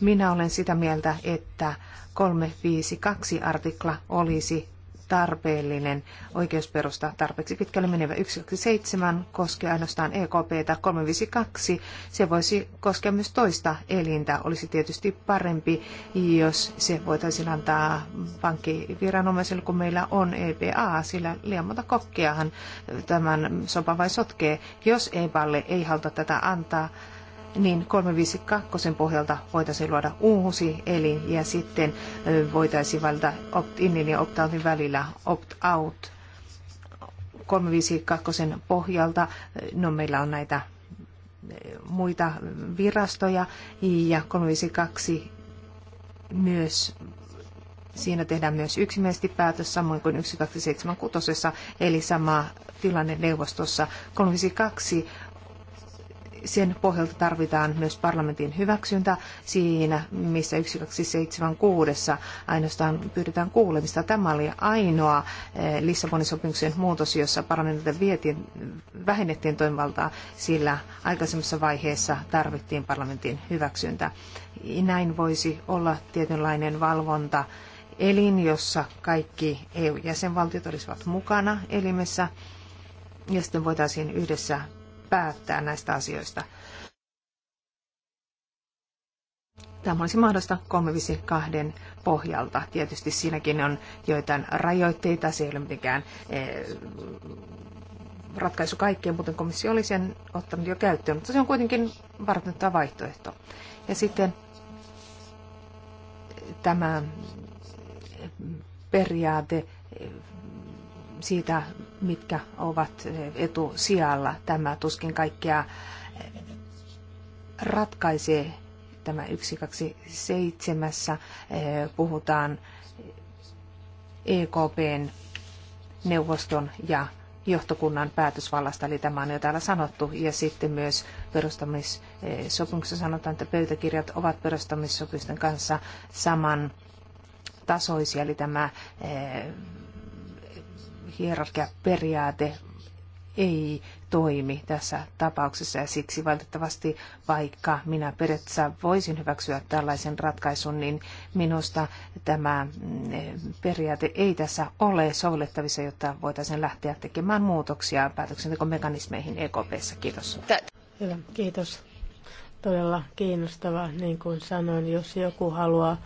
Minä olen sitä mieltä, että 352 artikla olisi tarpeellinen oikeusperusta tarpeeksi pitkälle menevä 127 koskee ainoastaan EKP 352. Se voisi koskea myös toista elintä. Olisi tietysti parempi, jos se voitaisiin antaa pankkiviranomaiselle, kun meillä on EPA, sillä liian monta kokkeahan tämän sopa vai sotkee. Jos EPAlle ei haluta tätä antaa, niin 352 pohjalta voitaisiin luoda uusi eli ja sitten voitaisiin valita opt-inin ja opt-outin välillä opt-out. 352 pohjalta, no meillä on näitä muita virastoja ja 352 myös Siinä tehdään myös yksimielisesti päätös, samoin kuin 1276, eli sama tilanne neuvostossa. 352 sen pohjalta tarvitaan myös parlamentin hyväksyntä siinä, missä 1276 ainoastaan pyydetään kuulemista. Tämä oli ainoa eh, Lissabonin sopimuksen muutos, jossa parlamentilta vietiin, vähennettiin toimivaltaa, sillä aikaisemmassa vaiheessa tarvittiin parlamentin hyväksyntä. Näin voisi olla tietynlainen valvonta elin, jossa kaikki EU-jäsenvaltiot olisivat mukana elimessä, ja sitten voitaisiin yhdessä päättää näistä asioista. Tämä olisi mahdollista 352 pohjalta. Tietysti siinäkin on joitain rajoitteita, se ei ole mitenkään eh, ratkaisu kaikkeen, muuten komissio oli sen ottanut jo käyttöön, mutta se on kuitenkin vartentaa vaihtoehto. Ja sitten tämä periaate eh, siitä, mitkä ovat eh, etusijalla. Tämä tuskin kaikkea eh, ratkaisee tämä 127. Eh, puhutaan EKPn neuvoston ja johtokunnan päätösvallasta, eli tämä on jo täällä sanottu, ja sitten myös perustamissopimuksessa sanotaan, että pöytäkirjat ovat perustamissopimusten kanssa saman tasoisia, eli tämä hierarkiaperiaate ei toimi tässä tapauksessa ja siksi valitettavasti vaikka minä periaatteessa voisin hyväksyä tällaisen ratkaisun, niin minusta tämä mm, periaate ei tässä ole sovellettavissa, jotta voitaisiin lähteä tekemään muutoksia päätöksentekomekanismeihin EKPssä. Kiitos. Kyllä, kiitos. Todella kiinnostava, niin kuin sanoin, jos joku haluaa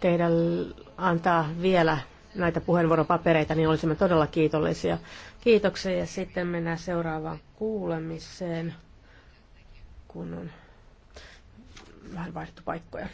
tehdä, antaa vielä näitä puheenvuoropapereita, niin olisimme todella kiitollisia. Kiitoksia ja sitten mennään seuraavaan kuulemiseen, kun on vähän vaihdettu paikkoja.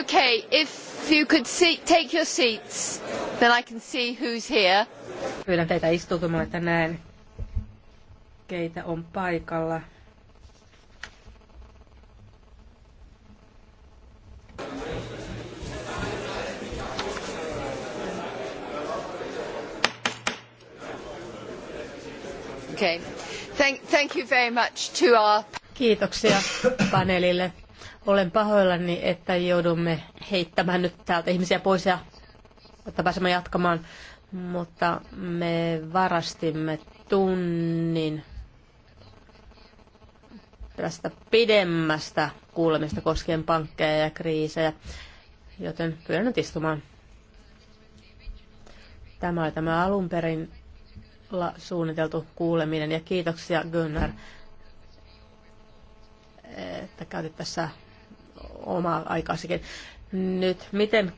Okay, if you could see, take your seats, then I can see who's here. Pyydän teitä istuutumaan, että näen, keitä on paikalla. Okay. Thank, thank you very much to our... Kiitoksia paneelille olen pahoillani, että joudumme heittämään nyt täältä ihmisiä pois ja että pääsemme jatkamaan, mutta me varastimme tunnin tästä pidemmästä kuulemista koskien pankkeja ja kriisejä, joten pyydän nyt istumaan. Tämä oli tämä alun perin suunniteltu kuuleminen ja kiitoksia Gunnar, että käytit tässä omaa aikaisikin. Nyt miten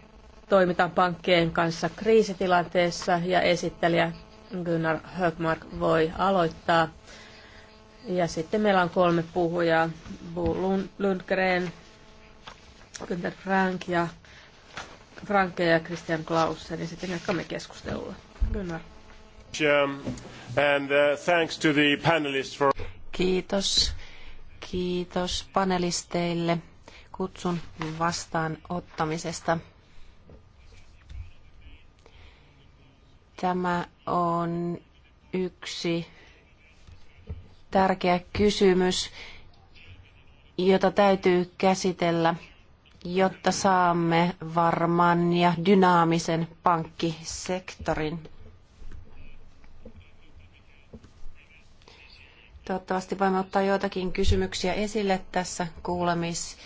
toimitaan pankkien kanssa kriisitilanteessa ja esittelijä Gunnar Högmark voi aloittaa. Ja sitten meillä on kolme puhujaa, Bo Lundgren, Günther Frank ja Franke ja Christian Klausen, ja sitten jatkamme keskustelua. Gunnar. And, uh, thanks to the panelists for... Kiitos. Kiitos panelisteille kutsun vastaanottamisesta. Tämä on yksi tärkeä kysymys, jota täytyy käsitellä, jotta saamme varman ja dynaamisen pankkisektorin. Toivottavasti voimme ottaa joitakin kysymyksiä esille tässä kuulemis-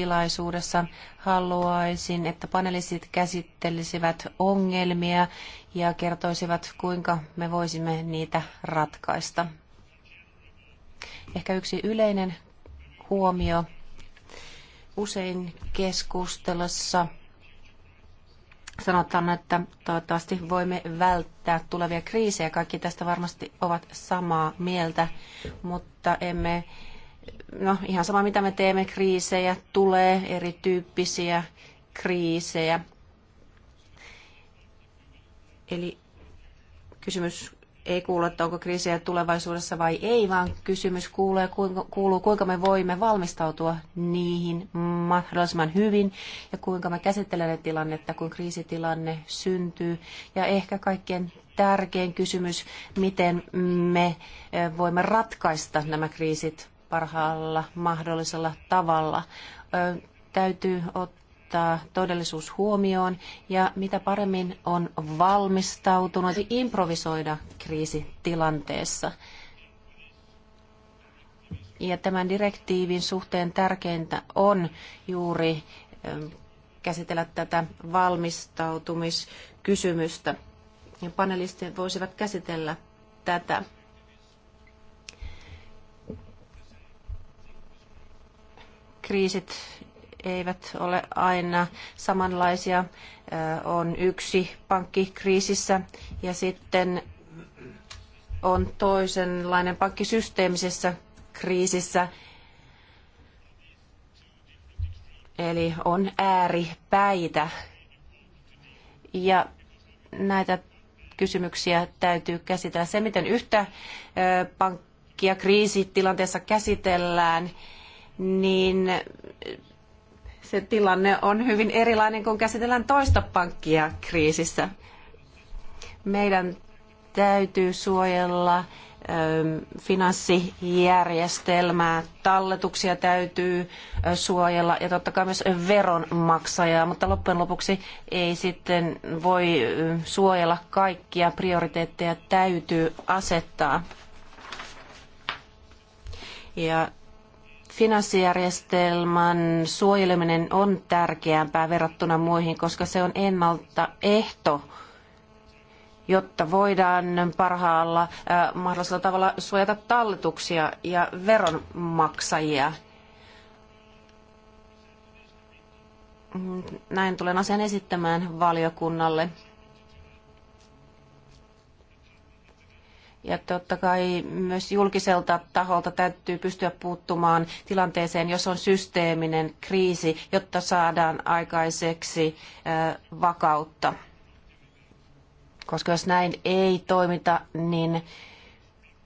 tilaisuudessa. Haluaisin, että panelistit käsittelisivät ongelmia ja kertoisivat, kuinka me voisimme niitä ratkaista. Ehkä yksi yleinen huomio. Usein keskustelussa sanotaan, että toivottavasti voimme välttää tulevia kriisejä. Kaikki tästä varmasti ovat samaa mieltä, mutta emme no ihan sama mitä me teemme, kriisejä tulee, erityyppisiä kriisejä. Eli kysymys ei kuulu, että onko kriisejä tulevaisuudessa vai ei, vaan kysymys kuuluu, kuinka, kuuluu, kuinka me voimme valmistautua niihin mahdollisimman hyvin ja kuinka me käsittelemme tilannetta, kun kriisitilanne syntyy. Ja ehkä kaikkien tärkein kysymys, miten me eh, voimme ratkaista nämä kriisit parhaalla mahdollisella tavalla. Täytyy ottaa todellisuus huomioon ja mitä paremmin on valmistautunut improvisoida kriisitilanteessa. Ja tämän direktiivin suhteen tärkeintä on juuri käsitellä tätä valmistautumiskysymystä. Ja panelistit voisivat käsitellä tätä. kriisit eivät ole aina samanlaisia. On yksi pankki kriisissä ja sitten on toisenlainen pankki systeemisessä kriisissä. Eli on ääripäitä. Ja näitä kysymyksiä täytyy käsitellä. Se, miten yhtä pankkia kriisitilanteessa käsitellään, niin se tilanne on hyvin erilainen, kun käsitellään toista pankkia kriisissä. Meidän täytyy suojella ähm, finanssijärjestelmää, talletuksia täytyy äh, suojella ja totta kai myös veronmaksajaa, mutta loppujen lopuksi ei sitten voi äh, suojella kaikkia prioriteetteja täytyy asettaa. Ja finanssijärjestelmän suojeleminen on tärkeämpää verrattuna muihin, koska se on ennalta ehto, jotta voidaan parhaalla äh, mahdollisella tavalla suojata talletuksia ja veronmaksajia. Näin tulen asian esittämään valiokunnalle. Ja totta kai myös julkiselta taholta täytyy pystyä puuttumaan tilanteeseen, jos on systeeminen kriisi, jotta saadaan aikaiseksi vakautta. Koska jos näin ei toimita, niin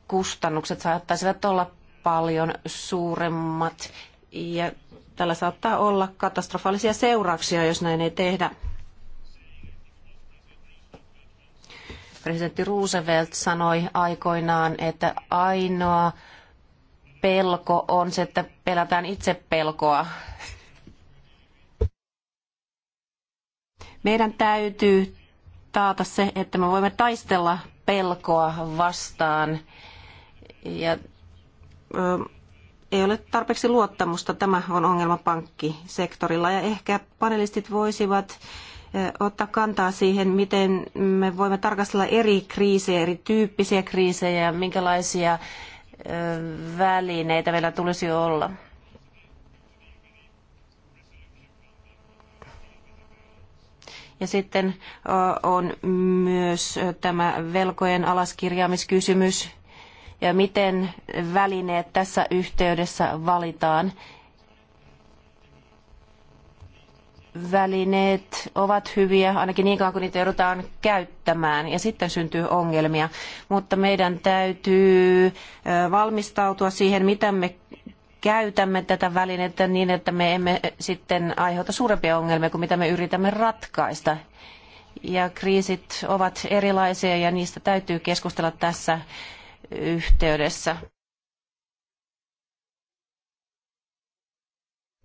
kustannukset saattaisivat olla paljon suuremmat ja tällä saattaa olla katastrofaalisia seurauksia, jos näin ei tehdä. Presidentti Roosevelt sanoi aikoinaan, että ainoa pelko on se, että pelätään itse pelkoa. Meidän täytyy taata se, että me voimme taistella pelkoa vastaan. Ja, ö, ei ole tarpeeksi luottamusta. Tämä on ongelma pankkisektorilla ja ehkä panelistit voisivat ottaa kantaa siihen, miten me voimme tarkastella eri kriisejä, erityyppisiä kriisejä ja minkälaisia välineitä meillä tulisi olla. Ja sitten on myös tämä velkojen alaskirjaamiskysymys ja miten välineet tässä yhteydessä valitaan välineet ovat hyviä, ainakin niin kauan kuin niitä joudutaan käyttämään, ja sitten syntyy ongelmia. Mutta meidän täytyy valmistautua siihen, miten me käytämme tätä välinettä niin, että me emme sitten aiheuta suurempia ongelmia kuin mitä me yritämme ratkaista. Ja kriisit ovat erilaisia ja niistä täytyy keskustella tässä yhteydessä.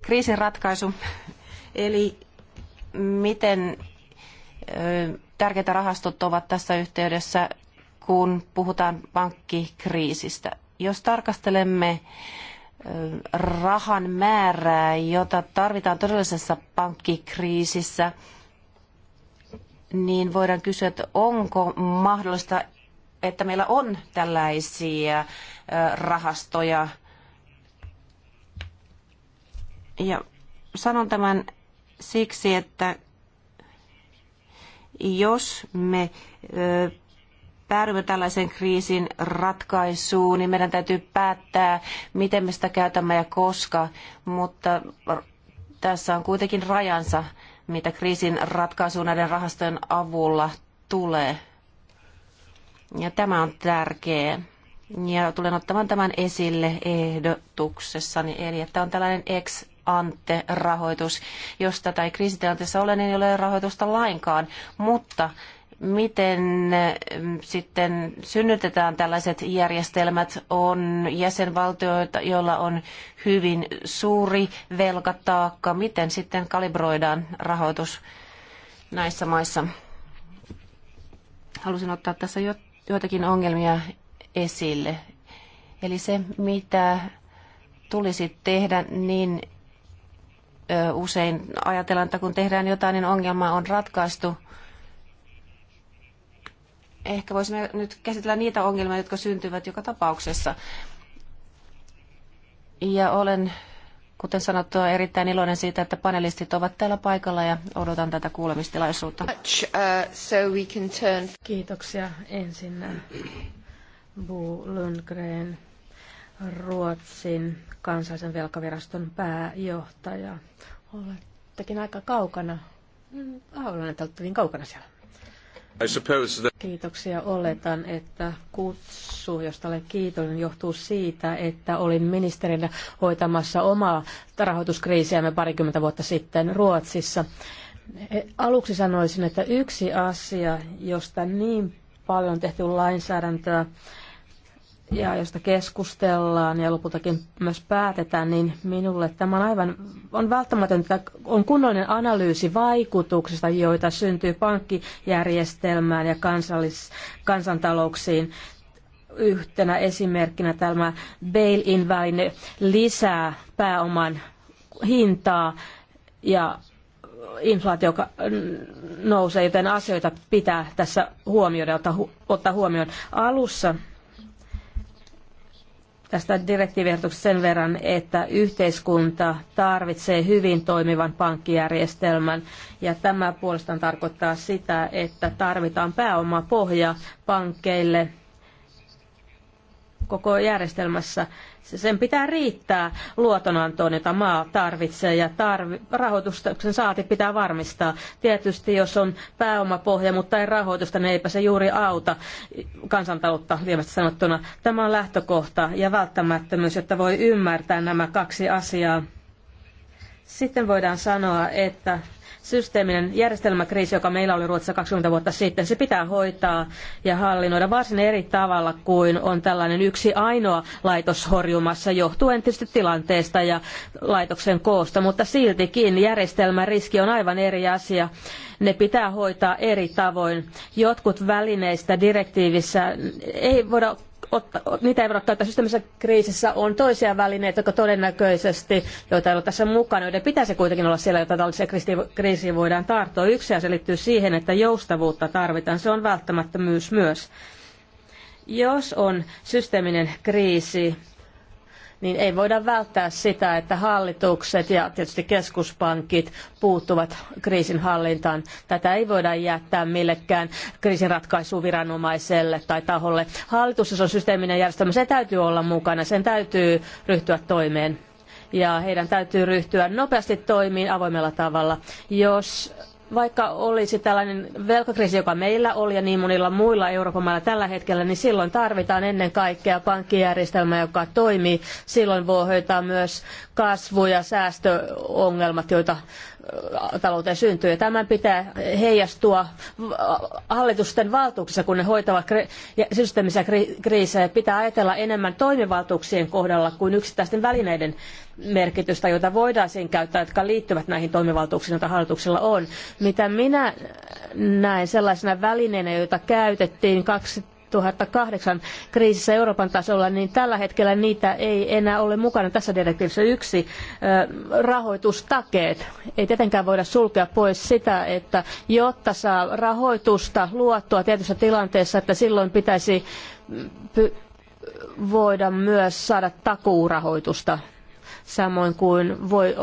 Kriisin ratkaisu Eli miten tärkeitä rahastot ovat tässä yhteydessä, kun puhutaan pankkikriisistä. Jos tarkastelemme rahan määrää, jota tarvitaan todellisessa pankkikriisissä, niin voidaan kysyä, että onko mahdollista, että meillä on tällaisia rahastoja. Ja sanon tämän siksi, että jos me päädymme tällaisen kriisin ratkaisuun, niin meidän täytyy päättää, miten me sitä käytämme ja koska, mutta tässä on kuitenkin rajansa, mitä kriisin ratkaisuun näiden rahastojen avulla tulee. Ja tämä on tärkeää. Ja tulen ottamaan tämän esille ehdotuksessani, eli että on tällainen ex ante-rahoitus. Jos tätä ei kriisitilanteessa ole, niin ei ole rahoitusta lainkaan. Mutta miten mm, sitten synnytetään tällaiset järjestelmät? On jäsenvaltioita, joilla on hyvin suuri velkataakka. Miten sitten kalibroidaan rahoitus näissä maissa? Halusin ottaa tässä jo, joitakin ongelmia esille. Eli se, mitä tulisi tehdä, niin usein ajatellaan, että kun tehdään jotain, niin ongelma on ratkaistu. Ehkä voisimme nyt käsitellä niitä ongelmia, jotka syntyvät joka tapauksessa. Ja olen, kuten sanottua, erittäin iloinen siitä, että panelistit ovat täällä paikalla ja odotan tätä kuulemistilaisuutta. Kiitoksia ensin. Bu Lundgren Ruotsin kansallisen velkaviraston pääjohtaja. Olettekin aika kaukana. Mm, olen, että olette niin kaukana siellä. That... Kiitoksia. Oletan, että kutsu, josta olen kiitollinen, johtuu siitä, että olin ministerinä hoitamassa omaa rahoituskriisiämme parikymmentä vuotta sitten Ruotsissa. E, aluksi sanoisin, että yksi asia, josta niin paljon on tehty lainsäädäntöä, ja josta keskustellaan ja lopultakin myös päätetään, niin minulle tämä on aivan on välttämätöntä, on kunnollinen analyysi vaikutuksista, joita syntyy pankkijärjestelmään ja kansallis, kansantalouksiin. Yhtenä esimerkkinä tämä bail-in väline lisää pääoman hintaa ja inflaatio nousee, joten asioita pitää tässä huomioida, ottaa huomioon. Alussa tästä direktiiviehdotuksesta sen verran, että yhteiskunta tarvitsee hyvin toimivan pankkijärjestelmän ja tämä puolestaan tarkoittaa sitä, että tarvitaan pääomapohja pankkeille – koko järjestelmässä. Sen pitää riittää luotonantoon, jota maa tarvitsee ja tarvi, rahoituksen saati pitää varmistaa. Tietysti jos on pääomapohja, mutta ei rahoitusta, niin eipä se juuri auta kansantaloutta lievästi sanottuna. Tämä on lähtökohta ja välttämättömyys, jotta voi ymmärtää nämä kaksi asiaa. Sitten voidaan sanoa, että systeeminen järjestelmäkriisi, joka meillä oli Ruotsissa 20 vuotta sitten, se pitää hoitaa ja hallinnoida varsin eri tavalla kuin on tällainen yksi ainoa laitos horjumassa johtuen tietysti tilanteesta ja laitoksen koosta, mutta siltikin järjestelmäriski on aivan eri asia. Ne pitää hoitaa eri tavoin. Jotkut välineistä direktiivissä ei voida otta, niitä ei voida käyttää systeemisessä kriisissä. On toisia välineitä, jotka todennäköisesti, joita ei ole tässä mukana, joiden pitäisi kuitenkin olla siellä, jotta tällaisia kriisiä voidaan tarttua. Yksi asia liittyy siihen, että joustavuutta tarvitaan. Se on välttämättömyys myös. Jos on systeeminen kriisi, niin ei voida välttää sitä, että hallitukset ja tietysti keskuspankit puuttuvat kriisin hallintaan. Tätä ei voida jättää millekään kriisinratkaisuviranomaiselle tai taholle. Hallitus, jos on systeeminen järjestelmä, se täytyy olla mukana, sen täytyy ryhtyä toimeen. Ja heidän täytyy ryhtyä nopeasti toimiin avoimella tavalla. Jos vaikka olisi tällainen velkakriisi, joka meillä oli ja niin monilla muilla Euroopan mailla tällä hetkellä, niin silloin tarvitaan ennen kaikkea pankkijärjestelmä, joka toimii. Silloin voi hoitaa myös kasvu- ja säästöongelmat, joita talouteen syntyy. Ja tämän pitää heijastua hallitusten valtuuksissa, kun ne hoitavat systeemisiä kriisejä. Pitää ajatella enemmän toimivaltuuksien kohdalla kuin yksittäisten välineiden merkitystä, joita voitaisiin käyttää, jotka liittyvät näihin toimivaltuuksiin, joita hallituksilla on. Mitä minä näen sellaisena välineenä, joita käytettiin 2000 2008 kriisissä Euroopan tasolla, niin tällä hetkellä niitä ei enää ole mukana tässä direktiivissä yksi rahoitustakeet. Ei tietenkään voida sulkea pois sitä, että jotta saa rahoitusta luottua tietyssä tilanteessa, että silloin pitäisi mm, voida myös saada takuurahoitusta, samoin kuin voi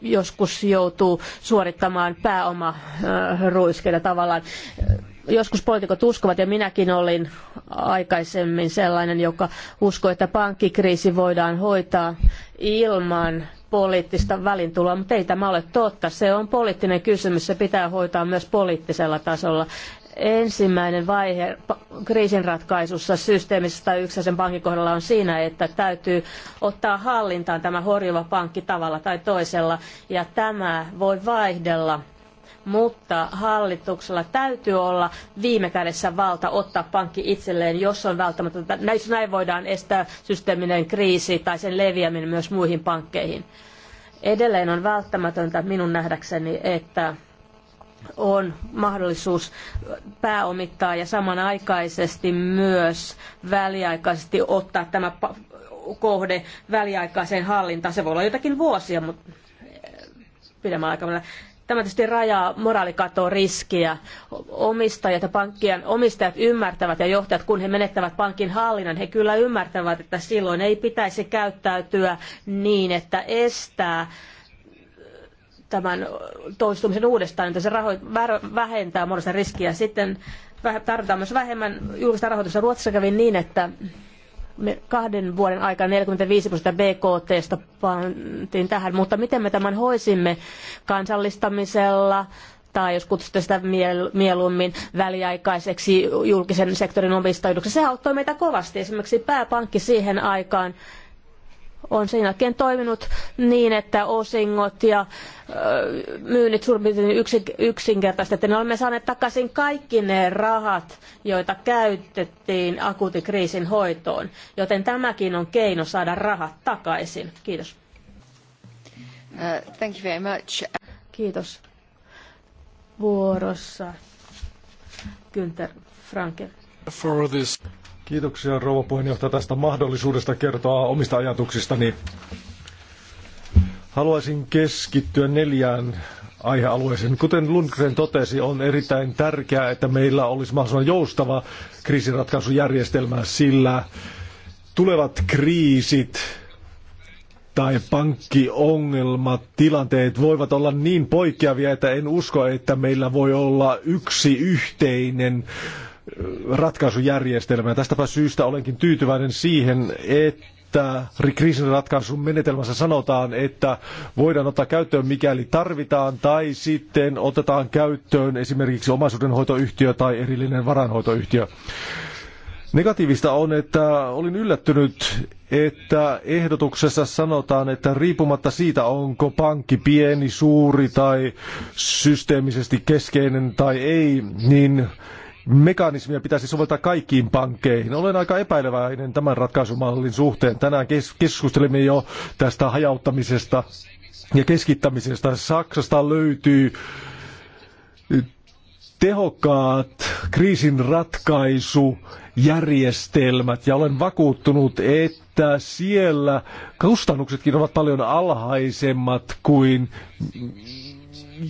joskus joutuu suorittamaan pääomaruiskeita tavallaan joskus poliitikot uskovat, ja minäkin olin aikaisemmin sellainen, joka uskoi, että pankkikriisi voidaan hoitaa ilman poliittista välintuloa, mutta ei tämä ole totta. Se on poliittinen kysymys, se pitää hoitaa myös poliittisella tasolla. Ensimmäinen vaihe kriisinratkaisussa tai yksiäisen pankin kohdalla on siinä, että täytyy ottaa hallintaan tämä horjuva pankki tavalla tai toisella, ja tämä voi vaihdella – mutta hallituksella täytyy olla viime kädessä valta ottaa pankki itselleen, jos on välttämätöntä. Näin voidaan estää systeeminen kriisi tai sen leviäminen myös muihin pankkeihin. Edelleen on välttämätöntä minun nähdäkseni, että on mahdollisuus pääomittaa ja samanaikaisesti myös väliaikaisesti ottaa tämä kohde väliaikaiseen hallintaan. Se voi olla jotakin vuosia, mutta pidemmän aikavälillä. Tämä tietysti rajaa moraalikatoa riskiä. Omistajat ja pankkien omistajat ymmärtävät ja johtajat, kun he menettävät pankin hallinnan, he kyllä ymmärtävät, että silloin ei pitäisi käyttäytyä niin, että estää tämän toistumisen uudestaan, että se raho- vähentää moraalista riskiä. Sitten tarvitaan myös vähemmän julkista rahoitusta. Ruotsissa kävi niin, että kahden vuoden aikana 45 prosenttia BKTstä pantiin tähän, mutta miten me tämän hoisimme kansallistamisella, tai jos kutsutte sitä mieluummin väliaikaiseksi julkisen sektorin omistajuudeksi. Se auttoi meitä kovasti. Esimerkiksi pääpankki siihen aikaan on sen jälkeen toiminut niin, että osingot ja myynnit suurin yksinkertaisesti. Ne olemme saaneet takaisin kaikki ne rahat, joita käytettiin akuutin kriisin hoitoon. Joten tämäkin on keino saada rahat takaisin. Kiitos. Uh, thank you very much. Kiitos. Vuorossa Günther Franke. For this. Kiitoksia rouva puheenjohtaja tästä mahdollisuudesta kertoa omista ajatuksistani. Haluaisin keskittyä neljään aihealueeseen. Kuten Lundgren totesi, on erittäin tärkeää, että meillä olisi mahdollisimman joustava kriisiratkaisujärjestelmä, sillä tulevat kriisit tai pankkiongelmat, tilanteet voivat olla niin poikkeavia, että en usko, että meillä voi olla yksi yhteinen ratkaisujärjestelmää. Tästäpä syystä olenkin tyytyväinen siihen, että kriisin ratkaisun menetelmässä sanotaan, että voidaan ottaa käyttöön mikäli tarvitaan, tai sitten otetaan käyttöön esimerkiksi omaisuudenhoitoyhtiö tai erillinen varanhoitoyhtiö. Negatiivista on, että olin yllättynyt, että ehdotuksessa sanotaan, että riippumatta siitä, onko pankki pieni, suuri tai systeemisesti keskeinen tai ei, niin mekanismia pitäisi soveltaa kaikkiin pankkeihin. Olen aika epäileväinen tämän ratkaisumallin suhteen. Tänään kes- keskustelimme jo tästä hajauttamisesta ja keskittämisestä. Saksasta löytyy tehokkaat kriisinratkaisujärjestelmät ja olen vakuuttunut, että siellä kustannuksetkin ovat paljon alhaisemmat kuin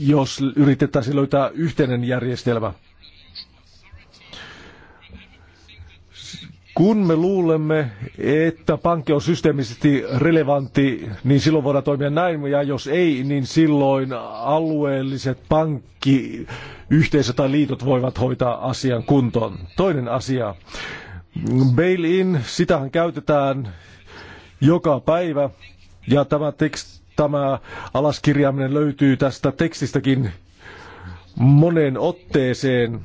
jos yritettäisiin löytää yhteinen järjestelmä. Kun me luulemme, että pankki on systeemisesti relevantti, niin silloin voidaan toimia näin, ja jos ei, niin silloin alueelliset pankkiyhteisöt tai liitot voivat hoitaa asian kuntoon. Toinen asia. Bail-in, sitähän käytetään joka päivä, ja tämä, tekst, tämä alaskirjaaminen löytyy tästä tekstistäkin moneen otteeseen.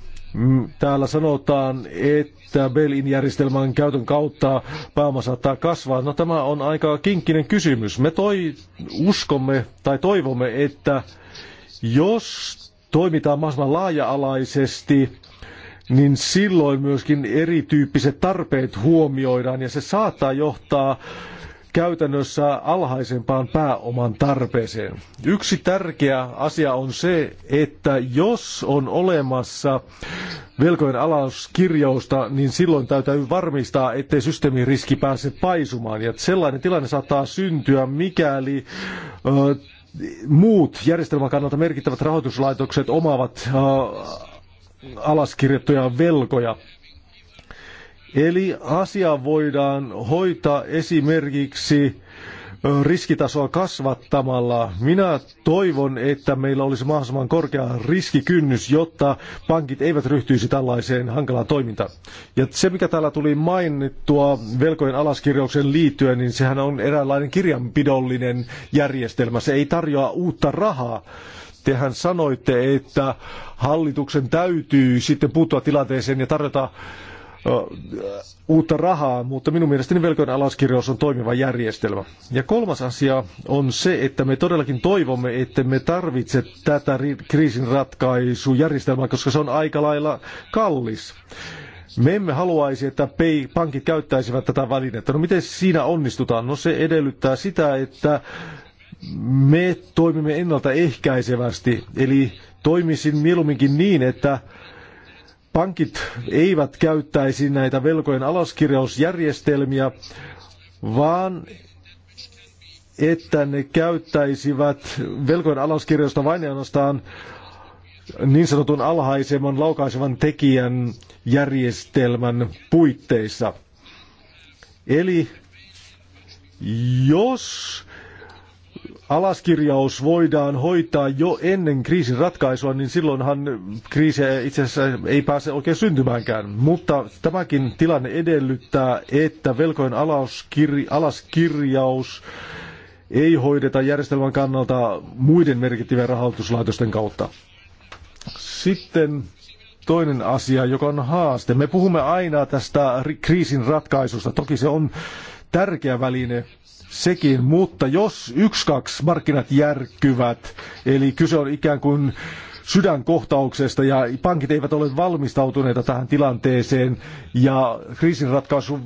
Täällä sanotaan, että Belin järjestelmän käytön kautta pääoma saattaa kasvaa. No tämä on aika kinkkinen kysymys. Me toi, uskomme tai toivomme, että jos toimitaan mahdollisimman laaja-alaisesti, niin silloin myöskin erityyppiset tarpeet huomioidaan ja se saattaa johtaa käytännössä alhaisempaan pääoman tarpeeseen. Yksi tärkeä asia on se, että jos on olemassa velkojen alauskirjausta, niin silloin täytyy varmistaa, ettei systeemiriski pääse paisumaan. Ja sellainen tilanne saattaa syntyä, mikäli ö, muut järjestelmän kannalta merkittävät rahoituslaitokset omaavat ö, alaskirjattuja velkoja. Eli asia voidaan hoitaa esimerkiksi riskitasoa kasvattamalla. Minä toivon, että meillä olisi mahdollisimman korkea riskikynnys, jotta pankit eivät ryhtyisi tällaiseen hankalaan toimintaan. Ja se, mikä täällä tuli mainittua velkojen alaskirjauksen liittyen, niin sehän on eräänlainen kirjanpidollinen järjestelmä. Se ei tarjoa uutta rahaa. Tehän sanoitte, että hallituksen täytyy sitten puuttua tilanteeseen ja tarjota uutta rahaa, mutta minun mielestäni velkojen alaskirjaus on toimiva järjestelmä. Ja kolmas asia on se, että me todellakin toivomme, että me tarvitse tätä kriisin ratkaisujärjestelmää, koska se on aika lailla kallis. Me emme haluaisi, että pankit käyttäisivät tätä välinettä. No miten siinä onnistutaan? No se edellyttää sitä, että me toimimme ennaltaehkäisevästi. Eli toimisin mieluumminkin niin, että pankit eivät käyttäisi näitä velkojen alaskirjausjärjestelmiä, vaan että ne käyttäisivät velkojen alaskirjausta vain ainoastaan niin sanotun alhaisemman laukaisevan tekijän järjestelmän puitteissa. Eli jos alaskirjaus voidaan hoitaa jo ennen kriisin ratkaisua, niin silloinhan kriisi itse asiassa ei pääse oikein syntymäänkään. Mutta tämäkin tilanne edellyttää, että velkojen alaskir- alaskirjaus ei hoideta järjestelmän kannalta muiden merkittävien rahoituslaitosten kautta. Sitten toinen asia, joka on haaste. Me puhumme aina tästä kriisin ratkaisusta. Toki se on tärkeä väline sekin, mutta jos yksi kaksi markkinat järkkyvät, eli kyse on ikään kuin sydänkohtauksesta ja pankit eivät ole valmistautuneita tähän tilanteeseen ja kriisinratkaisu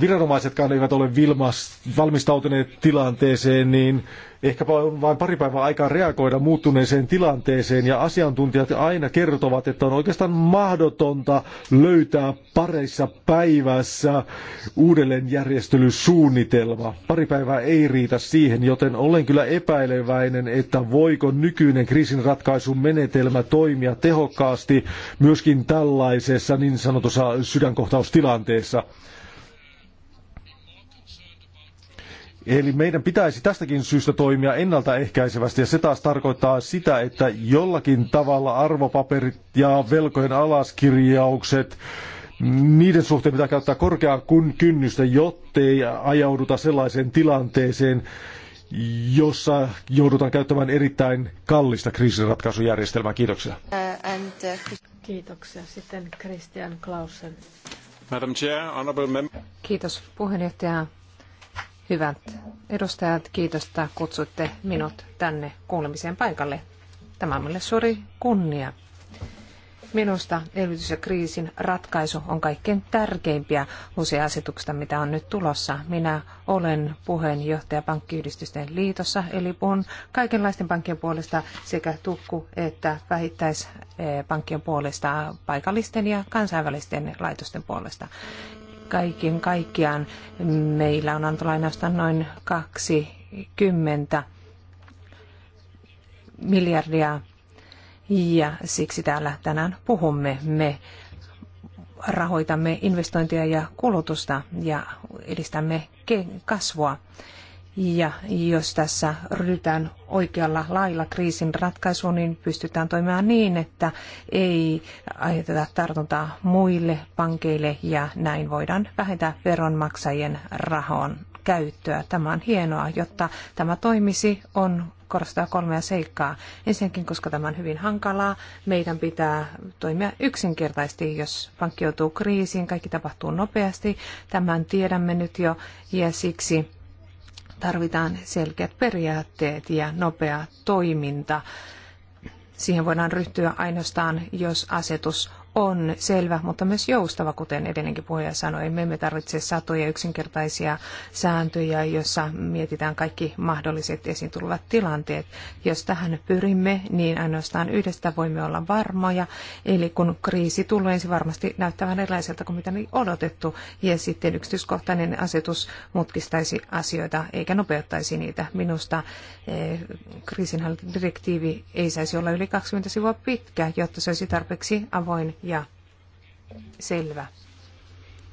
viranomaisetkaan eivät ole vilmas, valmistautuneet tilanteeseen, niin ehkäpä on vain pari päivää aikaa reagoida muuttuneeseen tilanteeseen ja asiantuntijat aina kertovat, että on oikeastaan mahdotonta löytää pareissa päivässä uudelleenjärjestelysuunnitelma. Pari päivää ei riitä siihen, joten olen kyllä epäileväinen, että voiko nykyinen kriisinratkaisun menetelmä toimia tehokkaasti myöskin tällaisessa niin sanotussa sydänkohtaustilanteessa. Eli meidän pitäisi tästäkin syystä toimia ennaltaehkäisevästi ja se taas tarkoittaa sitä, että jollakin tavalla arvopaperit ja velkojen alaskirjaukset, niiden suhteen pitää käyttää korkeaa kun kynnystä, jottei ajauduta sellaiseen tilanteeseen, jossa joudutaan käyttämään erittäin kallista kriisinratkaisujärjestelmää. Kiitoksia. Uh, uh, Kiitoksia. Sitten Christian Klausen. Madam Chair, honorable Kiitos puheenjohtaja, Hyvät edustajat, kiitos, että kutsutte minut tänne kuulemiseen paikalle. Tämä on minulle suuri kunnia. Minusta elvytys- ja kriisin ratkaisu on kaikkein tärkeimpiä uusia asetuksia, mitä on nyt tulossa. Minä olen puheenjohtaja Pankkiyhdistysten liitossa, eli puhun kaikenlaisten pankkien puolesta sekä tukku- että vähittäispankkien puolesta, paikallisten ja kansainvälisten laitosten puolesta kaiken kaikkiaan meillä on antolainasta noin 20 miljardia ja siksi täällä tänään puhumme. Me rahoitamme investointia ja kulutusta ja edistämme kasvua. Ja jos tässä ryhdytään oikealla lailla kriisin ratkaisuun, niin pystytään toimimaan niin, että ei aiheuteta tartuntaa muille pankeille ja näin voidaan vähentää veronmaksajien rahon käyttöä. Tämä on hienoa, jotta tämä toimisi, on korostaa kolmea seikkaa. Ensinnäkin, koska tämä on hyvin hankalaa, meidän pitää toimia yksinkertaisesti, jos pankki joutuu kriisiin, kaikki tapahtuu nopeasti. Tämän tiedämme nyt jo ja siksi tarvitaan selkeät periaatteet ja nopea toiminta. Siihen voidaan ryhtyä ainoastaan, jos asetus on selvä, mutta myös joustava, kuten edellinenkin puhuja sanoi. Me emme tarvitse satoja yksinkertaisia sääntöjä, joissa mietitään kaikki mahdolliset esiin tulevat tilanteet. Jos tähän pyrimme, niin ainoastaan yhdestä voimme olla varmoja. Eli kun kriisi tulee, se varmasti näyttää vähän erilaiselta kuin mitä oli odotettu. Ja sitten yksityiskohtainen asetus mutkistaisi asioita eikä nopeuttaisi niitä. Minusta eh, kriisinhallintadirektiivi ei saisi olla yli 20 sivua pitkä, jotta se olisi tarpeeksi avoin ja selvä.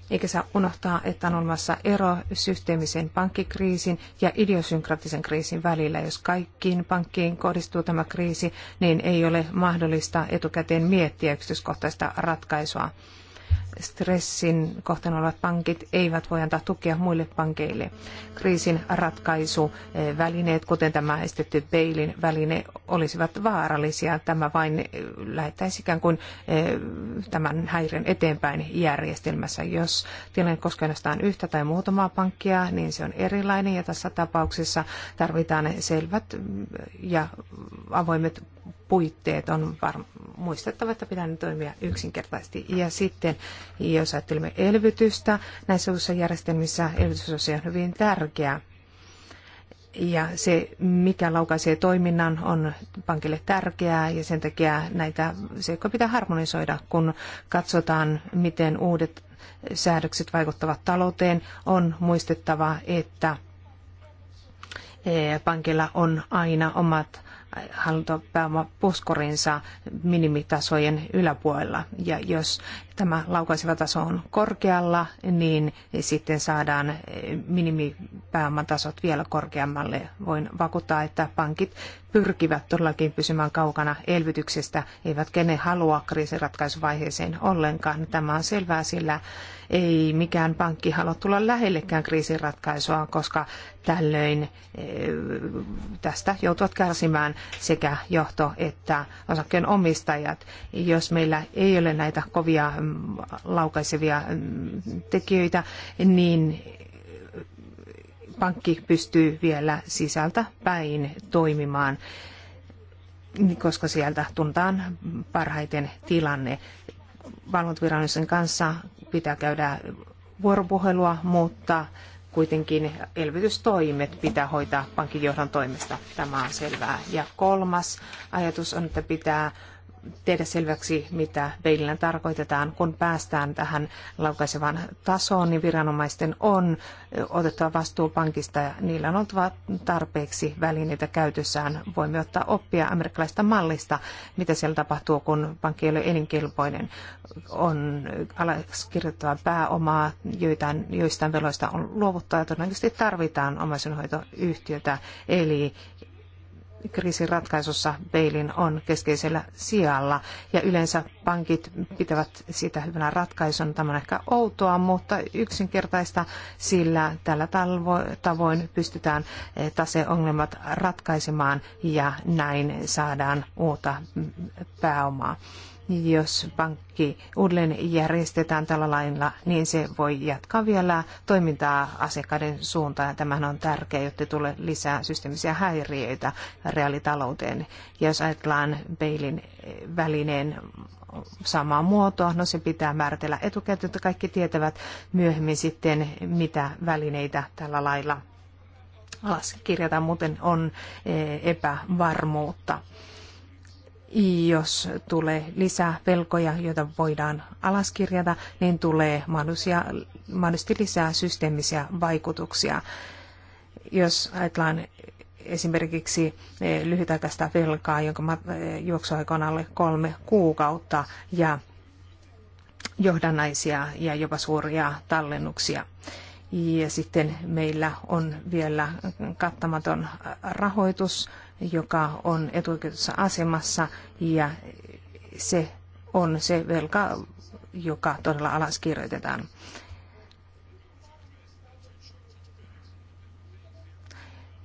Eikä saa unohtaa, että on olemassa ero systeemisen pankkikriisin ja idiosynkraattisen kriisin välillä. Jos kaikkiin pankkiin kohdistuu tämä kriisi, niin ei ole mahdollista etukäteen miettiä yksityiskohtaista ratkaisua stressin kohtaan olevat pankit eivät voi antaa tukea muille pankeille. Kriisin ratkaisuvälineet, eh, kuten tämä estetty peilin väline, olisivat vaarallisia. Tämä vain eh, lähettäisi ikään kuin eh, tämän häiriön eteenpäin järjestelmässä. Jos tilanne koskee ainoastaan yhtä tai muutamaa pankkia, niin se on erilainen ja tässä tapauksessa tarvitaan selvät mm, ja avoimet puitteet on var- muistettava, että pitää toimia yksinkertaisesti. Ja sitten jos ajattelemme elvytystä, näissä uusissa järjestelmissä elvytysosio on hyvin tärkeä. Ja se, mikä laukaisee toiminnan, on pankille tärkeää ja sen takia näitä seikkoja pitää harmonisoida, kun katsotaan, miten uudet säädökset vaikuttavat talouteen. On muistettava, että eh, pankilla on aina omat eh, hallintopääomapuskurinsa minimitasojen yläpuolella. Ja jos tämä laukaisivataso on korkealla, niin sitten saadaan eh, minimipääomatasot vielä korkeammalle. Voin vakuuttaa, että pankit pyrkivät todellakin pysymään kaukana elvytyksestä, eivätkä ne halua kriisinratkaisuvaiheeseen ollenkaan. Tämä on selvää, sillä ei mikään pankki halua tulla lähellekään kriisinratkaisua, koska tällöin eh, tästä joutuvat kärsimään sekä johto että osakkeenomistajat. Jos meillä ei ole näitä kovia laukaisevia mm, tekijöitä, niin pankki pystyy vielä sisältä päin toimimaan, koska sieltä tuntaan parhaiten tilanne. Valvontaviranomaisen kanssa pitää käydä vuoropuhelua, mutta kuitenkin elvytystoimet pitää hoitaa pankin johdon toimesta. Tämä on selvää. Ja kolmas ajatus on, että pitää tehdä selväksi, mitä peilillä tarkoitetaan. Kun päästään tähän laukaisevaan tasoon, niin viranomaisten on otettava vastuu pankista ja niillä on oltava tarpeeksi välineitä käytössään. Voimme ottaa oppia amerikkalaista mallista, mitä siellä tapahtuu, kun pankki ei ole elinkelpoinen. On alaskirjoittava pääomaa, joitain, joistain veloista on luovuttaja, ja todennäköisesti tarvitaan omaisuudenhoitoyhtiötä, eli kriisin ratkaisussa Beilin on keskeisellä sijalla ja yleensä pankit pitävät sitä hyvänä ratkaisuna. Tämä on ehkä outoa, mutta yksinkertaista, sillä tällä tavoin pystytään eh, taseongelmat ratkaisemaan ja näin saadaan uutta mm, pääomaa jos pankki uudelleen järjestetään tällä lailla, niin se voi jatkaa vielä toimintaa asiakkaiden suuntaan. Tämähän on tärkeää, jotta tulee lisää systeemisiä häiriöitä reaalitalouteen. Ja jos ajatellaan peilin välineen samaa muotoa, no se pitää määritellä etukäteen, että kaikki tietävät myöhemmin sitten, mitä välineitä tällä lailla alas muuten on eh, epävarmuutta jos tulee lisää velkoja, joita voidaan alaskirjata, niin tulee mahdollisesti lisää systeemisiä vaikutuksia. Jos ajatellaan esimerkiksi eh, lyhytaikaista velkaa, jonka eh, juoksuaika on alle kolme kuukautta ja johdannaisia ja jopa suuria tallennuksia. Ja sitten meillä on vielä kattamaton rahoitus joka on etuoikeutussa asemassa ja se on se velka, joka todella alaskirjoitetaan.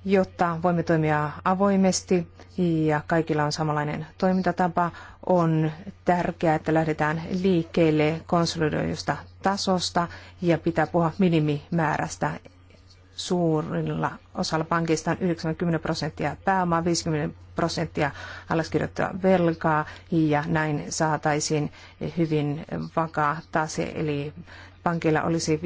Jotta voimme toimia avoimesti ja kaikilla on samanlainen toimintatapa, on tärkeää, että lähdetään liikkeelle konsolidoidusta tasosta ja pitää puhua minimimäärästä suurilla osalla pankista on 90 prosenttia pääomaa, 50 prosenttia allekirjoittaa velkaa ja näin saataisiin hyvin vakaa tase, eli pankilla olisi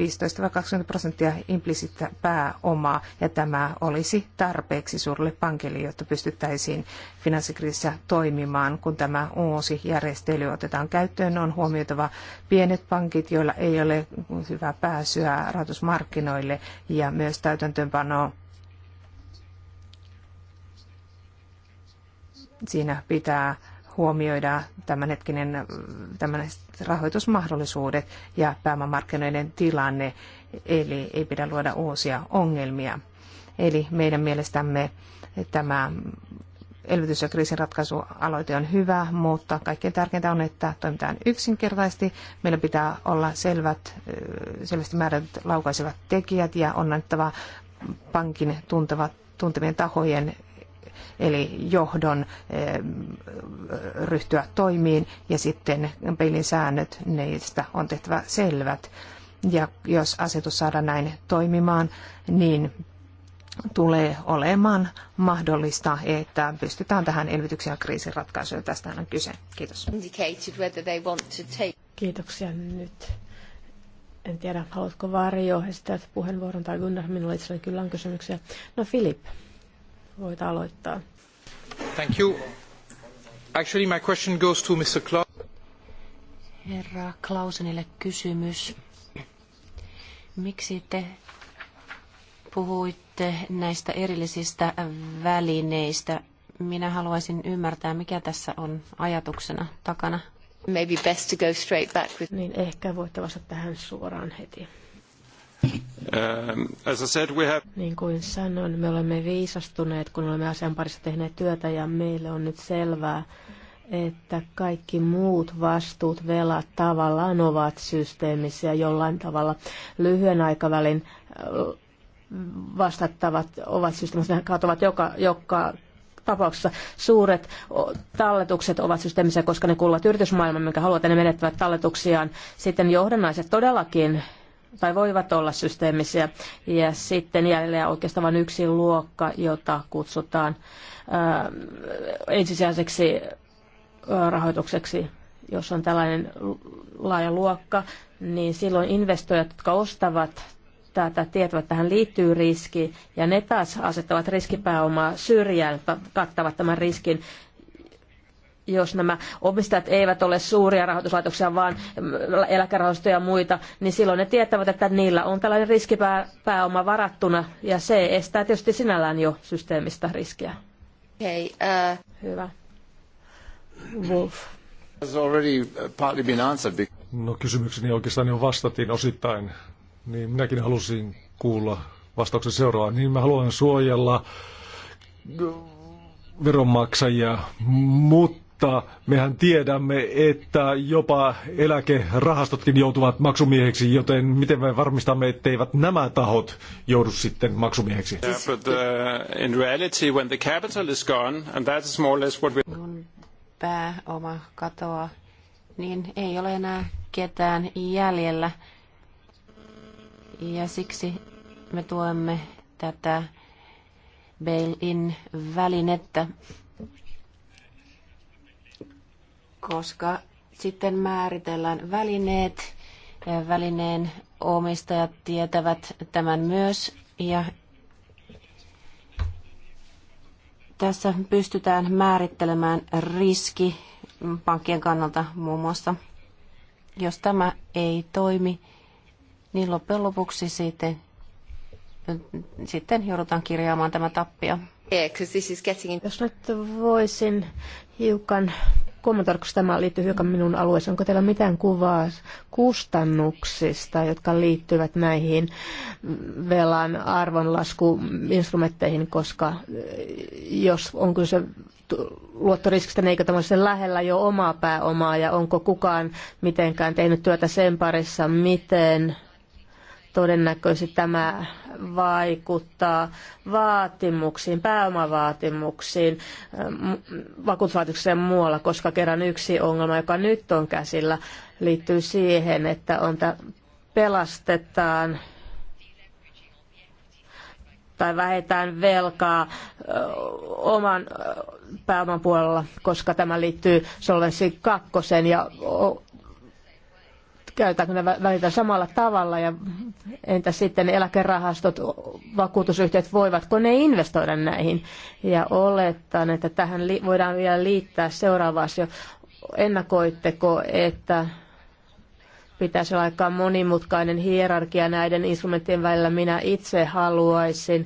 15-20 prosenttia implisiittä pääomaa, ja tämä olisi tarpeeksi suurelle pankille, jotta pystyttäisiin finanssikriisissä toimimaan. Kun tämä uusi järjestely otetaan käyttöön, on huomioitava pienet pankit, joilla ei ole hyvää pääsyä rahoitusmarkkinoille, ja myös täytäntöönpano siinä pitää huomioida tämänhetkinen tämän rahoitusmahdollisuudet ja pääomamarkkinoiden tilanne, eli ei pidä luoda uusia ongelmia. Eli meidän mielestämme tämä elvytys- ja kriisinratkaisualoite on hyvä, mutta kaikkein tärkeintä on, että toimitaan yksinkertaisesti. Meillä pitää olla selvät, selvästi määrätyt laukaisevat tekijät ja on annettava pankin tuntevat, tuntemien tahojen eli johdon eh, ryhtyä toimiin ja sitten pelin säännöt, niistä on tehtävä selvät. Ja jos asetus saadaan näin toimimaan, niin tulee olemaan mahdollista, että pystytään tähän elvytyksen ja ratkaisuun. Tästä on kyse. Kiitos. Kiitoksia nyt. En tiedä, haluatko Varjo esittää puheenvuoron tai Gunnar, minulla itselleni kyllä on kysymyksiä. No Filip voit aloittaa. Thank you. Actually my question goes to Mr. Klaus. Herra Klausenille kysymys. Miksi te puhuitte näistä erillisistä välineistä? Minä haluaisin ymmärtää, mikä tässä on ajatuksena takana. Maybe best to go straight back with... Niin ehkä voitte vastata tähän suoraan heti. Um, as I said, we have... Niin kuin sanoin, me olemme viisastuneet, kun olemme asian parissa tehneet työtä ja meille on nyt selvää, että kaikki muut vastuut, velat tavallaan ovat systeemisiä jollain tavalla. Lyhyen aikavälin äh, vastattavat ovat systeemisiä, katovat joka, joka tapauksessa suuret talletukset ovat systeemisiä, koska ne kuuluvat yritysmaailmaan, minkä haluat, ja ne menettävät talletuksiaan. Sitten johdannaiset todellakin tai voivat olla systeemisiä. Ja sitten jäljellä oikeastaan vain yksi luokka, jota kutsutaan ää, äh, ensisijaiseksi äh, rahoitukseksi, jos on tällainen laaja luokka, niin silloin investoijat, jotka ostavat tätä, tietävät, että tähän liittyy riski, ja ne taas asettavat riskipääomaa syrjään, kattavat tämän riskin, jos nämä omistajat eivät ole suuria rahoituslaitoksia, vaan eläkerahastoja ja muita, niin silloin ne tietävät, että niillä on tällainen riskipääoma varattuna, ja se estää tietysti sinällään jo systeemistä riskiä. Hei, uh... Hyvä. Wolf. Uh, no kysymykseni oikeastaan jo vastattiin osittain, niin minäkin halusin kuulla vastauksen seuraavaan. Niin mä haluan suojella veronmaksajia, mutta mutta mehän tiedämme, että jopa eläkerahastotkin joutuvat maksumieheksi, joten miten me varmistamme, etteivät nämä tahot joudu sitten maksumieheksi? Uh, Kun pääoma katoaa, niin ei ole enää ketään jäljellä. Ja siksi me tuemme tätä bail-in-välinettä koska sitten määritellään välineet. Välineen omistajat tietävät tämän myös ja tässä pystytään määrittelemään riski pankkien kannalta muun muassa. Jos tämä ei toimi, niin loppujen lopuksi sitten, sitten joudutaan kirjaamaan tämä tappio. Yeah, this is getting... Jos nyt voisin hiukan kommentoida, koska tämä liittyy hiukan minun alueeseen. Onko teillä mitään kuvaa kustannuksista, jotka liittyvät näihin velan arvonlaskuinstrumentteihin, koska jos on kyse luottoriskistä, niin eikö tämmöisen lähellä jo omaa pääomaa ja onko kukaan mitenkään tehnyt työtä sen parissa, miten todennäköisesti tämä vaikuttaa vaatimuksiin, pääomavaatimuksiin, vakuutusvaatimukseen muualla, koska kerran yksi ongelma, joka nyt on käsillä, liittyy siihen, että on pelastetaan tai vähetään velkaa oman pääoman puolella, koska tämä liittyy Solvency kakkosen ja käytetäänkö ne välitä samalla tavalla ja entä sitten eläkerahastot, vakuutusyhtiöt, voivatko ne investoida näihin? Ja oletan, että tähän voidaan vielä liittää seuraava asia. Ennakoitteko, että pitäisi olla aika monimutkainen hierarkia näiden instrumenttien välillä. Minä itse haluaisin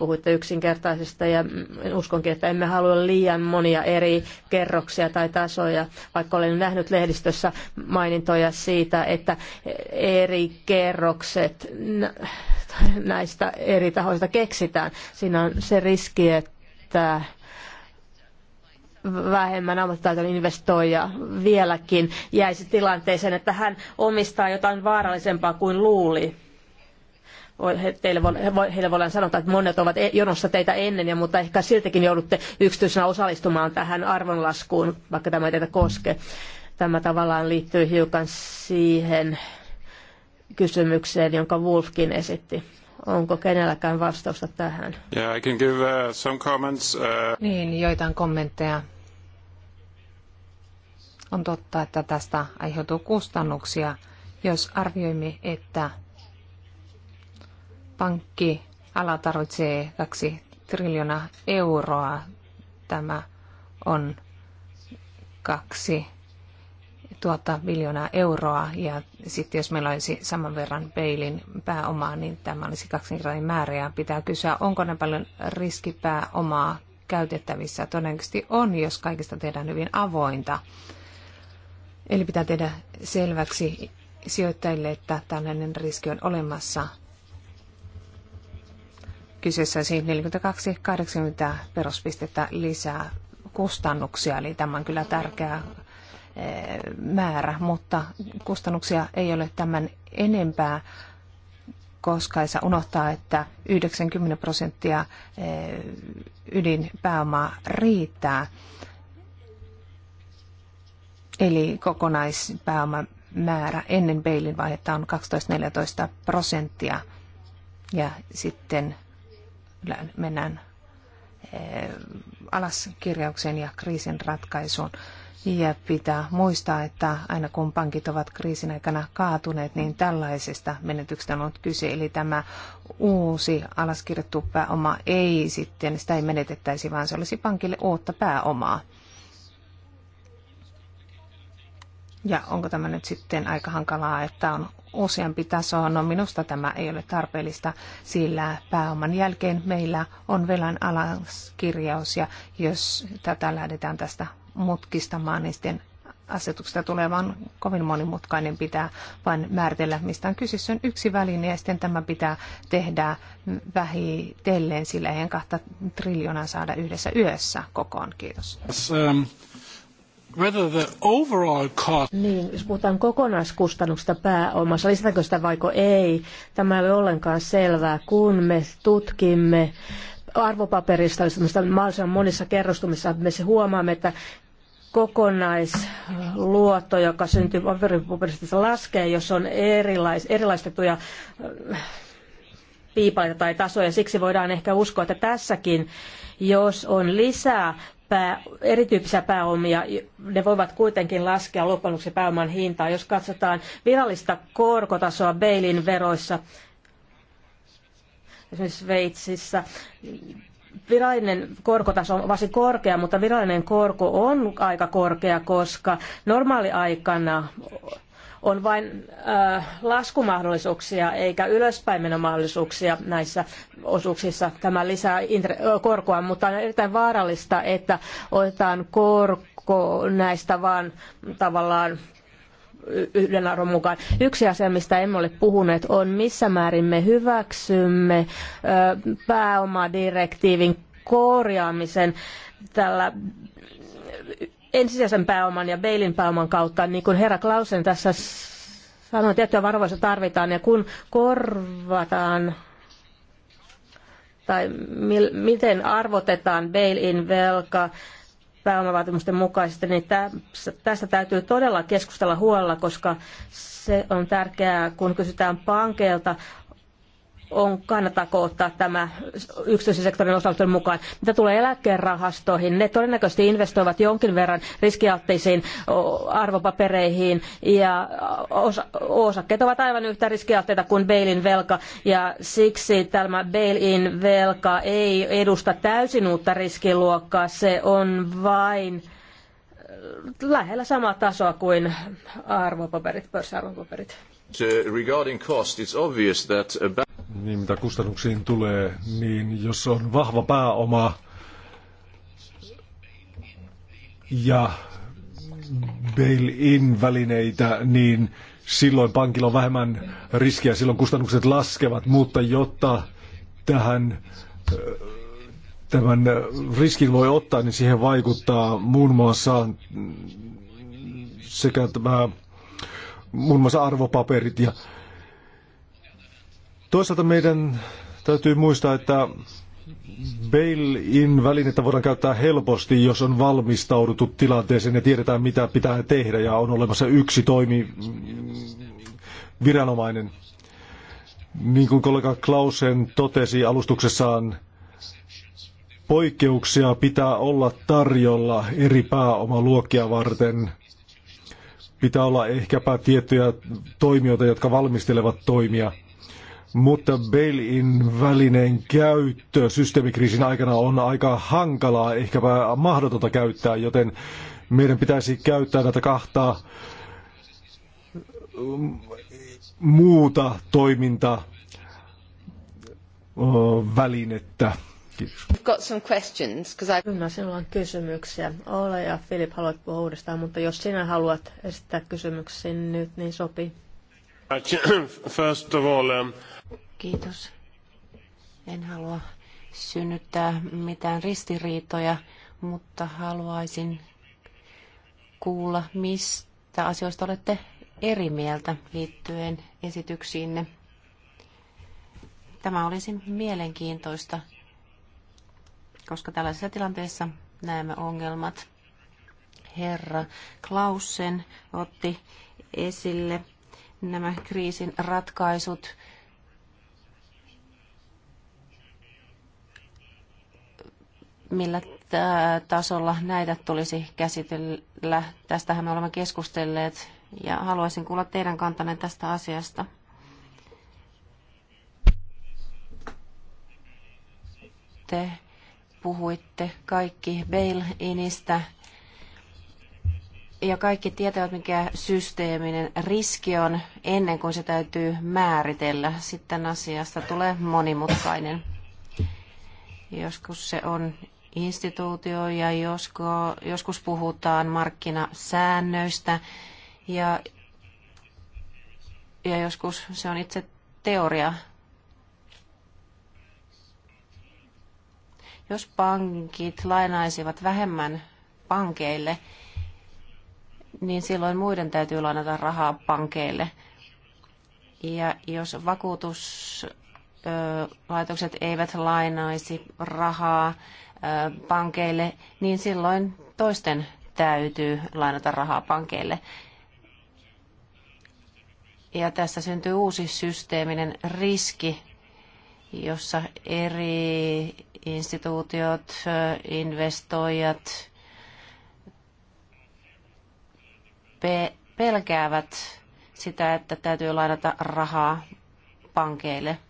Puhuitte yksinkertaisesta ja mm, uskonkin, että emme halua liian monia eri kerroksia tai tasoja, vaikka olen nähnyt lehdistössä mainintoja siitä, että eri kerrokset näistä eri tahoista keksitään. Siinä on se riski, että vähemmän ammattitaitoinen investoija vieläkin jäisi tilanteeseen, että hän omistaa jotain vaarallisempaa kuin luuli teille voi, heille voidaan sanoa, että monet ovat e- jonossa teitä ennen, ja, mutta ehkä siltikin joudutte yksityisenä osallistumaan tähän arvonlaskuun, vaikka tämä ei teitä koske. Tämä tavallaan liittyy hiukan siihen kysymykseen, jonka Wolfkin esitti. Onko kenelläkään vastausta tähän? Yeah, I can give, uh, some comments, uh... Niin, joitain kommentteja. On totta, että tästä aiheutuu kustannuksia, jos arvioimme, että Pankkiala tarvitsee kaksi triljoonaa euroa. Tämä on kaksi tuota miljoonaa euroa ja sitten jos meillä olisi saman verran peilin pääomaa, niin tämä olisi kaksinkertainen määrä ja pitää kysyä, onko ne paljon riskipääomaa käytettävissä. Todennäköisesti on, jos kaikista tehdään hyvin avointa. Eli pitää tehdä selväksi sijoittajille, että tällainen riski on olemassa Kyseessä on siis 42-80 peruspistettä lisää kustannuksia, eli tämä on kyllä tärkeä eh, määrä, mutta kustannuksia ei ole tämän enempää, koska ei saa unohtaa, että 90 prosenttia eh, ydinpääomaa riittää. Eli kokonaispääoman määrä ennen Beilin vaihetta on 12-14 prosenttia. Ja sitten mennään eh, alaskirjaukseen ja kriisin ratkaisuun. Ja pitää muistaa, että aina kun pankit ovat kriisin aikana kaatuneet, niin tällaisesta menetyksestä on ollut kyse. Eli tämä uusi alaskirjattu pääoma ei sitten, sitä ei menetettäisi, vaan se olisi pankille uutta pääomaa. Ja onko tämä nyt sitten aika hankalaa, että on useampi taso. No minusta tämä ei ole tarpeellista, sillä pääoman jälkeen meillä on velan alaskirjaus ja jos tätä lähdetään tästä mutkistamaan, niin sitten asetuksesta tulee vaan kovin monimutkainen, pitää vain määritellä, mistä on kyse. Se on yksi väline ja sitten tämä pitää tehdä vähitellen, sillä ei kahta triljoonaa saada yhdessä yössä kokoon. Kiitos. Um, whether the overall cost... Niin, jos puhutaan kokonaiskustannuksista pääomassa, lisätäänkö sitä vaiko ei, tämä ei ole ollenkaan selvää, kun me tutkimme arvopaperistallistumista mahdollisimman monissa kerrostumissa, me se huomaamme, että kokonaisluotto, joka syntyy paperipaperista, laskee, jos on erilais, erilaistettuja äh, piipaita tai tasoja. Siksi voidaan ehkä uskoa, että tässäkin, jos on lisää pää, erityyppisiä pääomia, ne voivat kuitenkin laskea loppujen lopuksi pääoman hintaa. Jos katsotaan virallista korkotasoa Beilin veroissa, esimerkiksi Sveitsissä, virallinen korkotaso on varsin korkea, mutta virallinen korko on aika korkea, koska normaaliaikana on vain äh, laskumahdollisuuksia eikä ylöspäinmenomahdollisuuksia näissä osuuksissa. Tämä lisää korkoa, mutta on erittäin vaarallista, että otetaan korko näistä vaan tavallaan yhden arvon mukaan. Yksi asia, mistä emme ole puhuneet, on missä määrin me hyväksymme pääomadirektiivin korjaamisen tällä ensisijaisen pääoman ja Beilin pääoman kautta, niin kuin herra Klausen tässä sanoi, tiettyä varovaista tarvitaan ja kun korvataan tai mil, miten arvotetaan bail-in velka pääomavaatimusten mukaisesti, niin tästä täytyy todella keskustella huolella, koska se on tärkeää, kun kysytään pankeilta, on, kannattaako ottaa tämä yksityisen sektorin osallisuuden mukaan. Mitä tulee eläkerahastoihin, ne todennäköisesti investoivat jonkin verran riskialttiisiin arvopapereihin ja osa- osakkeet ovat aivan yhtä riskialtteita kuin Bailin velka ja siksi tämä Bail-in velka ei edusta täysin uutta riskiluokkaa, se on vain lähellä samaa tasoa kuin arvopaperit, pörssiarvopaperit. Regarding cost, it's obvious that niin mitä kustannuksiin tulee, niin jos on vahva pääoma ja bail-in välineitä, niin silloin pankilla on vähemmän riskiä, silloin kustannukset laskevat, mutta jotta tähän tämän riskin voi ottaa, niin siihen vaikuttaa muun muassa sekä tämä muun muassa arvopaperit ja Toisaalta meidän täytyy muistaa, että bail-in välinettä voidaan käyttää helposti, jos on valmistauduttu tilanteeseen ja tiedetään, mitä pitää tehdä ja on olemassa yksi toimi mm, viranomainen. Niin kuin kollega Klausen totesi alustuksessaan, poikkeuksia pitää olla tarjolla eri pääomaluokkia varten. Pitää olla ehkäpä tiettyjä toimijoita, jotka valmistelevat toimia – mutta bail-in välinen käyttö systeemikriisin aikana on aika hankalaa, ehkäpä mahdotonta käyttää, joten meidän pitäisi käyttää näitä kahta mm, muuta toimintaa välinettä. We've got some questions, I... Kyllä, sinulla on kysymyksiä. Ole ja Filip, haluat puhua uudestaan, mutta jos sinä haluat esittää kysymyksen nyt, niin sopii. First of all, um... Kiitos. En halua synnyttää mitään ristiriitoja, mutta haluaisin kuulla, mistä asioista olette eri mieltä liittyen esityksiinne. Tämä olisi mielenkiintoista, koska tällaisessa tilanteessa näemme ongelmat. Herra Klausen otti esille nämä kriisin ratkaisut millä tasolla näitä tulisi käsitellä. Tästähän me olemme keskustelleet ja haluaisin kuulla teidän kantanne tästä asiasta. Te puhuitte kaikki bail-inistä ja kaikki tietävät, mikä systeeminen riski on ennen kuin se täytyy määritellä. Sitten asiasta tulee monimutkainen. Joskus se on instituutio ja josko, joskus puhutaan markkinasäännöistä ja, ja joskus se on itse teoria. Jos pankit lainaisivat vähemmän pankeille, niin silloin muiden täytyy lainata rahaa pankeille. Ja jos vakuutus laitokset eivät lainaisi rahaa pankeille, niin silloin toisten täytyy lainata rahaa pankeille. Ja tässä syntyy uusi systeeminen riski, jossa eri instituutiot, investoijat pe- pelkäävät sitä, että täytyy lainata rahaa pankeille –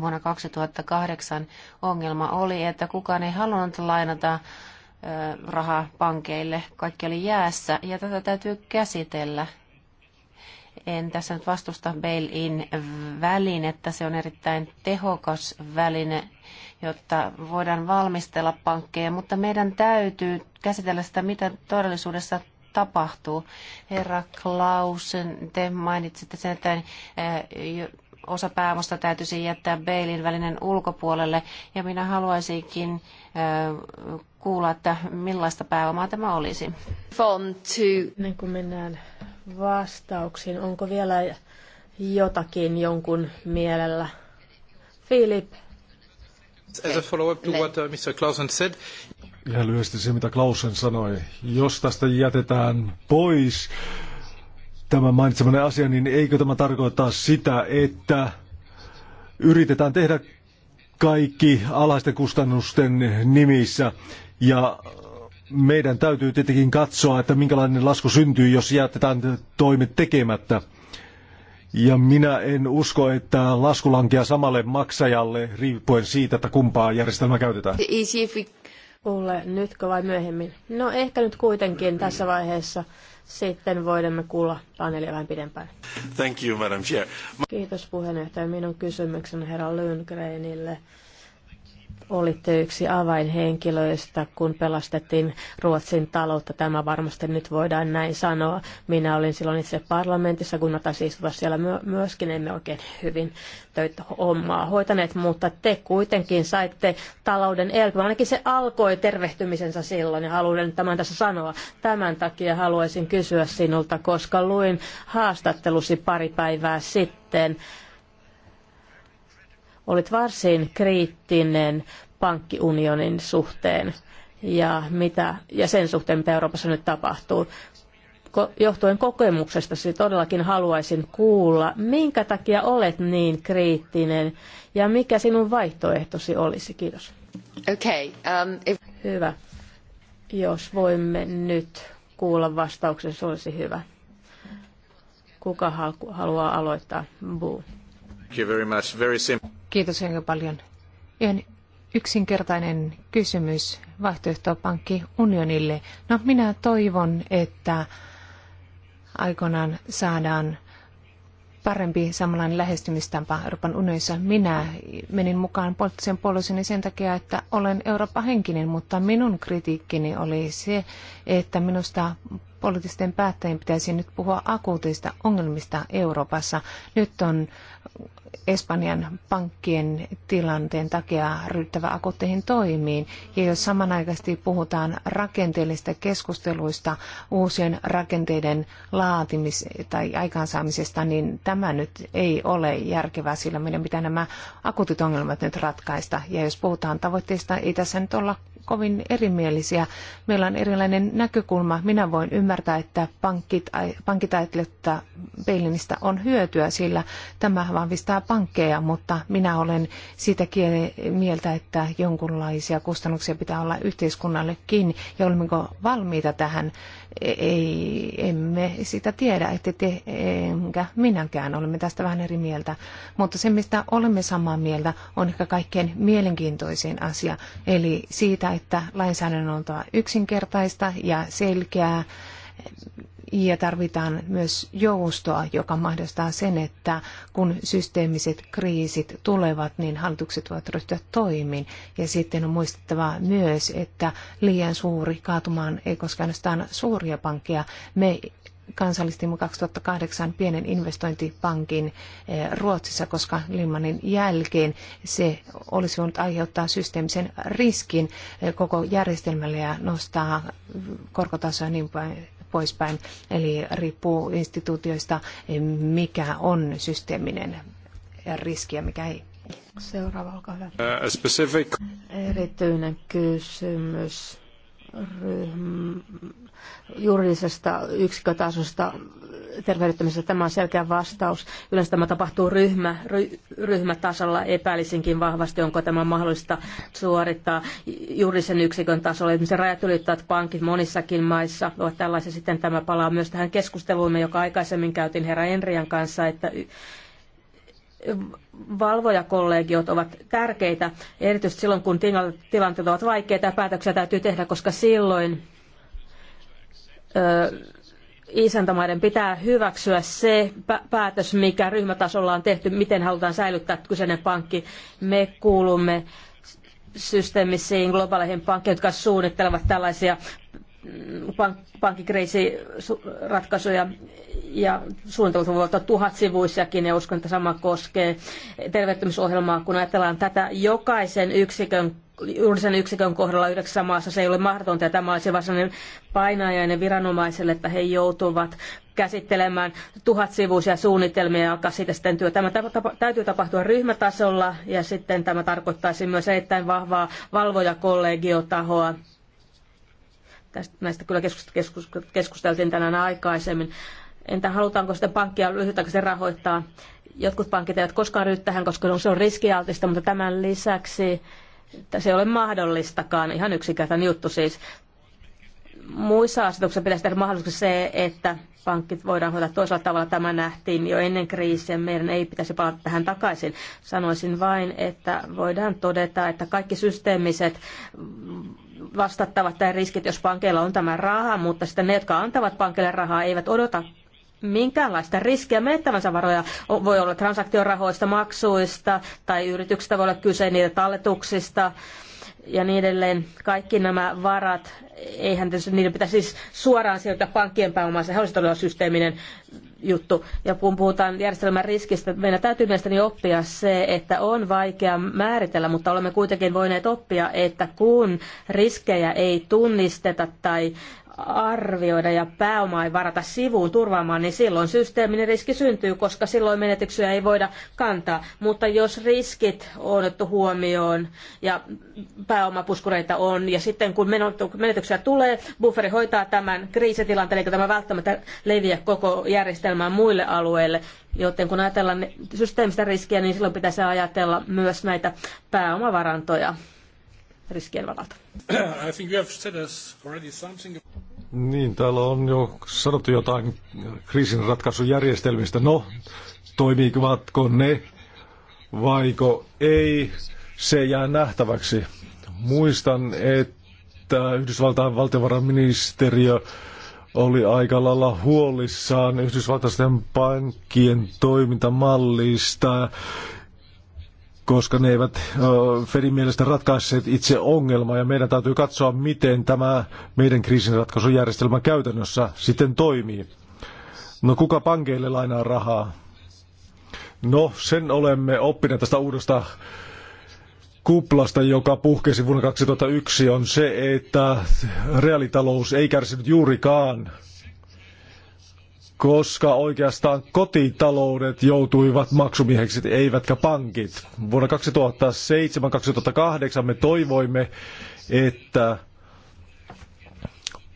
Vuonna 2008 ongelma oli, että kukaan ei halunnut lainata rahaa pankeille. Kaikki oli jäässä ja tätä täytyy käsitellä. En tässä nyt vastusta bail-in että Se on erittäin tehokas väline, jotta voidaan valmistella pankkeja, mutta meidän täytyy käsitellä sitä, mitä todellisuudessa tapahtuu. Herra Klausen, te mainitsitte sen, että osa pääomasta täytyisi jättää Beilin välinen ulkopuolelle. Ja minä haluaisinkin kuulla, että millaista pääomaa tämä olisi. Niin kuin mennään vastauksiin, onko vielä jotakin jonkun mielellä? Philip. As a follow-up to what uh, Mr. Clausen said. Ihan lyhyesti se, mitä Klausen sanoi. Jos tästä jätetään pois, tämä mainitsemani asia, niin eikö tämä tarkoita sitä, että yritetään tehdä kaikki alhaisten kustannusten nimissä ja meidän täytyy tietenkin katsoa, että minkälainen lasku syntyy, jos jätetään toimet tekemättä. Ja minä en usko, että lasku lankeaa samalle maksajalle riippuen siitä, että kumpaa järjestelmää käytetään. Ole, nytkö vai myöhemmin? No ehkä nyt kuitenkin tässä vaiheessa. Sitten voidemme kuulla paneelia vähän pidempään. Thank you, Madam Chair. Kiitos puheenjohtaja. Minun kysymykseni herra Lundgrenille olitte yksi avainhenkilöistä, kun pelastettiin Ruotsin taloutta. Tämä varmasti nyt voidaan näin sanoa. Minä olin silloin itse parlamentissa, kun taisi istua siellä myöskin. Emme oikein hyvin töitä hommaa hoitaneet, mutta te kuitenkin saitte talouden elpymään. Ainakin se alkoi tervehtymisensä silloin ja haluan tämän tässä sanoa. Tämän takia haluaisin kysyä sinulta, koska luin haastattelusi pari päivää sitten olit varsin kriittinen pankkiunionin suhteen ja, mitä, ja sen suhteen, mitä Euroopassa nyt tapahtuu. Ko, johtuen kokemuksestasi todellakin haluaisin kuulla, minkä takia olet niin kriittinen ja mikä sinun vaihtoehtosi olisi. Kiitos. Okay, um, if... Hyvä. Jos voimme nyt kuulla vastauksen, se olisi hyvä. Kuka haluaa aloittaa? Boo. Kiitos oikein paljon. Ihan yksinkertainen kysymys vaihtoehtopankki unionille. No minä toivon, että aikoinaan saadaan parempi samanlainen lähestymistapa Euroopan unionissa. Minä menin mukaan poliittiseen puolueeseen sen takia, että olen Eurooppa-henkinen, mutta minun kritiikkini oli se, että minusta poliittisten päättäjien pitäisi nyt puhua akuuteista ongelmista Euroopassa. Nyt on Espanjan pankkien tilanteen takia ryhtyvä akuutteihin toimiin. Ja jos samanaikaisesti puhutaan rakenteellisista keskusteluista, uusien rakenteiden laatimis- tai aikaansaamisesta, niin tämä nyt ei ole järkevää, sillä meidän pitää nämä akuutit ongelmat nyt ratkaista. Ja jos puhutaan tavoitteista, ei tässä nyt olla kovin erimielisiä. Meillä on erilainen näkökulma. Minä voin ymmärtää, että pankit, pankit ajattelevat, että on hyötyä, sillä tämä vahvistaa pankkeja, mutta minä olen siitä mieltä, että jonkunlaisia kustannuksia pitää olla yhteiskunnallekin, ja olemmeko valmiita tähän ei, emme sitä tiedä, että te enkä minäkään olemme tästä vähän eri mieltä. Mutta se, mistä olemme samaa mieltä, on ehkä kaikkein mielenkiintoisin asia. Eli siitä, että lainsäädännön on yksinkertaista ja selkeää ja tarvitaan myös joustoa, joka mahdollistaa sen, että kun systeemiset kriisit tulevat, niin hallitukset voivat ryhtyä toimiin. Ja sitten on muistettava myös, että liian suuri kaatumaan ei koskaan ainoastaan suuria pankkeja. Me kansallistimme 2008 pienen investointipankin eh, Ruotsissa, koska Limmanin jälkeen se olisi voinut aiheuttaa systeemisen riskin eh, koko järjestelmälle ja nostaa korkotasoa niin päin poispäin. Eli riippuu instituutioista, mikä on systeeminen riski ja mikä ei. Seuraava, olkaa hyvä. Uh, specific... Erityinen kysymys juridisesta yksikkötasosta tervehdyttämisestä. Tämä on selkeä vastaus. Yleensä tämä tapahtuu ryhmä, ry, ryhmätasolla. Epäilisinkin vahvasti, onko tämä mahdollista suorittaa juridisen yksikön tasolla. Esimerkiksi rajat ylittävät pankit monissakin maissa ovat tällaisia. Sitten tämä palaa myös tähän keskusteluumme, joka aikaisemmin käytiin herra Enrian kanssa, että valvojakollegiot ovat tärkeitä, erityisesti silloin kun tilanteet ovat vaikeita ja päätöksiä täytyy tehdä, koska silloin ö, isäntämaiden pitää hyväksyä se päätös, mikä ryhmätasolla on tehty, miten halutaan säilyttää kyseinen pankki. Me kuulumme systeemisiin globaaleihin pankkeihin, jotka suunnittelevat tällaisia pankkikriisiratkaisuja ja suunnitelmat voivat olla sivuisiakin ja uskon, että sama koskee tervehtymisohjelmaa, kun ajatellaan tätä jokaisen yksikön julkisen yksikön kohdalla yhdeksässä maassa se ei ole mahdotonta ja tämä olisi varsinainen painajainen viranomaisille, että he joutuvat käsittelemään sivuisia suunnitelmia ja alkaa siitä sitten työ. Tämä täytyy tapahtua ryhmätasolla ja sitten tämä tarkoittaisi myös erittäin vahvaa valvojakollegiotahoa Tästä, näistä kyllä keskus, keskus, keskusteltiin tänään aikaisemmin. Entä halutaanko sitten pankkia lyhytaikaisesti rahoittaa? Jotkut pankit eivät koskaan ryhdy tähän, koska se on riskialtista, mutta tämän lisäksi se ei ole mahdollistakaan. Ihan yksinkertainen juttu siis. Muissa asetuksissa pitäisi tehdä mahdollisuus se, että pankit voidaan hoitaa toisella tavalla. Tämä nähtiin jo ennen kriisiä. Meidän ei pitäisi palata tähän takaisin. Sanoisin vain, että voidaan todeta, että kaikki systeemiset vastattavat tai riskit, jos pankeilla on tämä raha, mutta sitten ne, jotka antavat pankille rahaa, eivät odota minkäänlaista riskiä menettävänsä varoja. Voi olla transaktiorahoista, maksuista tai yrityksistä voi olla kyse niiden talletuksista ja niin edelleen. Kaikki nämä varat, eihän tietysti, niiden pitäisi siis suoraan sijoittaa pankkien pääomaan, se olisi todella systeeminen juttu. Ja kun puhutaan järjestelmän riskistä, meidän täytyy mielestäni oppia se, että on vaikea määritellä, mutta olemme kuitenkin voineet oppia, että kun riskejä ei tunnisteta tai arvioida ja pääoma ei varata sivuun turvaamaan, niin silloin systeeminen riski syntyy, koska silloin menetyksiä ei voida kantaa. Mutta jos riskit on otettu huomioon ja pääomapuskureita on, ja sitten kun menetyksiä tulee, bufferi hoitaa tämän kriisitilanteen, eikä tämä välttämättä leviä koko järjestelmään muille alueille. Joten kun ajatellaan systeemistä riskiä, niin silloin pitäisi ajatella myös näitä pääomavarantoja riskien varalta. I think you have said us already something. Niin, täällä on jo sanottu jotain kriisinratkaisujärjestelmistä. No, toimivatko ne vaiko ei, se jää nähtäväksi. Muistan, että Yhdysvaltain valtiovarainministeriö oli aika lailla huolissaan yhdysvaltaisten pankkien toimintamallista koska ne eivät Fedin mielestä ratkaisseet itse ongelmaa ja meidän täytyy katsoa, miten tämä meidän kriisinratkaisujärjestelmä käytännössä sitten toimii. No kuka pankeille lainaa rahaa? No sen olemme oppineet tästä uudesta kuplasta, joka puhkesi vuonna 2001, on se, että reaalitalous ei kärsinyt juurikaan – koska oikeastaan kotitaloudet joutuivat maksumieheksi, eivätkä pankit. Vuonna 2007-2008 me toivoimme, että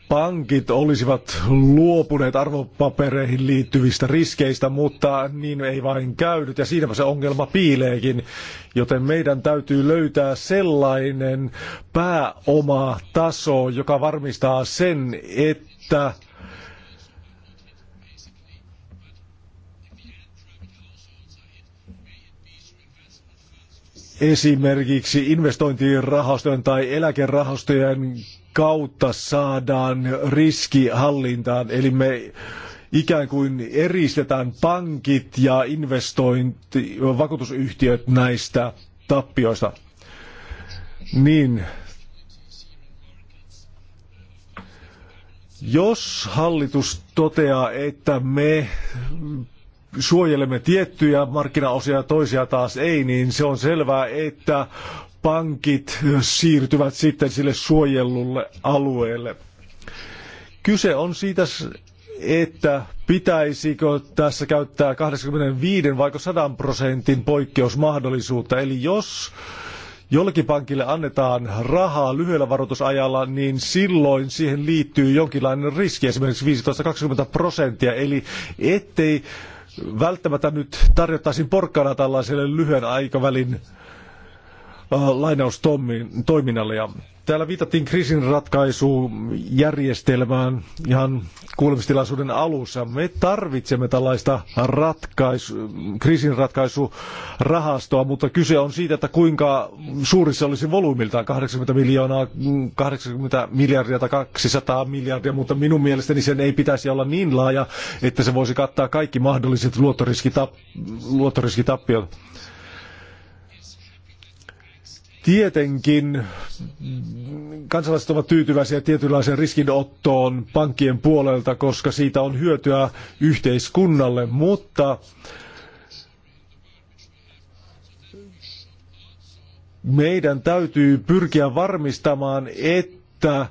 pankit olisivat luopuneet arvopapereihin liittyvistä riskeistä, mutta niin ei vain käynyt ja siinäpä se ongelma piileekin. Joten meidän täytyy löytää sellainen pääomataso, joka varmistaa sen, että esimerkiksi investointirahastojen tai eläkerahastojen kautta saadaan riskihallintaan. Eli me ikään kuin eristetään pankit ja investointi, vakuutusyhtiöt näistä tappioista. Niin. Jos hallitus toteaa, että me suojelemme tiettyjä markkinaosia ja toisia taas ei, niin se on selvää, että pankit siirtyvät sitten sille suojellulle alueelle. Kyse on siitä, että pitäisikö tässä käyttää 85 vai 100 prosentin poikkeusmahdollisuutta. Eli jos jollekin pankille annetaan rahaa lyhyellä varoitusajalla, niin silloin siihen liittyy jonkinlainen riski, esimerkiksi 15-20 prosenttia. Eli ettei välttämättä nyt tarjottaisiin porkkana tällaiselle lyhyen aikavälin Äh, lainaustoiminnalle. Ja täällä viitattiin kriisinratkaisujärjestelmään ihan kuulemistilaisuuden alussa. Me tarvitsemme tällaista ratkaisu, kriisinratkaisurahastoa, mutta kyse on siitä, että kuinka se olisi volyymiltaan 80 miljoonaa, 80 miljardia tai 200 miljardia, mutta minun mielestäni sen ei pitäisi olla niin laaja, että se voisi kattaa kaikki mahdolliset luottoriskitappiot. Tietenkin kansalaiset ovat tyytyväisiä tietynlaiseen riskinottoon pankkien puolelta, koska siitä on hyötyä yhteiskunnalle, mutta meidän täytyy pyrkiä varmistamaan, että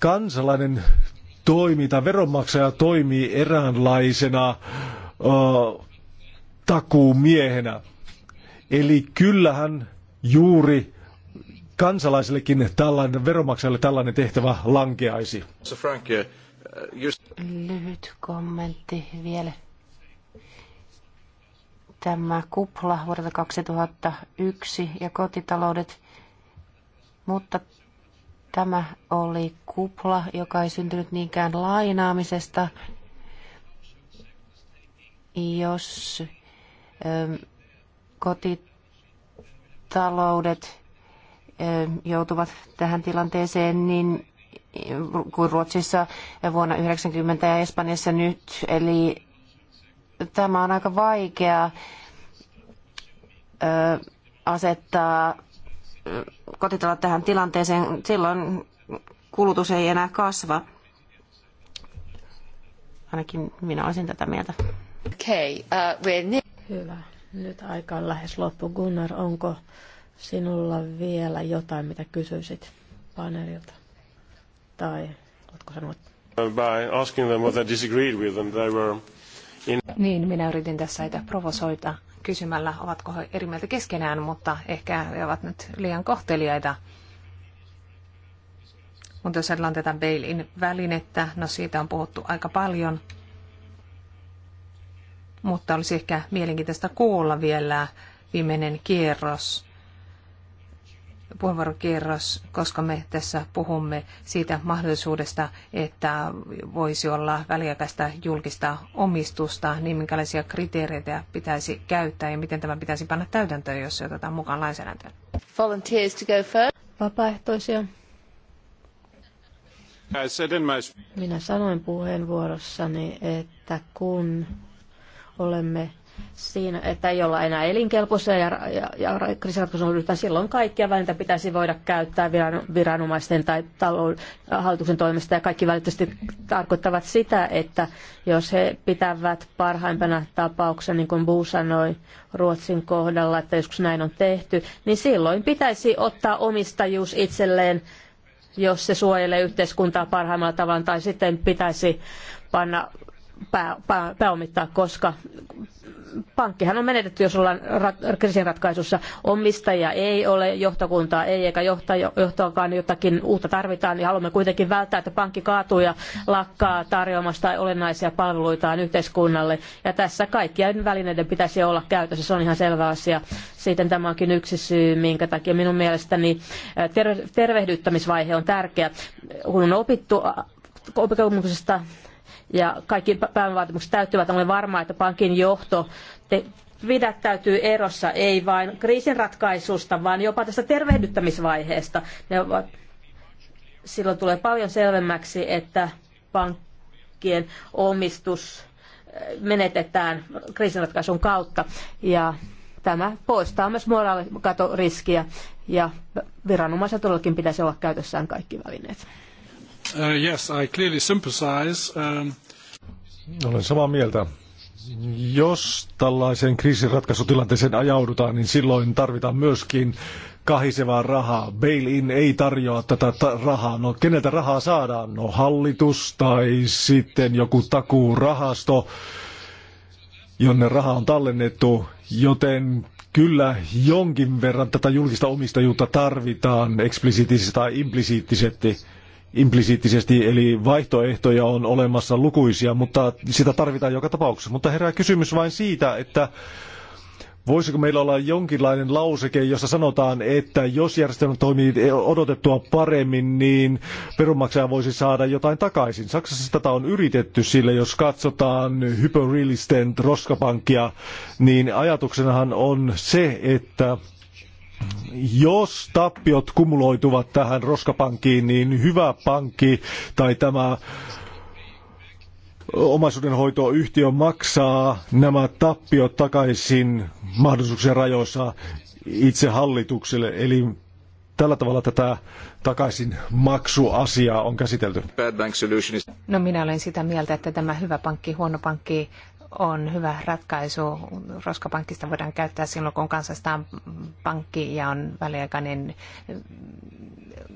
kansalainen toimii tai veronmaksaja toimii eräänlaisena ö, takuumiehenä. Eli kyllähän juuri kansalaisillekin tällainen, veromaksajalle tällainen tehtävä lankeaisi. Uh, Lyhyt kommentti vielä. Tämä kupla vuodelta 2001 ja kotitaloudet, mutta tämä oli kupla, joka ei syntynyt niinkään lainaamisesta. Jos ö, kotitaloudet taloudet joutuvat tähän tilanteeseen, niin kuin Ruotsissa vuonna 1990 ja Espanjassa nyt. Eli tämä on aika vaikea asettaa kotitaloudet tähän tilanteeseen. Silloin kulutus ei enää kasva. Ainakin minä olisin tätä mieltä. Okay, uh, we're Hyvä. Nyt aika on lähes loppu. Gunnar, onko sinulla vielä jotain, mitä kysyisit paneelilta? Tai oletko sanonut? By asking them what I disagreed with and they were in... Niin, minä yritin tässä heitä provosoita kysymällä, ovatko he eri mieltä keskenään, mutta ehkä he ovat nyt liian kohteliaita. Mutta jos ajatellaan tätä bail-in välinettä, no siitä on puhuttu aika paljon – mutta olisi ehkä mielenkiintoista kuulla vielä viimeinen kierros, puheenvuorokierros, koska me tässä puhumme siitä mahdollisuudesta, että voisi olla väliaikaista julkista omistusta, niin minkälaisia kriteereitä pitäisi käyttää ja miten tämä pitäisi panna täytäntöön, jos se otetaan mukaan lainsäädäntöön. Volunteers to go first. Vapaaehtoisia. Minä sanoin puheenvuorossani, että kun olemme siinä, että ei olla enää elinkelpoisia ja, ja, ja on ryhdytään silloin kaikkia välineitä pitäisi voida käyttää viran, viranomaisten tai talou, hallituksen toimesta ja kaikki välittömästi tarkoittavat sitä, että jos he pitävät parhaimpana tapauksena, niin kuin Buu sanoi Ruotsin kohdalla, että joskus näin on tehty, niin silloin pitäisi ottaa omistajuus itselleen, jos se suojelee yhteiskuntaa parhaimmalla tavalla, tai sitten pitäisi panna pää, pää, pääomittaa, koska pankkihan on menetetty, jos ollaan rat, kriisinratkaisussa. Omistajia ei ole, johtokuntaa ei eikä johtoakaan, jotakin uutta tarvitaan, niin haluamme kuitenkin välttää, että pankki kaatuu ja lakkaa tarjoamasta olennaisia palveluitaan yhteiskunnalle. Ja tässä kaikkien välineiden pitäisi olla käytössä, se on ihan selvä asia. Sitten tämä onkin yksi syy, minkä takia minun mielestäni tervehdyttämisvaihe on tärkeä. Kun on opittu kokemuksesta ja kaikki pääomavaatimukset täyttyvät, olen varma, että pankin johto te- pidättäytyy erossa ei vain kriisin ratkaisusta, vaan jopa tästä tervehdyttämisvaiheesta. Ne ovat, silloin tulee paljon selvemmäksi, että pankkien omistus eh, menetetään kriisinratkaisun kautta. Ja tämä poistaa myös moraalikatoriskiä ja viranomaisella todellakin pitäisi olla käytössään kaikki välineet. Uh, yes, I clearly sympathize. Um... Olen samaa mieltä. Jos tällaiseen kriisinratkaisutilanteeseen ajaudutaan, niin silloin tarvitaan myöskin kahisevaa rahaa. Bail-in ei tarjoa tätä rahaa. No keneltä rahaa saadaan? No hallitus tai sitten joku takuurahasto, jonne raha on tallennettu, joten kyllä jonkin verran tätä julkista omistajuutta tarvitaan eksplisiittisesti tai implisiittisesti implisiittisesti, eli vaihtoehtoja on olemassa lukuisia, mutta sitä tarvitaan joka tapauksessa. Mutta herää kysymys vain siitä, että Voisiko meillä olla jonkinlainen lauseke, jossa sanotaan, että jos järjestelmä toimii odotettua paremmin, niin peronmaksaja voisi saada jotain takaisin. Saksassa tätä on yritetty, sillä jos katsotaan hyperrealisten roskapankkia, niin ajatuksenahan on se, että jos tappiot kumuloituvat tähän roskapankkiin, niin hyvä pankki tai tämä omaisuudenhoitoyhtiö maksaa nämä tappiot takaisin mahdollisuuksien rajoissa itse hallitukselle. Eli tällä tavalla tätä takaisin maksuasiaa on käsitelty. No minä olen sitä mieltä, että tämä hyvä pankki, huono pankki on hyvä ratkaisu. Roskapankista voidaan käyttää silloin, kun kansastaan pankki ja on väliaikainen eh,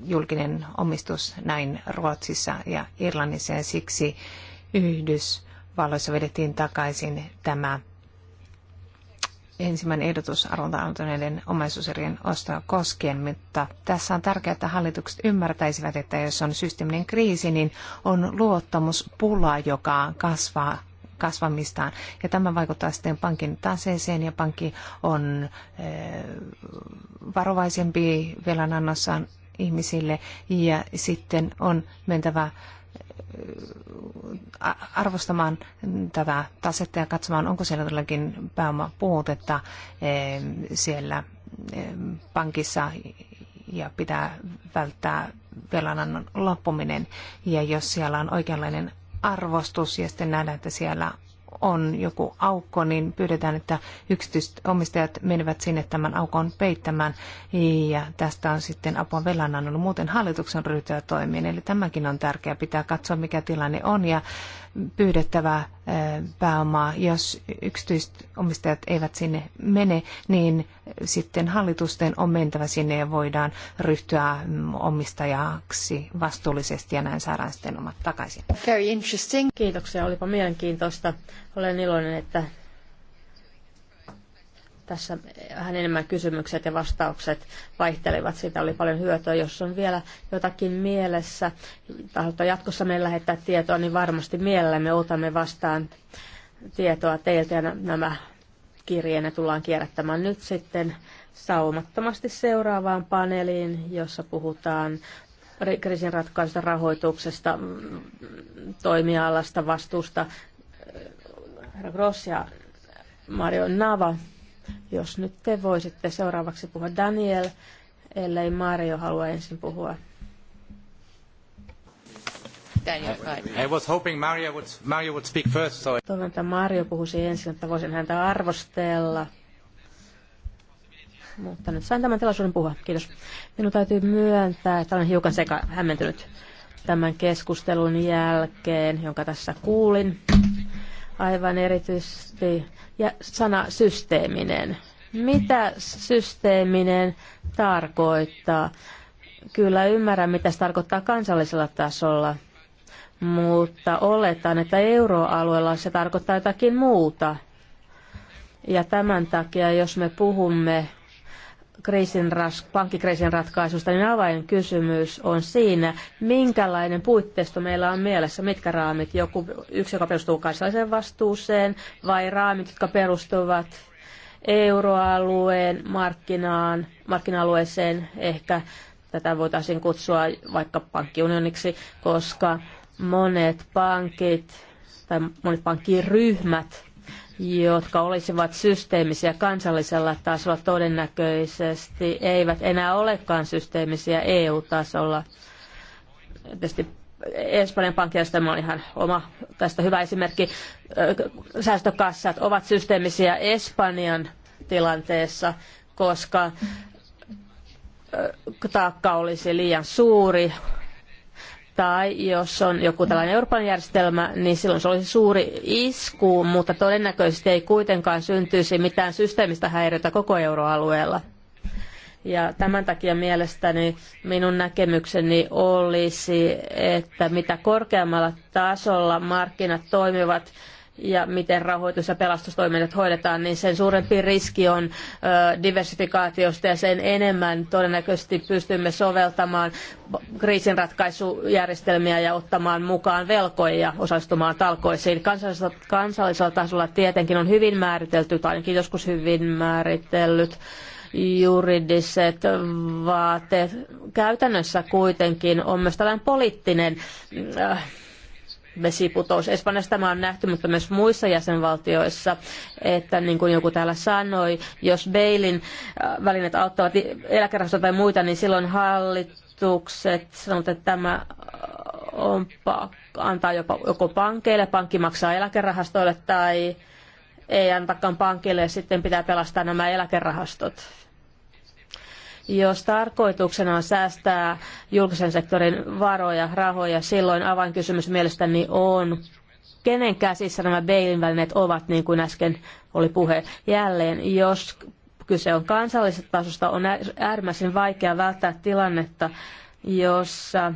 julkinen omistus näin Ruotsissa ja Irlannissa ja siksi Yhdysvalloissa vedettiin takaisin tämä ensimmäinen ehdotus arvontaantuneiden omaisuuserien ostoa koskien, mutta tässä on tärkeää, että hallitukset ymmärtäisivät, että jos on systeeminen kriisi, niin on luottamuspula, joka kasvaa kasvamistaan. Ja tämä vaikuttaa sitten pankin taseeseen ja pankki on eh, varovaisempi velanannossaan ihmisille ja sitten on mentävä eh, arvostamaan tätä tasetta ja katsomaan, onko siellä todellakin pääomapuutetta eh, siellä pankissa ja pitää välttää velanannon loppuminen. Ja jos siellä on oikeanlainen arvostus ja sitten nähdään, että siellä on joku aukko, niin pyydetään, että yksityiset omistajat menevät sinne tämän aukon peittämään. Ja tästä on sitten apua velanannon. Muuten hallituksen ryhtyä toimiin. Eli tämäkin on tärkeää. Pitää katsoa, mikä tilanne on ja pyydettävää pääomaa. Jos yksityiset omistajat eivät sinne mene, niin sitten hallitusten on mentävä sinne ja voidaan ryhtyä omistajaksi vastuullisesti ja näin saadaan sitten omat takaisin. Very interesting. Kiitoksia, olipa mielenkiintoista. Olen iloinen, että tässä vähän enemmän kysymykset ja vastaukset vaihtelivat, Siitä oli paljon hyötyä. Jos on vielä jotakin mielessä, tahdotaan jatkossa meillä lähettää tietoa, niin varmasti mielellämme otamme vastaan tietoa teiltä ja nämä kirjeenä tullaan kierrättämään nyt sitten saumattomasti seuraavaan paneeliin, jossa puhutaan ratkaisusta, rahoituksesta, mm, toimialasta, vastuusta. Äh, Herra Gross ja Mario Nava jos nyt te voisitte seuraavaksi puhua Daniel, ellei Mario halua ensin puhua. Daniel, I was hoping Mario would, Mario would speak first, so... Toivon, että Mario puhuisi ensin, että voisin häntä arvostella. Mutta nyt sain tämän tilaisuuden puhua. Kiitos. Minun täytyy myöntää, että olen hiukan seka hämmentynyt tämän keskustelun jälkeen, jonka tässä kuulin. Aivan erityisesti ja sana systeeminen. Mitä systeeminen tarkoittaa? Kyllä ymmärrän, mitä se tarkoittaa kansallisella tasolla, mutta oletan, että euroalueella se tarkoittaa jotakin muuta. Ja tämän takia, jos me puhumme kriisin, pankkikriisin ratkaisusta, niin avainkysymys on siinä, minkälainen puitteisto meillä on mielessä, mitkä raamit, joku, yksi, joka perustuu kansalliseen vastuuseen, vai raamit, jotka perustuvat euroalueen markkinaan, markkina-alueeseen ehkä tätä voitaisiin kutsua vaikka pankkiunioniksi, koska monet pankit tai monet pankkiryhmät jotka olisivat systeemisiä kansallisella tasolla, todennäköisesti eivät enää olekaan systeemisiä EU-tasolla. Tietysti Espanjan pankkijärjestelmä on ihan oma tästä hyvä esimerkki. Säästökassat ovat systeemisiä Espanjan tilanteessa, koska taakka olisi liian suuri tai jos on joku tällainen Euroopan järjestelmä, niin silloin se olisi suuri isku, mutta todennäköisesti ei kuitenkaan syntyisi mitään systeemistä häiriötä koko euroalueella. Ja tämän takia mielestäni minun näkemykseni olisi, että mitä korkeammalla tasolla markkinat toimivat, ja miten rahoitus- ja pelastustoiminnat hoidetaan, niin sen suurempi riski on diversifikaatiosta ja sen enemmän todennäköisesti pystymme soveltamaan kriisinratkaisujärjestelmiä ja ottamaan mukaan velkoja ja osallistumaan talkoisiin. Kansallisella, kansallisella tasolla tietenkin on hyvin määritelty tai ainakin joskus hyvin määritellyt juridiset vaateet. Käytännössä kuitenkin on myös tällainen poliittinen äh, vesiputous. Espanjassa tämä on nähty, mutta myös muissa jäsenvaltioissa, että niin kuin joku täällä sanoi, jos Beilin äh, välineet auttavat eläkerahastoja tai muita, niin silloin hallitukset sanovat, että tämä äh, on, antaa jopa, joko pankeille, pankki maksaa eläkerahastoille tai ei antakaan pankille ja sitten pitää pelastaa nämä eläkerahastot. Jos tarkoituksena on säästää julkisen sektorin varoja, rahoja, silloin avainkysymys mielestäni on, kenen käsissä nämä bailin välineet ovat, niin kuin äsken oli puhe. Jälleen, jos kyse on kansallisesta tasosta, on äärimmäisen vaikea välttää tilannetta, jossa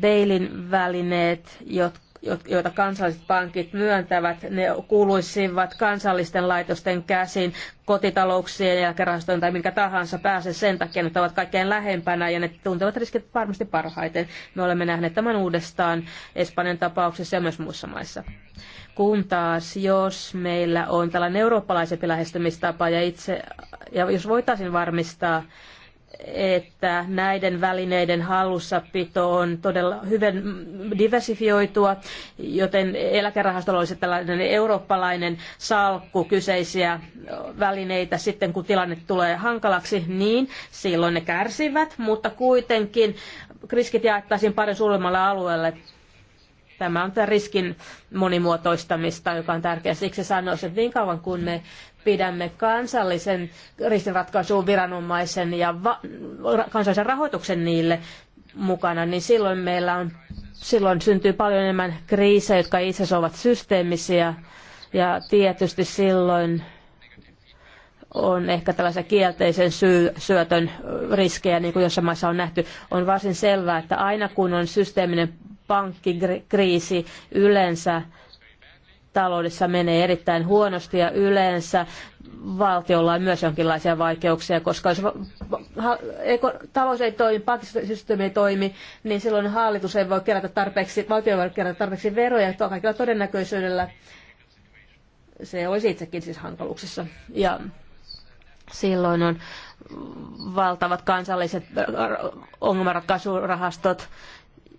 bailin välineet, jotka joita kansalliset pankit myöntävät, ne kuuluisivat kansallisten laitosten käsiin, kotitalouksien, eläkerahastojen tai minkä tahansa pääse sen takia, että ovat kaikkein lähempänä ja ne tuntevat riskit varmasti parhaiten. Me olemme nähneet tämän uudestaan Espanjan tapauksessa ja myös muissa maissa. Kun taas, jos meillä on tällainen eurooppalaisempi lähestymistapa ja itse, ja jos voitaisiin varmistaa, että näiden välineiden hallussapito on todella hyvin diversifioitua, joten eläkerahastolla olisi tällainen eurooppalainen salkku kyseisiä välineitä sitten, kun tilanne tulee hankalaksi, niin silloin ne kärsivät, mutta kuitenkin riskit jaettaisiin paljon suuremmalle alueelle Tämä on tämä riskin monimuotoistamista, joka on tärkeä. Siksi sanoisin, että niin kauan kun me pidämme kansallisen riskinratkaisuun viranomaisen ja va- kansallisen rahoituksen niille mukana, niin silloin meillä on, silloin syntyy paljon enemmän kriisejä, jotka itse asiassa ovat systeemisiä. Ja tietysti silloin on ehkä tällaisen kielteisen syy, syötön riskejä, niin kuin jossain maissa on nähty, on varsin selvää, että aina kun on systeeminen pankkikriisi yleensä taloudessa menee erittäin huonosti ja yleensä valtiolla on myös jonkinlaisia vaikeuksia, koska jos talous ei toimi, pankkisysteemi ei toimi, niin silloin hallitus ei voi kerätä tarpeeksi, valtio ei voi kerätä tarpeeksi veroja, ja kaikilla todennäköisyydellä se olisi itsekin siis hankaluuksissa. Ja silloin on valtavat kansalliset ongelmanratkaisurahastot,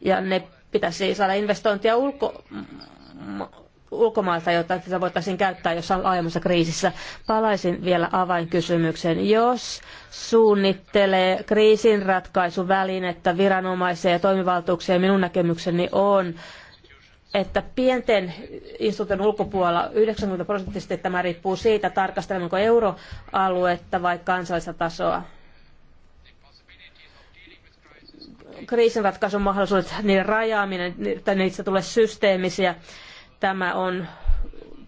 ja ne Pitäisi saada investointia ulko, mm, ulkomailta, jotta sitä voitaisiin käyttää jossain laajemmassa kriisissä. Palaisin vielä avainkysymykseen. Jos suunnittelee kriisinratkaisuvälinettä, viranomaisia ja toimivaltuuksia, minun näkemykseni on, että pienten instituutin ulkopuolella 90 prosenttisesti tämä riippuu siitä, tarkastelemmeko euroaluetta vai kansallista tasoa. kriisinratkaisun mahdollisuudet, niiden rajaaminen, että niistä tulee systeemisiä, tämä on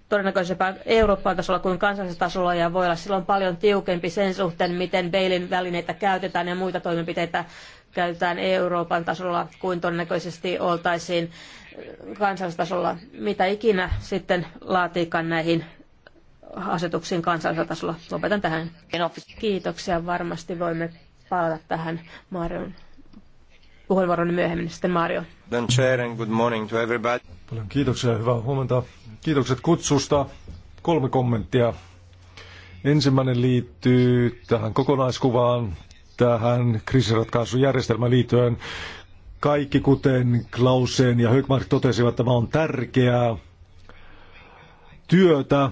todennäköisempää Euroopan tasolla kuin kansallisella tasolla ja voi olla silloin paljon tiukempi sen suhteen, miten Beilin välineitä käytetään ja muita toimenpiteitä käytetään Euroopan tasolla kuin todennäköisesti oltaisiin kansallistasolla, mitä ikinä sitten laatiikaan näihin asetuksiin kansallisella tasolla. Lopetan tähän. Kiitoksia. Varmasti voimme palata tähän Marion puheenvuoron myöhemmin sitten Mario. Good morning to everybody. Paljon kiitoksia ja hyvää huomenta. Kiitokset kutsusta. Kolme kommenttia. Ensimmäinen liittyy tähän kokonaiskuvaan, tähän kriisiratkaisujärjestelmään liittyen. Kaikki, kuten Klausen ja Högmark totesivat, tämä on tärkeää työtä.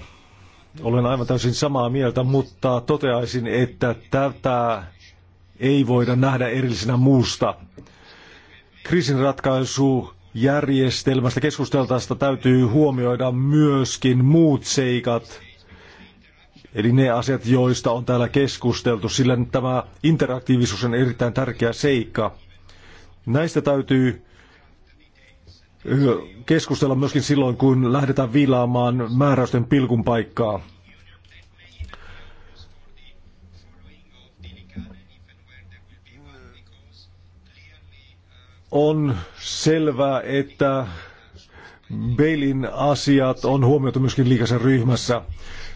Olen aivan täysin samaa mieltä, mutta toteaisin, että tätä ei voida nähdä erillisenä muusta kriisinratkaisu järjestelmästä keskusteltaessa täytyy huomioida myöskin muut seikat, eli ne asiat, joista on täällä keskusteltu, sillä tämä interaktiivisuus on erittäin tärkeä seikka. Näistä täytyy keskustella myöskin silloin, kun lähdetään viilaamaan määräysten pilkun paikkaa. On selvää, että Beilin asiat on huomioitu myöskin liikasen ryhmässä.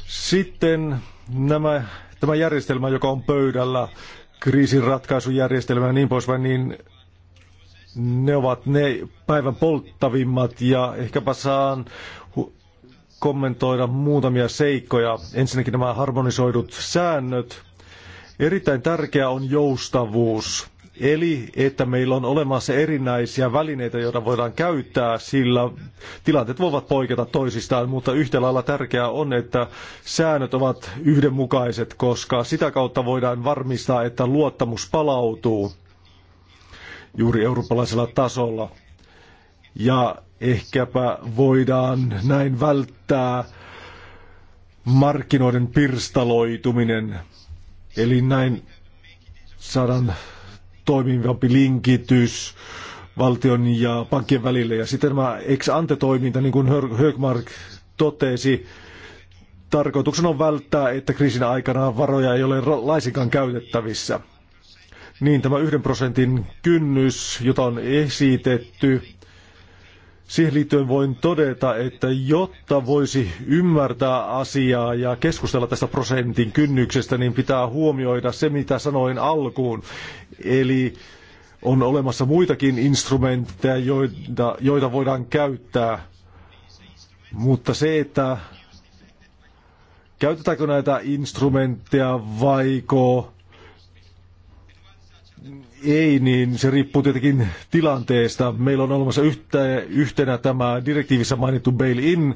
Sitten nämä, tämä järjestelmä, joka on pöydällä, kriisinratkaisujärjestelmä ja niin poispäin, niin ne ovat ne päivän polttavimmat ja ehkäpä saan kommentoida muutamia seikkoja. Ensinnäkin nämä harmonisoidut säännöt. Erittäin tärkeää on joustavuus. Eli että meillä on olemassa erinäisiä välineitä, joita voidaan käyttää, sillä tilanteet voivat poiketa toisistaan, mutta yhtä lailla tärkeää on, että säännöt ovat yhdenmukaiset, koska sitä kautta voidaan varmistaa, että luottamus palautuu juuri eurooppalaisella tasolla. Ja ehkäpä voidaan näin välttää markkinoiden pirstaloituminen. Eli näin saadaan toimivampi linkitys valtion ja pankkien välille. Ja sitten tämä ex-ante-toiminta, niin kuin Högmark totesi, tarkoituksena on välttää, että kriisin aikana varoja ei ole laisinkaan käytettävissä. Niin tämä yhden prosentin kynnys, jota on esitetty, Siihen liittyen voin todeta, että jotta voisi ymmärtää asiaa ja keskustella tästä prosentin kynnyksestä, niin pitää huomioida se, mitä sanoin alkuun. Eli on olemassa muitakin instrumentteja, joita, joita voidaan käyttää, mutta se, että käytetäänkö näitä instrumentteja vaiko ei, niin se riippuu tietenkin tilanteesta. Meillä on olemassa yhtä, yhtenä tämä direktiivissä mainittu bail-in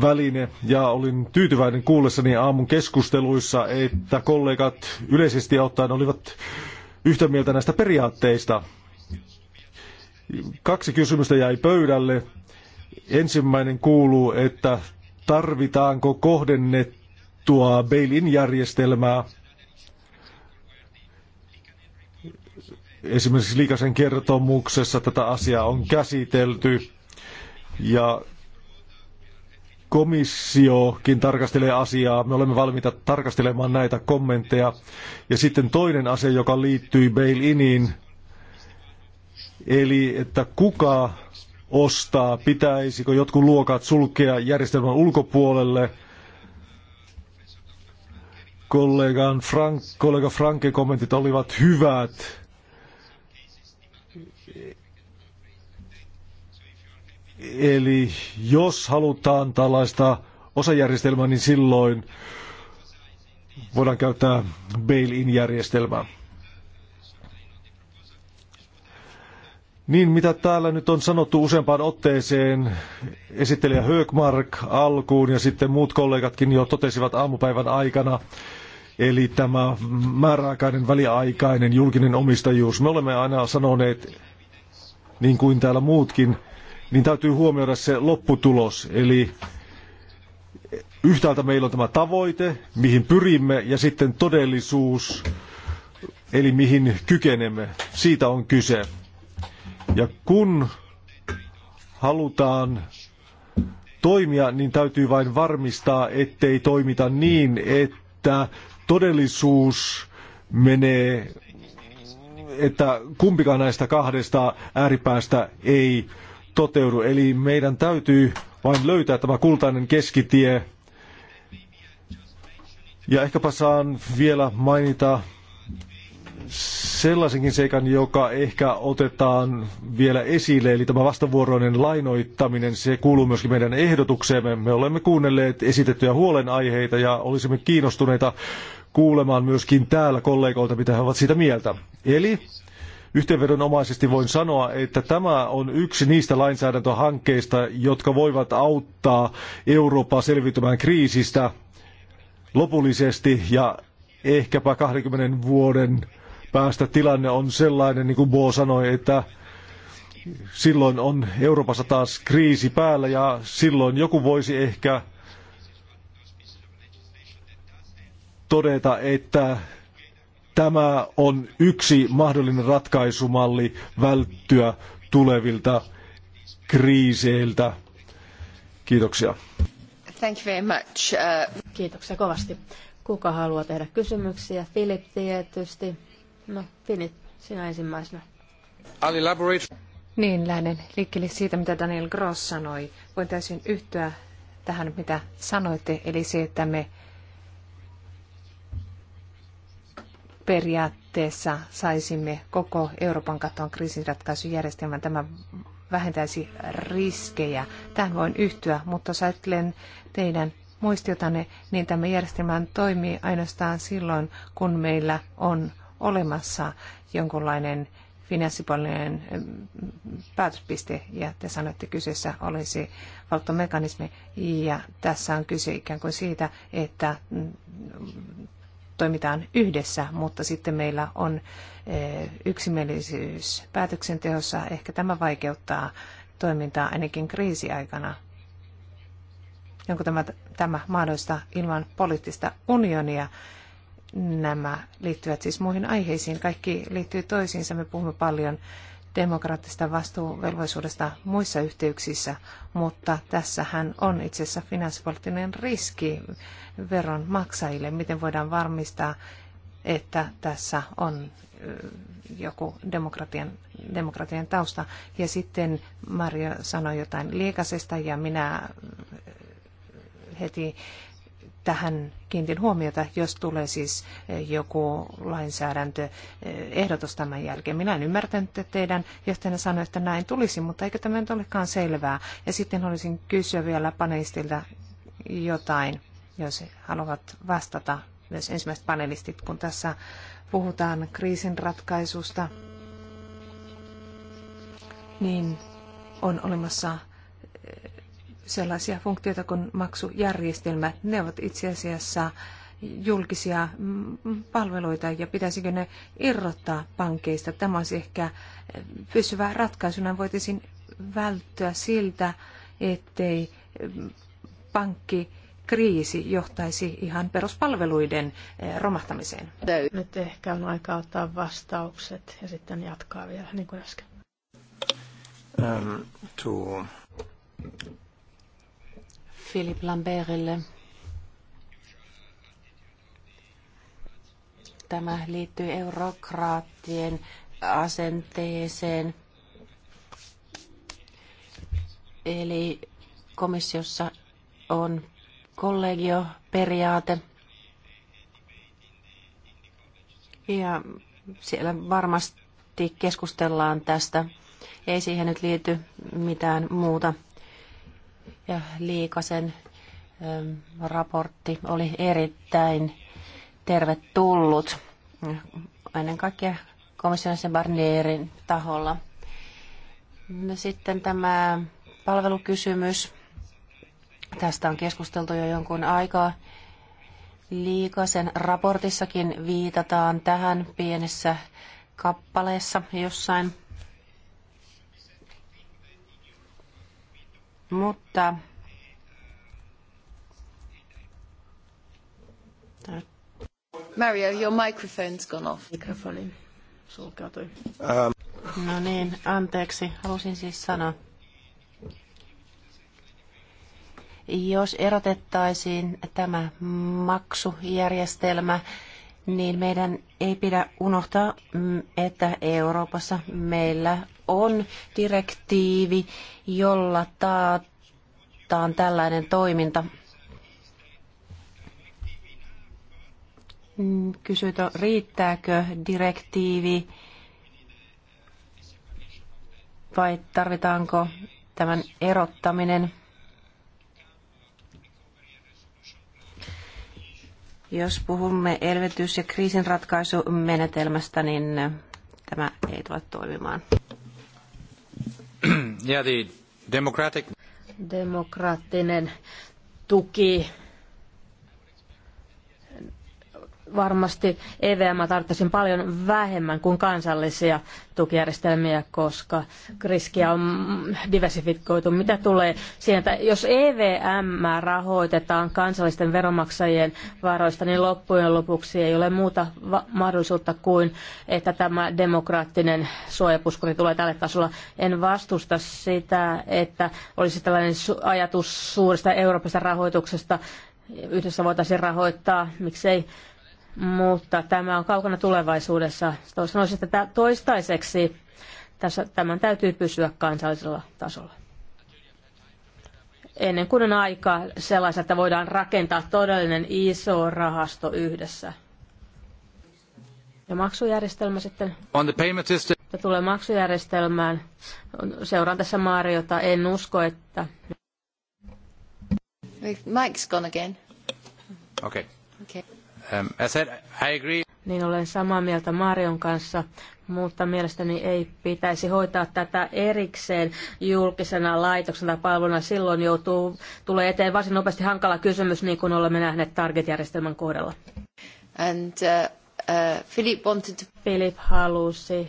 väline ja olin tyytyväinen kuullessani aamun keskusteluissa, että kollegat yleisesti ottaen olivat yhtä mieltä näistä periaatteista. Kaksi kysymystä jäi pöydälle. Ensimmäinen kuuluu, että tarvitaanko kohdennettua bail-in järjestelmää – Esimerkiksi Liikasen kertomuksessa tätä asiaa on käsitelty ja komissiokin tarkastelee asiaa. Me olemme valmiita tarkastelemaan näitä kommentteja. Ja sitten toinen asia, joka liittyy bail-iniin, eli että kuka ostaa, pitäisikö jotkut luokat sulkea järjestelmän ulkopuolelle. Kollegan Frank, kollega Franke kommentit olivat hyvät Eli jos halutaan tällaista osajärjestelmää, niin silloin voidaan käyttää bail-in-järjestelmää. Niin, mitä täällä nyt on sanottu useampaan otteeseen, esittelijä Högmark alkuun ja sitten muut kollegatkin jo totesivat aamupäivän aikana, eli tämä määräaikainen, väliaikainen, julkinen omistajuus. Me olemme aina sanoneet, niin kuin täällä muutkin, niin täytyy huomioida se lopputulos. Eli yhtäältä meillä on tämä tavoite, mihin pyrimme, ja sitten todellisuus, eli mihin kykenemme. Siitä on kyse. Ja kun halutaan toimia, niin täytyy vain varmistaa, ettei toimita niin, että todellisuus menee, että kumpikaan näistä kahdesta ääripäästä ei toteudu. Eli meidän täytyy vain löytää tämä kultainen keskitie. Ja ehkäpä saan vielä mainita sellaisenkin seikan, joka ehkä otetaan vielä esille, eli tämä vastavuoroinen lainoittaminen, se kuuluu myöskin meidän ehdotukseemme. Me olemme kuunnelleet esitettyjä huolenaiheita ja olisimme kiinnostuneita kuulemaan myöskin täällä kollegoilta, mitä he ovat siitä mieltä. Eli Yhteenvedonomaisesti voin sanoa, että tämä on yksi niistä lainsäädäntöhankkeista, jotka voivat auttaa Eurooppaa selviytymään kriisistä lopullisesti ja ehkäpä 20 vuoden päästä tilanne on sellainen, niin kuin Bo sanoi, että silloin on Euroopassa taas kriisi päällä ja silloin joku voisi ehkä todeta, että Tämä on yksi mahdollinen ratkaisumalli välttyä tulevilta kriiseiltä. Kiitoksia. Thank you very much. Uh... Kiitoksia kovasti. Kuka haluaa tehdä kysymyksiä? Philip tietysti. No, Finit, sinä ensimmäisenä. I'll elaborate. Niin, lähden liikkeelle siitä, mitä Daniel Gross sanoi. Voin täysin yhtyä tähän, mitä sanoitte, eli se, että me periaatteessa saisimme koko Euroopan kattavan kriisinratkaisujärjestelmän. Tämä vähentäisi riskejä. Tähän voin yhtyä, mutta jos ajattelen teidän muistiotanne, niin tämä järjestelmä toimii ainoastaan silloin, kun meillä on olemassa jonkunlainen finanssipuolinen päätöspiste, ja te sanoitte kyseessä olisi valtomekanismi, ja tässä on kyse ikään kuin siitä, että mm, toimitaan yhdessä, mutta sitten meillä on eh, yksimielisyys päätöksenteossa. Ehkä tämä vaikeuttaa toimintaa ainakin kriisiaikana. Onko tämä, tämä mahdollista ilman poliittista unionia? Nämä liittyvät siis muihin aiheisiin. Kaikki liittyy toisiinsa. Me puhumme paljon demokraattista vastuuvelvollisuudesta muissa yhteyksissä, mutta tässähän on itse asiassa finanssipoliittinen riski veron maksajille. Miten voidaan varmistaa, että tässä on joku demokratian, demokratian tausta. Ja sitten Mario sanoi jotain liikasesta ja minä heti tähän kiintin huomiota, jos tulee siis eh, joku lainsäädäntöehdotus tämän jälkeen. Minä en ymmärtänyt, että teidän johtajana sanoi, että näin tulisi, mutta eikö tämä nyt olekaan selvää? Ja sitten olisin kysyä vielä panelistilta jotain, jos haluavat vastata myös ensimmäiset panelistit, kun tässä puhutaan kriisin ratkaisusta, niin on olemassa eh, sellaisia funktioita kuin maksujärjestelmä, Ne ovat itse asiassa julkisia mm, mm, palveluita ja pitäisikö ne irrottaa pankeista. Tämä olisi ehkä eh, pysyvä ratkaisuna. Voitaisiin välttyä siltä, ettei mm, pankki kriisi johtaisi ihan peruspalveluiden eh, romahtamiseen. Nyt ehkä on aika ottaa vastaukset ja sitten jatkaa vielä, niin kuin äsken. Um, ehm, to Philip Lambertille. Tämä liittyy eurokraattien asenteeseen. Eli komissiossa on kollegioperiaate. Ja siellä varmasti keskustellaan tästä. Ei siihen nyt liity mitään muuta ja Liikasen ähm, raportti oli erittäin tervetullut ennen kaikkea komission Barnierin taholla. No sitten tämä palvelukysymys. Tästä on keskusteltu jo jonkun aikaa. Liikasen raportissakin viitataan tähän pienessä kappaleessa jossain. Mutta Mario, your microphone's gone off. Mikrofoni sulkeutui. Um. No niin, anteeksi. Halusin siis sanoa. Jos erotettaisiin tämä maksujärjestelmä, niin meidän ei pidä unohtaa, mm, että Euroopassa meillä on direktiivi, jolla taataan tällainen toiminta. Kysytö, riittääkö direktiivi vai tarvitaanko tämän erottaminen? Jos puhumme elvytys- ja kriisinratkaisumenetelmästä, niin tämä ei tule toimimaan. yeah, the democratic... Demokraattinen tuki varmasti EVM tarvitsisi paljon vähemmän kuin kansallisia tukijärjestelmiä, koska riskiä on diversifikoitu. Mitä tulee siihen, että jos EVM rahoitetaan kansallisten veronmaksajien varoista, niin loppujen lopuksi ei ole muuta mahdollisuutta kuin, että tämä demokraattinen suojapuskuri tulee tälle tasolla. En vastusta sitä, että olisi tällainen ajatus suuresta Euroopasta rahoituksesta, yhdessä voitaisiin rahoittaa, miksei mutta tämä on kaukana tulevaisuudessa. Sanoisin, että toistaiseksi tässä, tämän täytyy pysyä kansallisella tasolla. Ennen kuin on aika sellaisen, että voidaan rakentaa todellinen iso rahasto yhdessä. Ja maksujärjestelmä sitten. On the payment system. Tulee maksujärjestelmään. Seuraan tässä Mariota. En usko, että... Mike's gone again. Okay. okay. Um, I said, I agree. Niin olen samaa mieltä Marion kanssa, mutta mielestäni ei pitäisi hoitaa tätä erikseen julkisena laitoksena tai palveluna. Silloin joutuu, tulee eteen varsin nopeasti hankala kysymys, niin kuin olemme nähneet target-järjestelmän kohdalla. And, uh, uh, Philip, wanted to... Philip halusi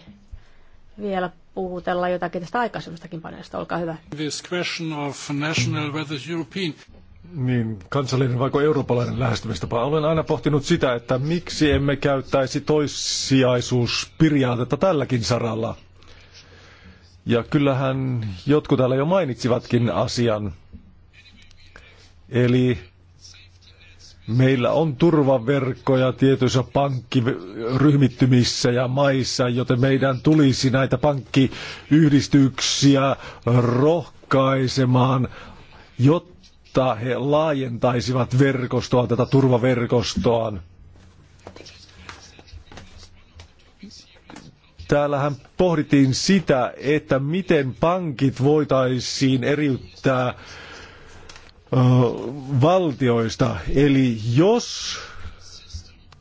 vielä puhutella jotakin tästä aikaisemmastakin paneelista. Olkaa hyvä. This question of national versus European niin kansallinen vaiko eurooppalainen lähestymistapa. Olen aina pohtinut sitä, että miksi emme käyttäisi toissijaisuusperiaatetta tälläkin saralla. Ja kyllähän jotkut täällä jo mainitsivatkin asian. Eli meillä on turvaverkkoja tietyissä pankkiryhmittymissä ja maissa, joten meidän tulisi näitä pankkiyhdistyksiä rohkaisemaan, jotta jotta he laajentaisivat verkostoa, tätä turvaverkostoaan. Täällähän pohdittiin sitä, että miten pankit voitaisiin eriyttää valtioista. Eli jos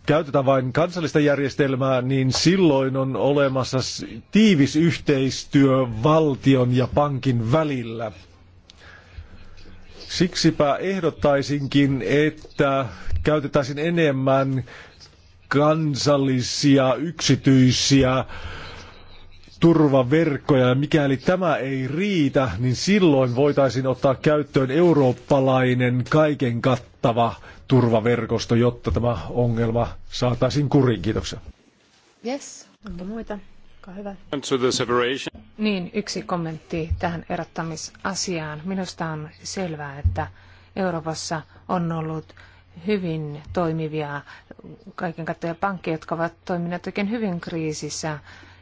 käytetään vain kansallista järjestelmää, niin silloin on olemassa tiivis yhteistyö valtion ja pankin välillä. Siksipä ehdottaisinkin, että käytettäisiin enemmän kansallisia yksityisiä turvaverkkoja. Ja mikäli tämä ei riitä, niin silloin voitaisiin ottaa käyttöön eurooppalainen kaiken kattava turvaverkosto, jotta tämä ongelma saataisiin kuriin. Kiitoksia. Yes. Onko muita? olkaa hyvä. Niin, yksi kommentti tähän erottamisasiaan. Minusta on selvää, että Euroopassa on ollut hyvin toimivia kaiken kattoja pankkeja, jotka ovat toimineet oikein hyvin kriisissä.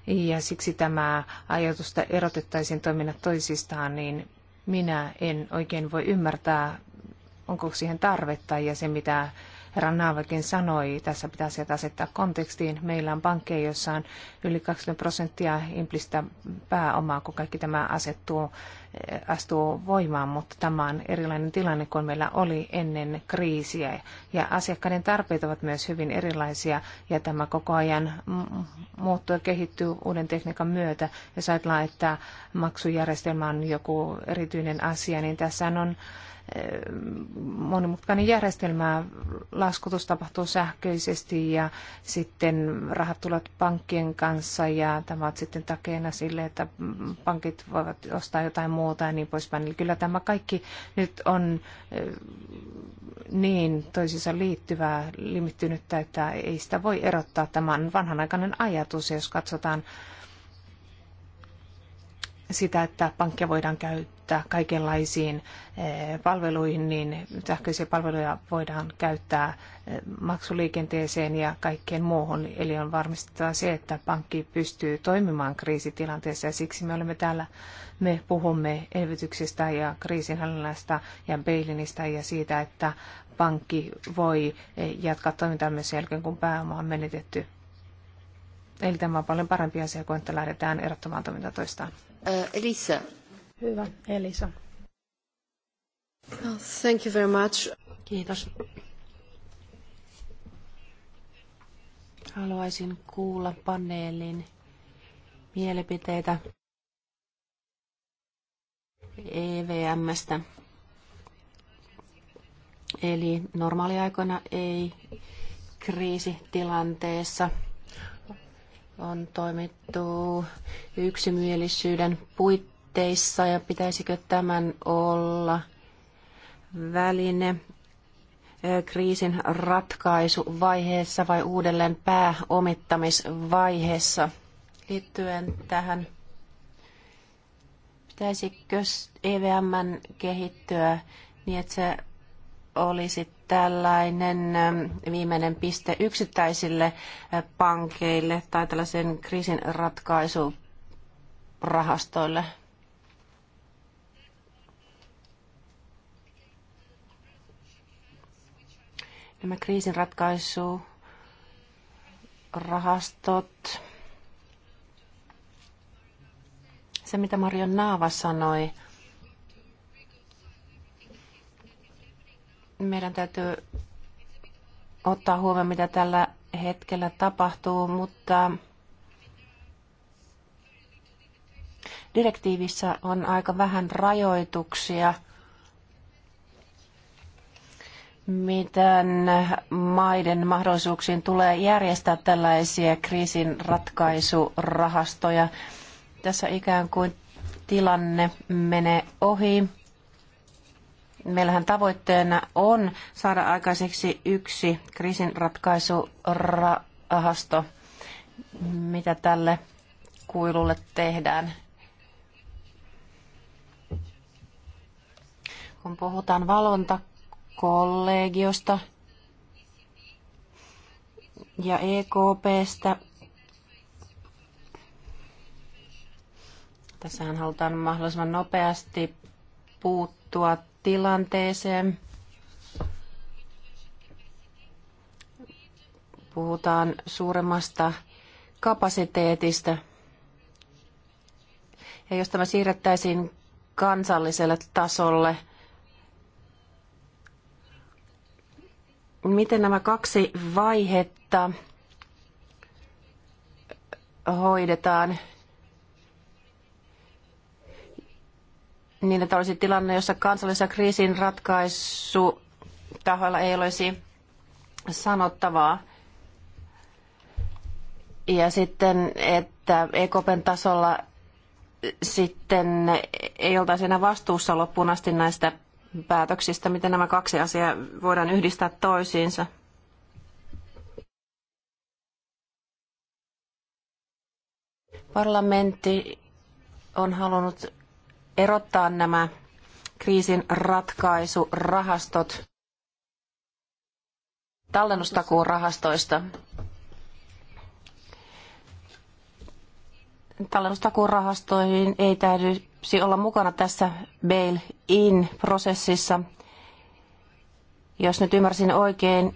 Ja siksi tämä ajatus, että erotettaisiin toiminnat toisistaan, niin minä en oikein voi ymmärtää, onko siihen tarvetta ja se, mitä herra Naavekin sanoi, tässä pitää asiat asettaa kontekstiin. Meillä on pankkeja, joissa on yli 20 prosenttia implistä pääomaa, kun kaikki tämä asettuu, eh, astuu voimaan, mutta tämä on erilainen tilanne kuin meillä oli ennen kriisiä. Ja asiakkaiden tarpeet ovat myös hyvin erilaisia ja tämä koko ajan muuttuu ja kehittyy uuden tekniikan myötä. Jos ajatellaan, että maksujärjestelmä on joku erityinen asia, niin tässä on monimutkainen järjestelmä. Laskutus tapahtuu sähköisesti ja sitten rahat tulevat pankkien kanssa ja tämä on sitten takeena sille, että pankit voivat ostaa jotain muuta ja niin poispäin. Eli kyllä tämä kaikki nyt on niin toisiinsa liittyvää, limittynyttä, että ei sitä voi erottaa. Tämä on vanhanaikainen ajatus, jos katsotaan sitä, että pankkia voidaan käyttää kaikenlaisiin eh, palveluihin, niin sähköisiä palveluja voidaan käyttää eh, maksuliikenteeseen ja kaikkeen muuhun. Eli on varmistettava se, että pankki pystyy toimimaan kriisitilanteessa ja siksi me olemme täällä, me puhumme elvytyksestä ja kriisinhallinnasta ja beilinistä ja siitä, että pankki voi eh, jatkaa toimintaa myös sen jälkeen, kun pääoma on menetetty. Eli tämä on paljon parempi asia kuin, että lähdetään erottamaan toimintaa toistaan. Uh, Elisa. Hyvä, Elisa. Well, oh, thank you very much. Kiitos. Haluaisin kuulla paneelin mielipiteitä EVMstä. Eli normaaliaikoina ei kriisitilanteessa – on toimittu yksimielisyyden puitteissa ja pitäisikö tämän olla väline kriisin ratkaisuvaiheessa vai uudelleen pääomittamisvaiheessa liittyen tähän? Pitäisikö EVMn kehittyä niin, että se olisi tällainen ähm, viimeinen piste yksittäisille äh, pankeille tai tällaisen kriisin ratkaisurahastoille? Nämä kriisin rahastot. Se, mitä Marion Naava sanoi, Meidän täytyy ottaa huomioon, mitä tällä hetkellä tapahtuu, mutta direktiivissä on aika vähän rajoituksia, miten maiden mahdollisuuksiin tulee järjestää tällaisia kriisin ratkaisurahastoja. Tässä ikään kuin tilanne menee ohi Meillähän tavoitteena on saada aikaiseksi yksi kriisinratkaisurahasto. Mitä tälle kuilulle tehdään? Kun puhutaan valontakollegiosta ja EKPstä, tässähän halutaan mahdollisimman nopeasti puuttua tilanteeseen. Puhutaan suuremmasta kapasiteetista. Ja jos tämä siirrettäisiin kansalliselle tasolle, miten nämä kaksi vaihetta hoidetaan – niin, että olisi tilanne, jossa kansallisessa kriisin ratkaisu tahoilla ei olisi sanottavaa. Ja sitten, että EKPn tasolla sitten ei oltaisi enää vastuussa loppuun asti näistä päätöksistä, miten nämä kaksi asiaa voidaan yhdistää toisiinsa. Parlamentti on halunnut erottaa nämä kriisin ratkaisurahastot tallennustakuurahastoista. Tallennustakuurahastoihin ei täytyisi olla mukana tässä bail-in-prosessissa. Jos nyt ymmärsin oikein,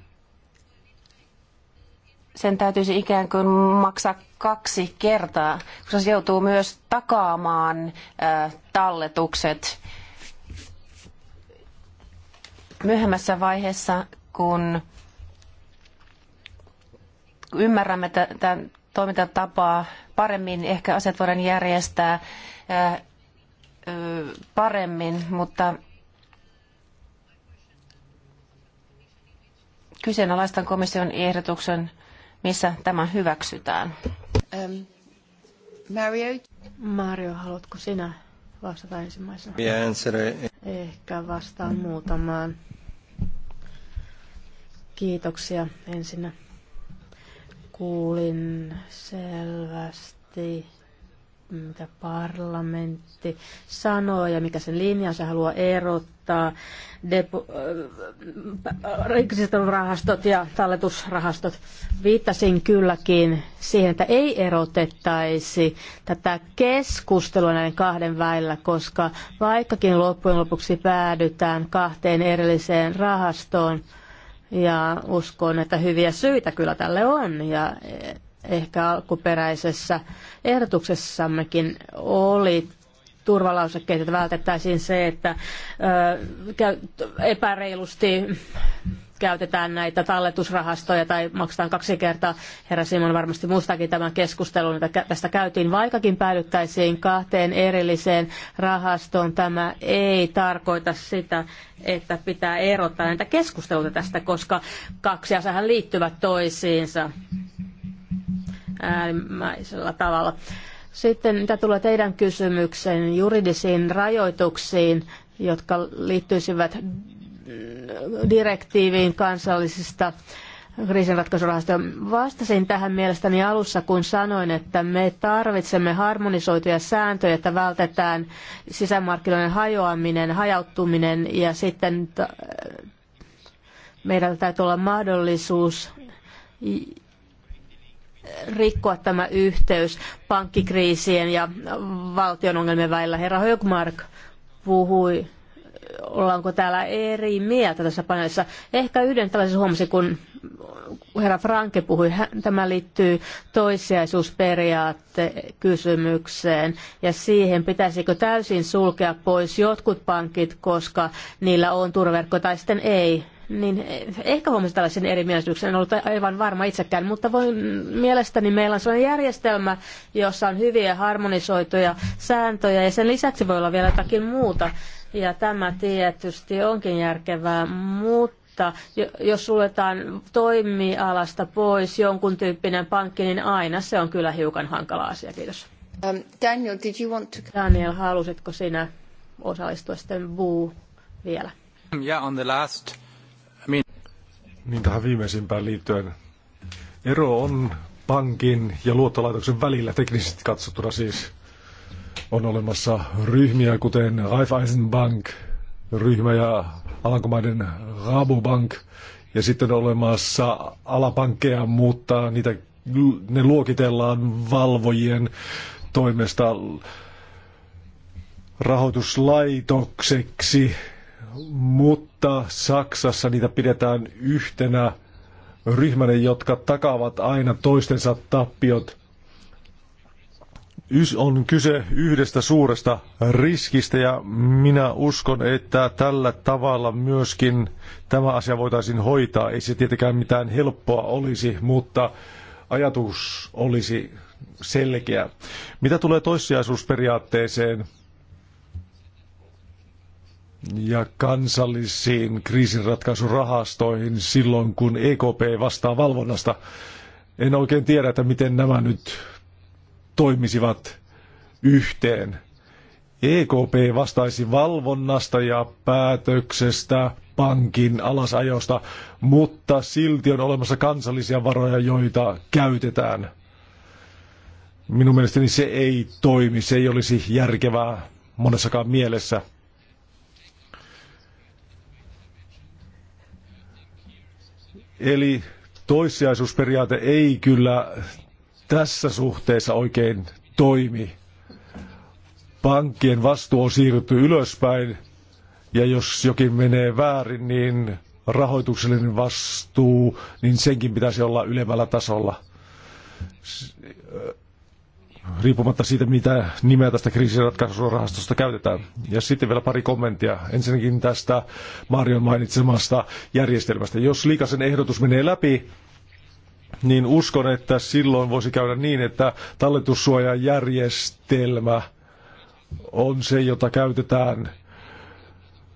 sen täytyisi ikään kuin maksaa kaksi kertaa, koska se joutuu myös takaamaan talletukset myöhemmässä vaiheessa, kun ymmärrämme tämän toimintatapaa paremmin, ehkä asiat voidaan järjestää paremmin, mutta kyseenalaistan komission ehdotuksen, missä tämä hyväksytään. Um, Mario? Mario, haluatko sinä vastata ensimmäisenä? Ehkä vastaan muutamaan. Kiitoksia ensinnä. Kuulin selvästi mitä parlamentti sanoo ja mikä sen linja se haluaa erottaa. Depo, äh, rahastot ja talletusrahastot. Viittasin kylläkin siihen, että ei erotettaisi tätä keskustelua näiden kahden väillä, koska vaikkakin loppujen lopuksi päädytään kahteen erilliseen rahastoon, ja uskon, että hyviä syitä kyllä tälle on. Ja ehkä alkuperäisessä ehdotuksessammekin oli turvalausekkeet, että vältettäisiin se, että epäreilusti käytetään näitä talletusrahastoja tai maksetaan kaksi kertaa. Herra Simon varmasti muistakin tämän keskustelun, että tästä käytiin. Vaikkakin päädyttäisiin kahteen erilliseen rahastoon, tämä ei tarkoita sitä, että pitää erottaa näitä keskusteluita tästä, koska kaksi asiaa liittyvät toisiinsa äärimmäisellä tavalla. Sitten mitä tulee teidän kysymykseen juridisiin rajoituksiin, jotka liittyisivät direktiiviin kansallisista kriisinratkaisurahastoon. Vastasin tähän mielestäni alussa, kun sanoin, että me tarvitsemme harmonisoituja sääntöjä, että vältetään sisämarkkinoiden hajoaminen, hajauttuminen ja sitten äh, meidän täytyy olla mahdollisuus rikkoa tämä yhteys pankkikriisien ja valtion ongelmien välillä. Herra Högmark puhui, ollaanko täällä eri mieltä tässä paneelissa. Ehkä yhden tällaisen huomasin, kun herra Franke puhui, tämä liittyy toissijaisuusperiaattekysymykseen ja siihen pitäisikö täysin sulkea pois jotkut pankit, koska niillä on turvaverkko tai sitten ei niin ehkä huomasin tällaisen erimielisyyden, en ollut aivan varma itsekään, mutta voin, mielestäni meillä on sellainen järjestelmä, jossa on hyviä harmonisoituja sääntöjä ja sen lisäksi voi olla vielä jotakin muuta. Ja tämä tietysti onkin järkevää, mutta jos suljetaan toimialasta pois jonkun tyyppinen pankki, niin aina se on kyllä hiukan hankala asia. Kiitos. Um, Daniel, did you want to... Daniel, halusitko sinä osallistua sitten Boo vielä? Yeah, on the last niin tähän viimeisimpään liittyen. Ero on pankin ja luottolaitoksen välillä teknisesti katsottuna siis. On olemassa ryhmiä, kuten Raiffeisen Bank, ryhmä ja Alankomaiden Rabobank. Ja sitten on olemassa alapankkeja, mutta niitä, ne luokitellaan valvojien toimesta rahoituslaitokseksi mutta Saksassa niitä pidetään yhtenä ryhmänä, jotka takaavat aina toistensa tappiot. On kyse yhdestä suuresta riskistä ja minä uskon, että tällä tavalla myöskin tämä asia voitaisiin hoitaa. Ei se tietenkään mitään helppoa olisi, mutta ajatus olisi selkeä. Mitä tulee toissijaisuusperiaatteeseen, ja kansallisiin kriisinratkaisurahastoihin silloin, kun EKP vastaa valvonnasta. En oikein tiedä, että miten nämä nyt toimisivat yhteen. EKP vastaisi valvonnasta ja päätöksestä pankin alasajosta, mutta silti on olemassa kansallisia varoja, joita käytetään. Minun mielestäni se ei toimi, se ei olisi järkevää monessakaan mielessä. Eli toissijaisuusperiaate ei kyllä tässä suhteessa oikein toimi. Pankkien vastuu on siirretty ylöspäin, ja jos jokin menee väärin, niin rahoituksellinen vastuu, niin senkin pitäisi olla ylemmällä tasolla riippumatta siitä, mitä nimeä tästä kriisiratkaisurahastosta käytetään. Ja sitten vielä pari kommenttia. Ensinnäkin tästä Marion mainitsemasta järjestelmästä. Jos liikasen ehdotus menee läpi, niin uskon, että silloin voisi käydä niin, että talletussuojajärjestelmä on se, jota käytetään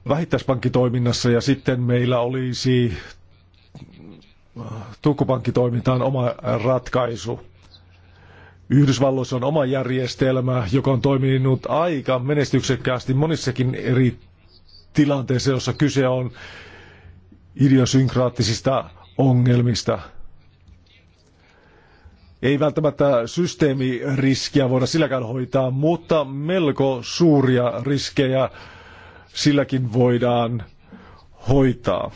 vähittäispankkitoiminnassa ja sitten meillä olisi tukkupankkitoimintaan oma ratkaisu. Yhdysvalloissa on oma järjestelmä, joka on toiminut aika menestyksekkäästi monissakin eri tilanteissa, jossa kyse on idiosynkraattisista ongelmista. Ei välttämättä systeemiriskiä voida silläkään hoitaa, mutta melko suuria riskejä silläkin voidaan hoitaa.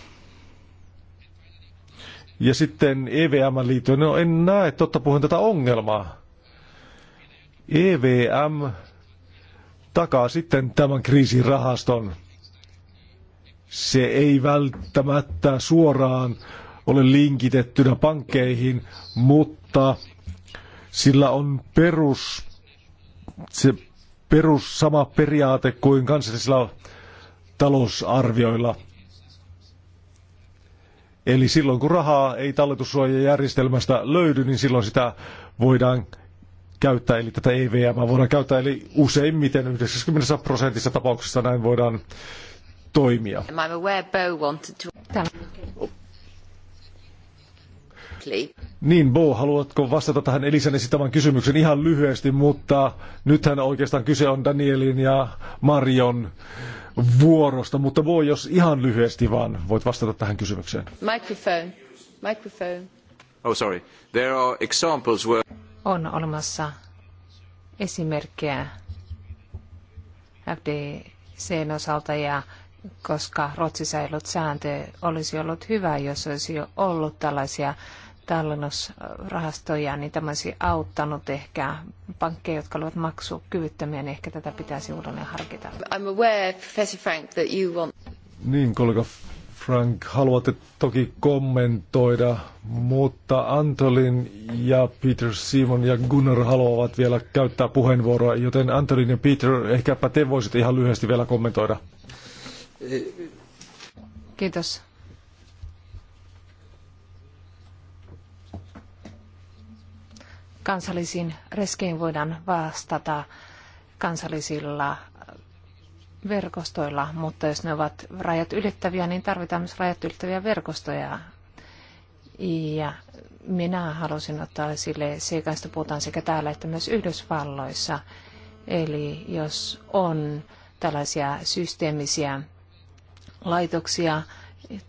Ja sitten EVM liittyen, no en näe totta puhuen tätä ongelmaa. EVM takaa sitten tämän kriisirahaston. Se ei välttämättä suoraan ole linkitettynä pankkeihin, mutta sillä on perus, se perus sama periaate kuin kansallisilla talousarvioilla. Eli silloin kun rahaa ei talletussuojajärjestelmästä löydy, niin silloin sitä voidaan käyttää, eli tätä EVM voidaan käyttää, eli useimmiten 90 prosentissa tapauksista näin voidaan toimia. Niin, Bo, haluatko vastata tähän Elisan esittämään kysymyksen ihan lyhyesti, mutta nythän oikeastaan kyse on Danielin ja Marion vuorosta, mutta Bo, jos ihan lyhyesti vaan voit vastata tähän kysymykseen. Microphone. Microphone. Oh, sorry. There are examples where on olemassa esimerkkejä FDCn osalta ja koska Ruotsissa ei ollut sääntö, olisi ollut hyvä, jos olisi ollut tällaisia tallennusrahastoja, niin tämä olisi auttanut ehkä pankkeja, jotka olivat maksukyvyttömiä, niin ehkä tätä pitäisi uudelleen harkita. I'm aware, Professor Frank, that you want... Niin, kollega Frank, haluatte toki kommentoida, mutta Antolin ja Peter Simon ja Gunnar haluavat vielä käyttää puheenvuoroa, joten Antolin ja Peter, ehkäpä te voisitte ihan lyhyesti vielä kommentoida. Kiitos. Kansallisiin reskeihin voidaan vastata kansallisilla verkostoilla, mutta jos ne ovat rajat ylittäviä, niin tarvitaan myös rajat ylittäviä verkostoja. Ja minä halusin ottaa esille seikan, puhutaan sekä täällä että myös Yhdysvalloissa. Eli jos on tällaisia systeemisiä laitoksia,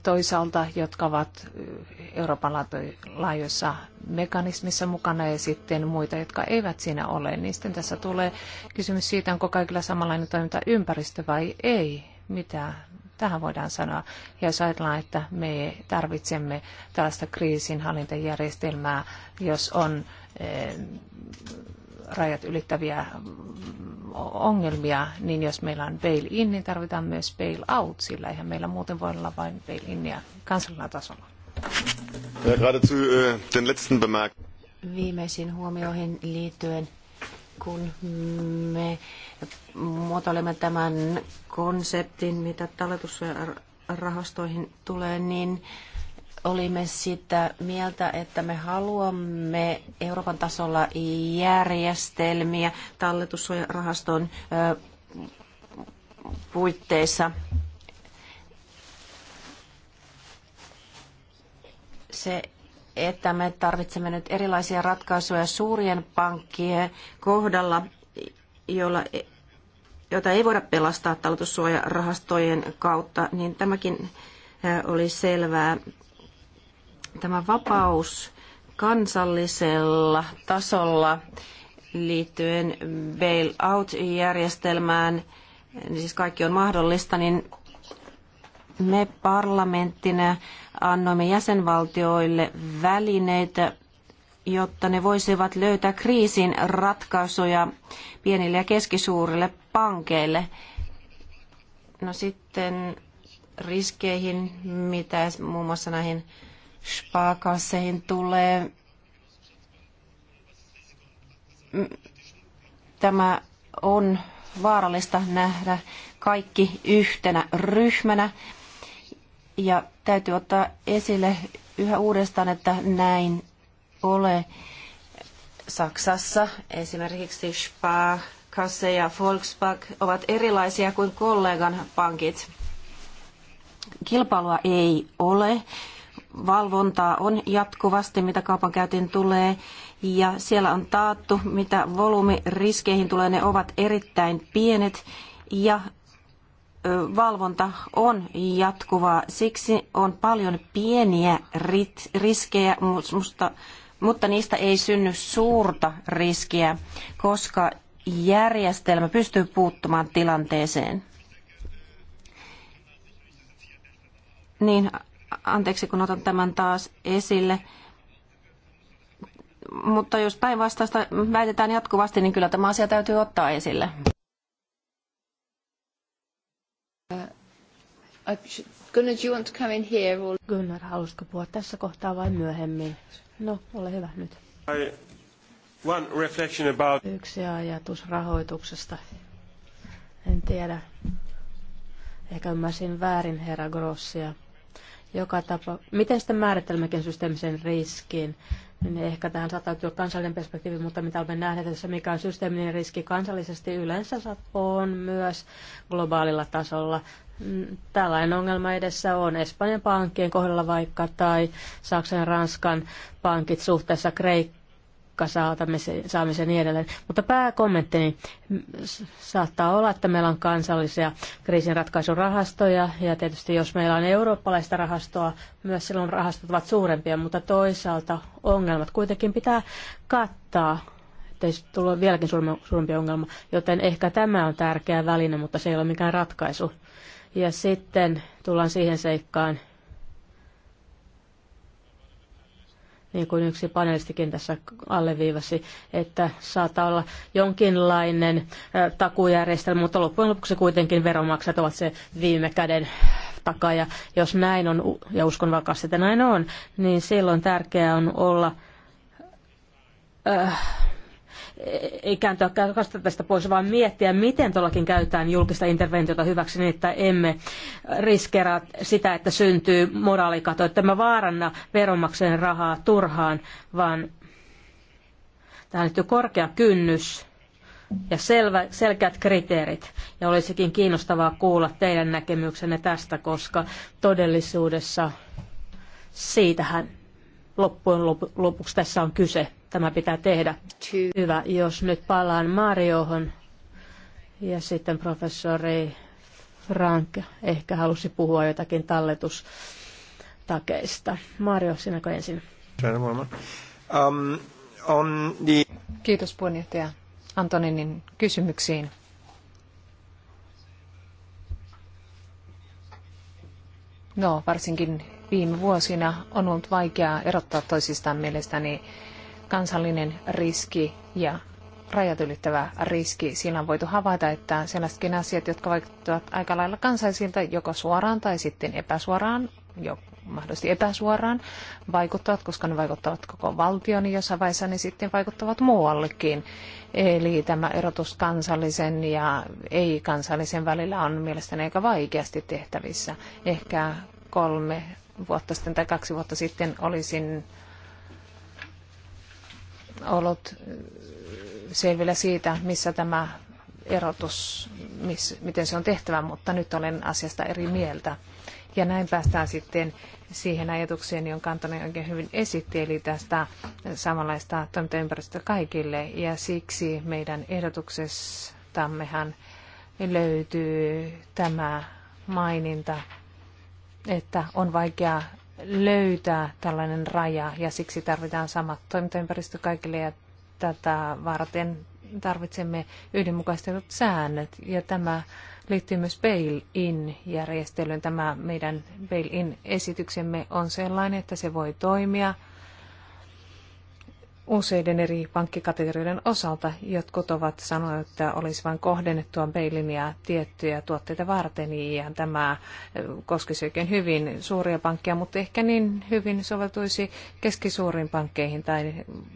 toisaalta, jotka ovat Euroopan laajuisessa mekanismissa mukana ja sitten muita, jotka eivät siinä ole. Niin sitten tässä tulee kysymys siitä, onko kaikilla samanlainen toimintaympäristö vai ei. Mitä tähän voidaan sanoa. Ja jos ajatellaan, että me tarvitsemme tällaista kriisinhallintajärjestelmää, jos on eh, rajat ylittäviä ongelmia, niin jos meillä on bail-in, niin tarvitaan myös bail-out, sillä eihän meillä muuten voi olla vain bail-inia kansallisella tasolla. Ja geradezu äh, den Viimeisiin huomioihin liittyen, kun me muotoilemme tämän konseptin, mitä talletusrahastoihin tulee, niin olimme sitä mieltä, että me haluamme Euroopan tasolla järjestelmiä talletusrahaston puitteissa. Se, että me tarvitsemme nyt erilaisia ratkaisuja suurien pankkien kohdalla, joilla e- jota ei voida pelastaa talletussuojarahastojen kautta, niin tämäkin oli selvää tämä vapaus kansallisella tasolla liittyen bail-out-järjestelmään, niin siis kaikki on mahdollista, niin me parlamenttina annoimme jäsenvaltioille välineitä, jotta ne voisivat löytää kriisin ratkaisuja pienille ja keskisuurille pankeille. No sitten riskeihin, mitä muun muassa näihin Spaakasseihin tulee, tämä on vaarallista nähdä kaikki yhtenä ryhmänä. Ja täytyy ottaa esille yhä uudestaan, että näin ole. Saksassa esimerkiksi Spa, Kasse ja Volksbank ovat erilaisia kuin kollegan pankit. Kilpailua ei ole valvontaa on jatkuvasti, mitä kaupankäytiin tulee, ja siellä on taattu, mitä volyymiriskeihin tulee, ne ovat erittäin pienet, ja valvonta on jatkuvaa. Siksi on paljon pieniä riskejä, mutta niistä ei synny suurta riskiä, koska järjestelmä pystyy puuttumaan tilanteeseen. Niin, Anteeksi, kun otan tämän taas esille. Mutta jos päinvastaista väitetään jatkuvasti, niin kyllä tämä asia täytyy ottaa esille. Uh, Gunnar, you want to come in here or... Gunnar, haluaisitko puhua tässä kohtaa vai myöhemmin? No, ole hyvä nyt. I, one reflection about... Yksi ajatus rahoituksesta. En tiedä. Ehkä ymmärsin väärin herra Grossia. Joka tapa, miten sitten määrittelemmekin systeemisen riskin? Niin ehkä tähän saattaa tulla kansallinen perspektiivi, mutta mitä olemme nähneet tässä, mikä on systeeminen riski kansallisesti, yleensä on myös globaalilla tasolla. Mm, tällainen ongelma edessä on Espanjan pankkien kohdalla vaikka tai Saksan ja Ranskan pankit suhteessa Kreikkaan saamme sen niin edelleen. Mutta pääkommenttini saattaa olla, että meillä on kansallisia kriisinratkaisurahastoja ja tietysti jos meillä on eurooppalaista rahastoa, myös silloin rahastot ovat suurempia, mutta toisaalta ongelmat kuitenkin pitää kattaa ettei tule vieläkin suurempi ongelma, joten ehkä tämä on tärkeä väline, mutta se ei ole mikään ratkaisu. Ja sitten tullaan siihen seikkaan, niin kuin yksi panelistikin tässä alleviivasi, että saattaa olla jonkinlainen takujärjestelmä, mutta loppujen lopuksi kuitenkin veronmaksajat ovat se viime käden takaja. Jos näin on, ja uskon vakaasti, että näin on, niin silloin tärkeää on olla äh, ei kääntyä tästä pois, vaan miettiä, miten todellakin käytetään julkista interventiota hyväksi niin, että emme riskeraa sitä, että syntyy moraalikato, että me vaaranna veronmaksajien rahaa turhaan, vaan tähän liittyy korkea kynnys ja selvä, selkeät kriteerit. Ja olisikin kiinnostavaa kuulla teidän näkemyksenne tästä, koska todellisuudessa siitähän loppujen lopuksi tässä on kyse tämä pitää tehdä. Hyvä, jos nyt palaan Mariohon ja sitten professori Frank ehkä halusi puhua jotakin talletustakeista. Mario, sinäkö ensin? Um, on the... Kiitos puheenjohtaja Antoninin kysymyksiin. No, varsinkin viime vuosina on ollut vaikeaa erottaa toisistaan mielestäni kansallinen riski ja rajat ylittävä riski. Siinä on voitu havaita, että sellaisetkin asiat, jotka vaikuttavat aika lailla kansaisilta joko suoraan tai sitten epäsuoraan, jo mahdollisesti epäsuoraan, vaikuttavat, koska ne vaikuttavat koko valtion niin jossain vaiheessa ne sitten vaikuttavat muuallekin. Eli tämä erotus kansallisen ja ei-kansallisen välillä on mielestäni aika vaikeasti tehtävissä. Ehkä kolme vuotta sitten tai kaksi vuotta sitten olisin ollut selvillä siitä, missä tämä erotus, miss, miten se on tehtävä, mutta nyt olen asiasta eri mieltä. Ja näin päästään sitten siihen ajatukseen, jonka Antoni oikein hyvin esitti, eli tästä samanlaista toimintaympäristöä kaikille. Ja siksi meidän ehdotuksestammehan löytyy tämä maininta, että on vaikea löytää tällainen raja ja siksi tarvitaan samat toimintaympäristö kaikille ja tätä varten tarvitsemme yhdenmukaistetut säännöt ja tämä liittyy myös bail-in-järjestelyyn. Tämä meidän bail-in-esityksemme on sellainen, että se voi toimia – useiden eri pankkikategorioiden osalta. Jotkut ovat sanoneet, että olisi vain kohdennettua peiliniä tiettyjä tuotteita varten, ja tämä eh, koskisi oikein hyvin suuria pankkeja, mutta ehkä niin hyvin soveltuisi keskisuuriin pankkeihin tai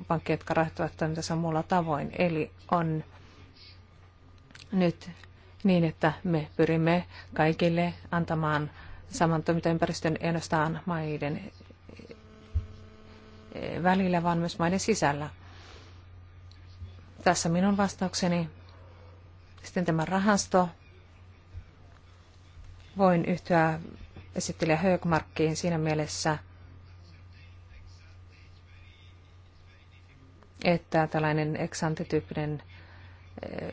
pankkeihin, jotka rahoittavat toimintansa muulla tavoin. Eli on nyt niin, että me pyrimme kaikille antamaan saman toimintaympäristön ei ainoastaan maiden Eh, välillä, vaan myös maiden sisällä. Tässä minun vastaukseni. Sitten tämä rahasto. Voin yhtyä esittelijä Högmarkkiin siinä mielessä, että tällainen eksantityyppinen eh,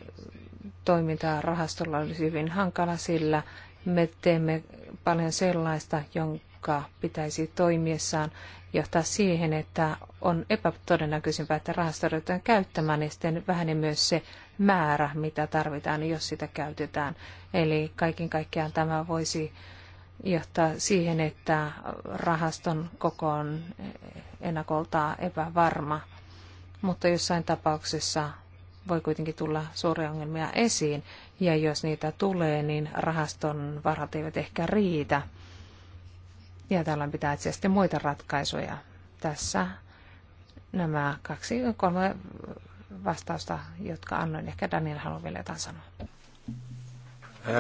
toiminta rahastolla olisi hyvin hankala, sillä me teemme paljon sellaista, jonka pitäisi toimiessaan johtaa siihen, että on epätodennäköisempää, että rahastoa ruvetaan käyttämään ja sitten vähenee myös se määrä, mitä tarvitaan, jos sitä käytetään. Eli kaiken kaikkiaan tämä voisi johtaa siihen, että rahaston koko on ennakolta epävarma, mutta jossain tapauksessa voi kuitenkin tulla suuria ongelmia esiin, ja jos niitä tulee, niin rahaston varat eivät ehkä riitä ja tällöin pitää etsiä sitten muita ratkaisuja. Tässä nämä kaksi kolme vastausta, jotka annoin. Ehkä Daniel haluaa vielä jotain sanoa.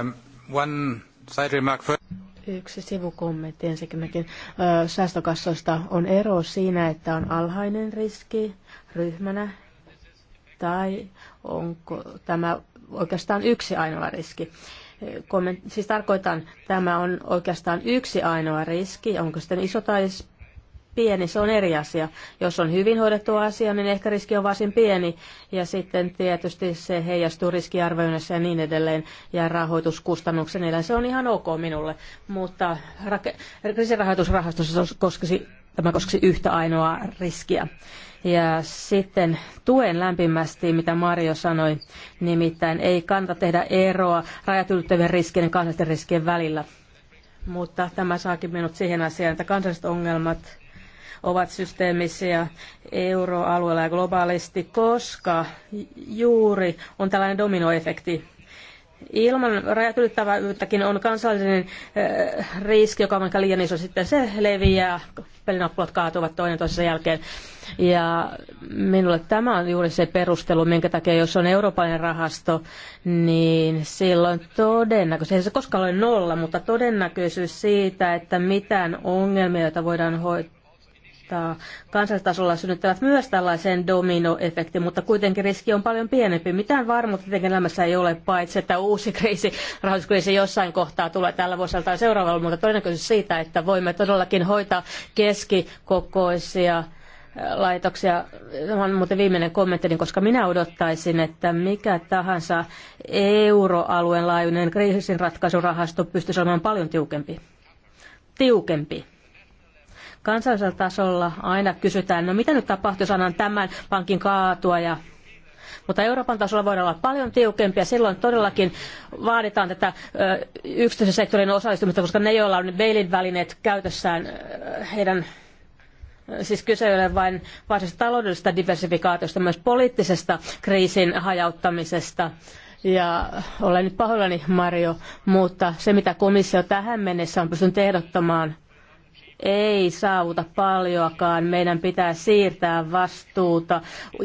Um, one side remark first. Yksi sivukommentti ensinnäkin. Säästökassoista on ero siinä, että on alhainen riski ryhmänä tai onko tämä oikeastaan yksi ainoa riski. Siis tarkoitan, tämä on oikeastaan yksi ainoa riski, onko sitten iso tai pieni, se on eri asia. Jos on hyvin hoidettu asia, niin ehkä riski on varsin pieni. Ja sitten tietysti se heijastuu riskiarvioinnissa ja niin edelleen ja rahoituskustannuksen eli se on ihan ok minulle. Mutta rake- kriisirahoitusrahastossa koskisi, tämä koskisi yhtä ainoa riskiä. Ja sitten tuen lämpimästi, mitä Mario sanoi, nimittäin ei kannata tehdä eroa rajat ylittävien riskien ja kansallisten riskien välillä. Mutta tämä saakin minut siihen asiaan, että kansalliset ongelmat ovat systeemisiä euroalueella ja globaalisti, koska juuri on tällainen dominoefekti Ilman rajat ylittävyyttäkin on kansallinen eh, riski, joka on aika liian iso. Sitten se leviää, pelinappulat kaatuvat toinen toisensa jälkeen. Ja minulle tämä on juuri se perustelu, minkä takia jos on eurooppalainen rahasto, niin silloin todennäköisyys, ei se koskaan ole nolla, mutta todennäköisyys siitä, että mitään ongelmia, joita voidaan hoitaa, tota, kansallistasolla synnyttävät myös tällaisen dominoefektin, mutta kuitenkin riski on paljon pienempi. Mitään varmuutta tietenkin elämässä ei ole, paitsi että uusi kriisi, rahoituskriisi jossain kohtaa tulee tällä vuosella tai seuraavalla, mutta todennäköisesti siitä, että voimme todellakin hoitaa keskikokoisia äh, laitoksia. Tämä on muuten viimeinen kommentti, niin koska minä odottaisin, että mikä tahansa euroalueen laajuinen kriisinratkaisurahasto pystyisi olemaan paljon tiukempi. Tiukempi Kansallisella tasolla aina kysytään, no mitä nyt tapahtuu, jos annan tämän pankin kaatua ja mutta Euroopan tasolla voidaan olla paljon tiukempia. Silloin todellakin vaaditaan tätä yksityisen sektorin osallistumista, koska ne, joilla on bailin välineet käytössään, heidän Siis kyse ei ole vain varsinaisesta taloudellisesta diversifikaatiosta, myös poliittisesta kriisin hajauttamisesta. Ja olen nyt pahoillani, Mario, mutta se mitä komissio tähän mennessä on pystynyt ehdottamaan, ei saavuta paljoakaan. Meidän pitää siirtää vastuuta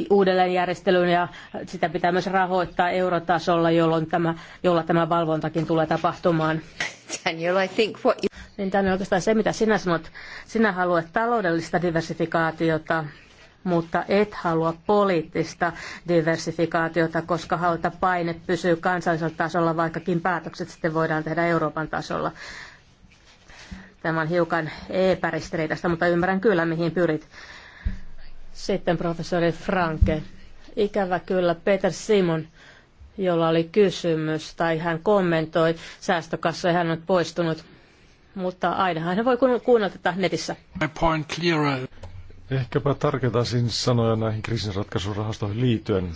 uudelleenjärjestelyyn ja sitä pitää myös rahoittaa eurotasolla, jolloin tämä, jolla tämä valvontakin tulee tapahtumaan. Daniel, I think what you... Niin on oikeastaan se, mitä sinä sanot, sinä haluat taloudellista diversifikaatiota, mutta et halua poliittista diversifikaatiota, koska haluta paine pysyy kansallisella tasolla, vaikkakin päätökset sitten voidaan tehdä Euroopan tasolla. Tämä on hiukan tästä, mutta ymmärrän kyllä, mihin pyrit. Sitten professori Franke. Ikävä kyllä Peter Simon, jolla oli kysymys tai hän kommentoi säästökassa ja hän on poistunut. Mutta aina hän voi kuunnella tätä netissä. My point clearer. Ehkäpä tarkentaisin sanoja näihin kriisinratkaisurahastoihin liittyen.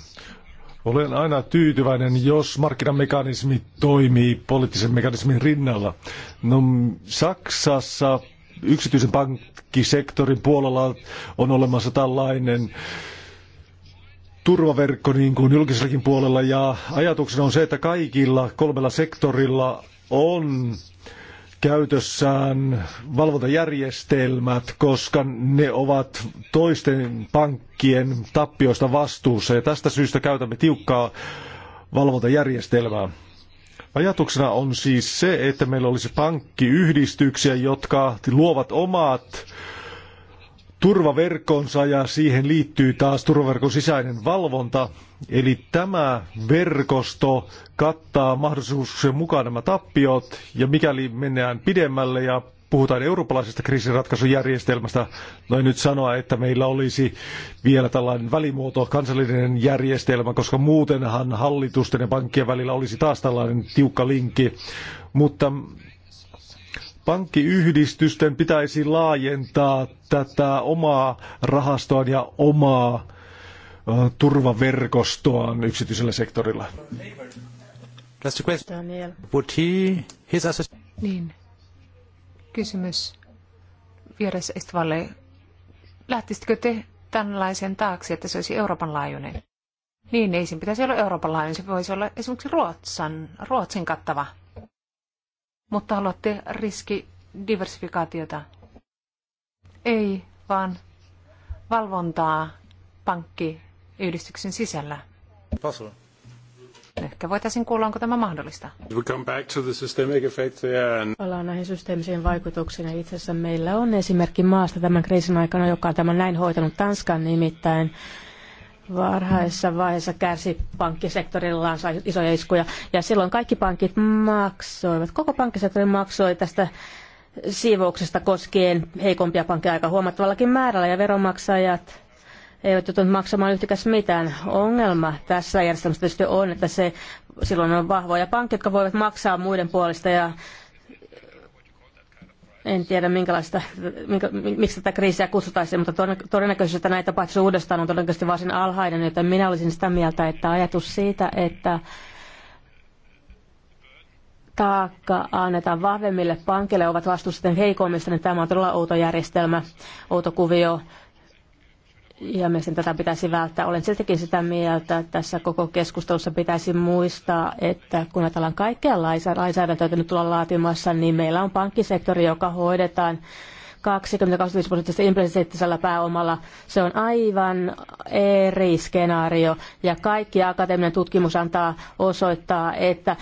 Olen aina tyytyväinen, jos markkinamekanismi toimii poliittisen mekanismin rinnalla. No, Saksassa yksityisen pankkisektorin puolella on olemassa tällainen turvaverkko niin kuin julkisellakin puolella ja ajatuksena on se, että kaikilla kolmella sektorilla on käytössään valvontajärjestelmät, koska ne ovat toisten pankkien tappioista vastuussa ja tästä syystä käytämme tiukkaa valvontajärjestelmää. Ajatuksena on siis se, että meillä olisi pankkiyhdistyksiä, jotka luovat omat turvaverkkonsa ja siihen liittyy taas turvaverkon sisäinen valvonta. Eli tämä verkosto kattaa mahdollisuuksien mukaan nämä tappiot ja mikäli mennään pidemmälle ja puhutaan eurooppalaisesta kriisinratkaisujärjestelmästä, noin nyt sanoa, että meillä olisi vielä tällainen välimuoto kansallinen järjestelmä, koska muutenhan hallitusten ja pankkien välillä olisi taas tällainen tiukka linkki, mutta Pankkiyhdistysten pitäisi laajentaa tätä omaa rahastoaan ja omaa turvaverkostoaan yksityisellä sektorilla. Daniel. Would he, his niin. Kysymys vieressä Estvalle. Lähtisitkö te tällaisen taakse, että se olisi Euroopan laajuinen? Niin, ei sen pitäisi olla Euroopan laajuinen. Se voisi olla esimerkiksi Ruotsan, Ruotsin kattava mutta haluatte riskidiversifikaatiota. Ei, vaan valvontaa pankkiyhdistyksen sisällä. Possible. Ehkä voitaisiin kuulla, onko tämä mahdollista. Palaan näihin systeemisiin vaikutuksiin. Ja itse asiassa meillä on esimerkki maasta tämän kriisin aikana, joka on tämän näin hoitanut Tanskan nimittäin varhaisessa vaiheessa kärsi pankkisektorillaan isoja iskuja. Ja silloin kaikki pankit maksoivat, koko pankkisektori maksoi tästä siivouksesta koskien heikompia pankkeja aika huomattavallakin määrällä ja veronmaksajat eivät joutuneet maksamaan yhtikäs mitään. Ongelma tässä järjestelmässä tietysti on, että se, silloin on vahvoja pankkeja, jotka voivat maksaa muiden puolesta ja en tiedä, minkälaista, minkä, miksi tätä kriisiä kutsutaan, mutta todennäköisesti että näitä tapahtuu uudestaan on todennäköisesti varsin alhainen, joten minä olisin sitä mieltä, että ajatus siitä, että taakka annetaan vahvemmille pankille, ovat vastuussa heikoimmista, niin tämä on todella outo järjestelmä, outo kuvio ja mielestäni tätä pitäisi välttää. Olen siltikin sitä mieltä, että tässä koko keskustelussa pitäisi muistaa, että kun ajatellaan kaikkea lainsäädäntöä, nyt tullaan laatimassa, niin meillä on pankkisektori, joka hoidetaan 20-25 prosenttista implisittisellä pääomalla. Se on aivan eri skenaario ja kaikki akateeminen tutkimus antaa osoittaa, että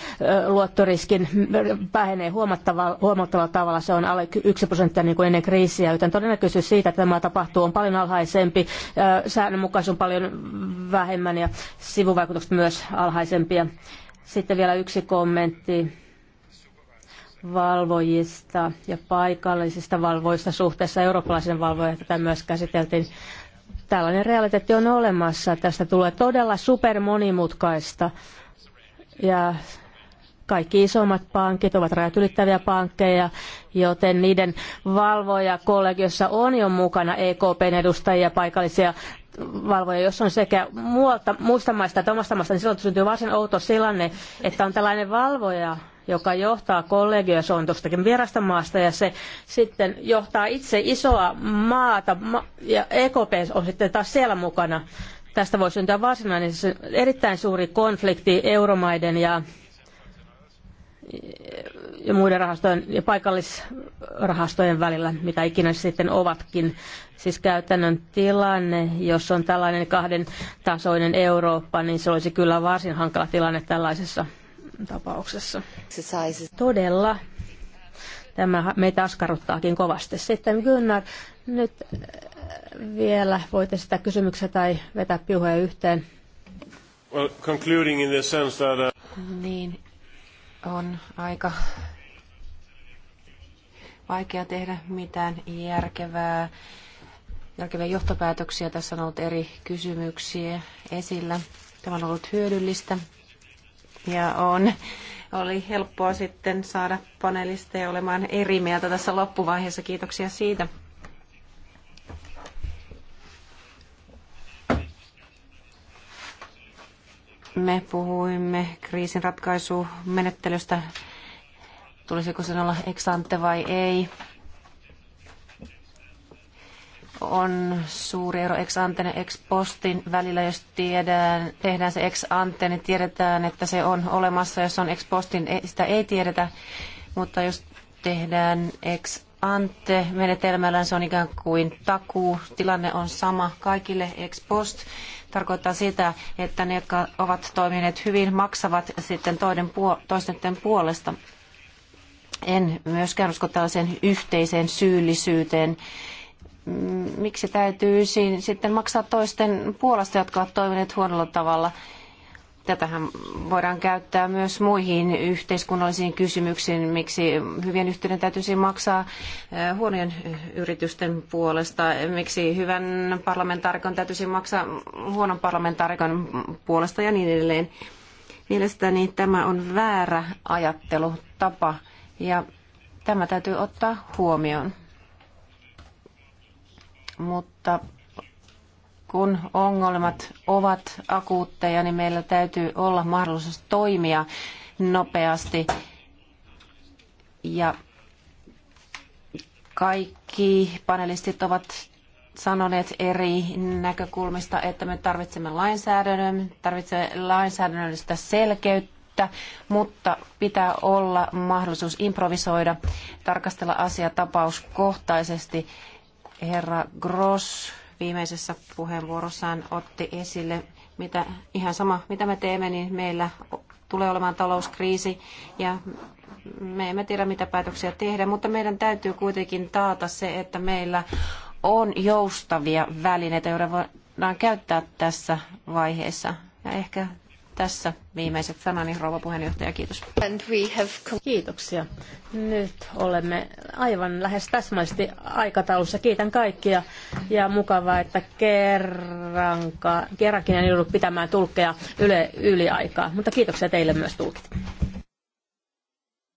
luottoriskin vähenee huomattavalla, huomattavalla tavalla. Se on alle 1 prosenttia niin kuin ennen kriisiä, joten todennäköisyys siitä, että tämä tapahtuu, on paljon alhaisempi. Säännönmukaisuus on paljon vähemmän ja sivuvaikutukset myös alhaisempia. Sitten vielä yksi kommentti valvojista ja paikallisista valvoista suhteessa eurooppalaisen valvojan. Tätä myös käsiteltiin. Tällainen realiteetti on olemassa. Tästä tulee todella supermonimutkaista. Ja kaikki isommat pankit ovat rajat ylittäviä pankkeja, joten niiden valvoja kollegiossa on jo mukana EKPn edustajia, paikallisia valvoja, jos on sekä muualta, muista maista että omasta maasta, niin silloin syntyy varsin outo tilanne, että on tällainen valvoja, joka johtaa kollegio, se on tuostakin vierasta maasta, ja se sitten johtaa itse isoa maata, ja EKP on sitten taas siellä mukana. Tästä voi syntyä varsinainen erittäin suuri konflikti euromaiden ja ja muiden rahastojen ja paikallisrahastojen välillä, mitä ikinä sitten ovatkin. Siis käytännön tilanne, jos on tällainen kahden tasoinen Eurooppa, niin se olisi kyllä varsin hankala tilanne tällaisessa tapauksessa. Todella. Tämä meitä askarruttaakin kovasti. Sitten Gunnar, nyt äh, vielä voit sitä kysymyksiä tai vetää piuhoja yhteen. Well, concluding in the sense that, uh... Niin, on aika vaikea tehdä mitään järkevää, järkeviä johtopäätöksiä. Tässä on ollut eri kysymyksiä esillä. Tämä on ollut hyödyllistä ja on, oli helppoa sitten saada panelisteja olemaan eri mieltä tässä loppuvaiheessa. Kiitoksia siitä. Me puhuimme kriisin ratkaisumenettelystä, tulisiko sen olla eksante vai ei on suuri ero ex antenne ex postin välillä, jos tiedään, tehdään se ex ante, niin tiedetään, että se on olemassa. Jos on ex postin, sitä ei tiedetä, mutta jos tehdään ex ante menetelmällä, niin se on ikään kuin takuu. Tilanne on sama kaikille ex post. Tarkoittaa sitä, että ne, jotka ovat toimineet hyvin, maksavat sitten toiden puol- toisten puolesta. En myöskään usko tällaiseen yhteiseen syyllisyyteen miksi täytyy sitten maksaa toisten puolesta, jotka ovat toimineet huonolla tavalla. Tätähän voidaan käyttää myös muihin yhteiskunnallisiin kysymyksiin, miksi hyvien yhtiöiden täytyisi maksaa eh, huonojen yritysten puolesta, miksi hyvän parlamentaarikon täytyisi maksaa huonon parlamentaarikon puolesta ja niin edelleen. Mielestäni tämä on väärä ajattelutapa ja tämä täytyy ottaa huomioon mutta kun ongelmat ovat akuutteja, niin meillä täytyy olla mahdollisuus toimia nopeasti. Ja kaikki panelistit ovat sanoneet eri näkökulmista, että me tarvitsemme lainsäädännön, tarvitsemme lainsäädännöllistä selkeyttä, mutta pitää olla mahdollisuus improvisoida, tarkastella asiaa tapauskohtaisesti Herra Gross viimeisessä puheenvuorossaan otti esille, mitä, ihan sama mitä me teemme, niin meillä tulee olemaan talouskriisi ja me emme tiedä mitä päätöksiä tehdä, mutta meidän täytyy kuitenkin taata se, että meillä on joustavia välineitä, joita voidaan käyttää tässä vaiheessa. Ja ehkä tässä viimeiset sanani, rouva puheenjohtaja, kiitos. Have... Kiitoksia. Nyt olemme aivan lähes täsmällisesti aikataulussa. Kiitän kaikkia ja mukavaa, että kerranka, kerrankin en joudu pitämään tulkkeja yle, yliaikaa. Mutta kiitoksia teille myös tulkit.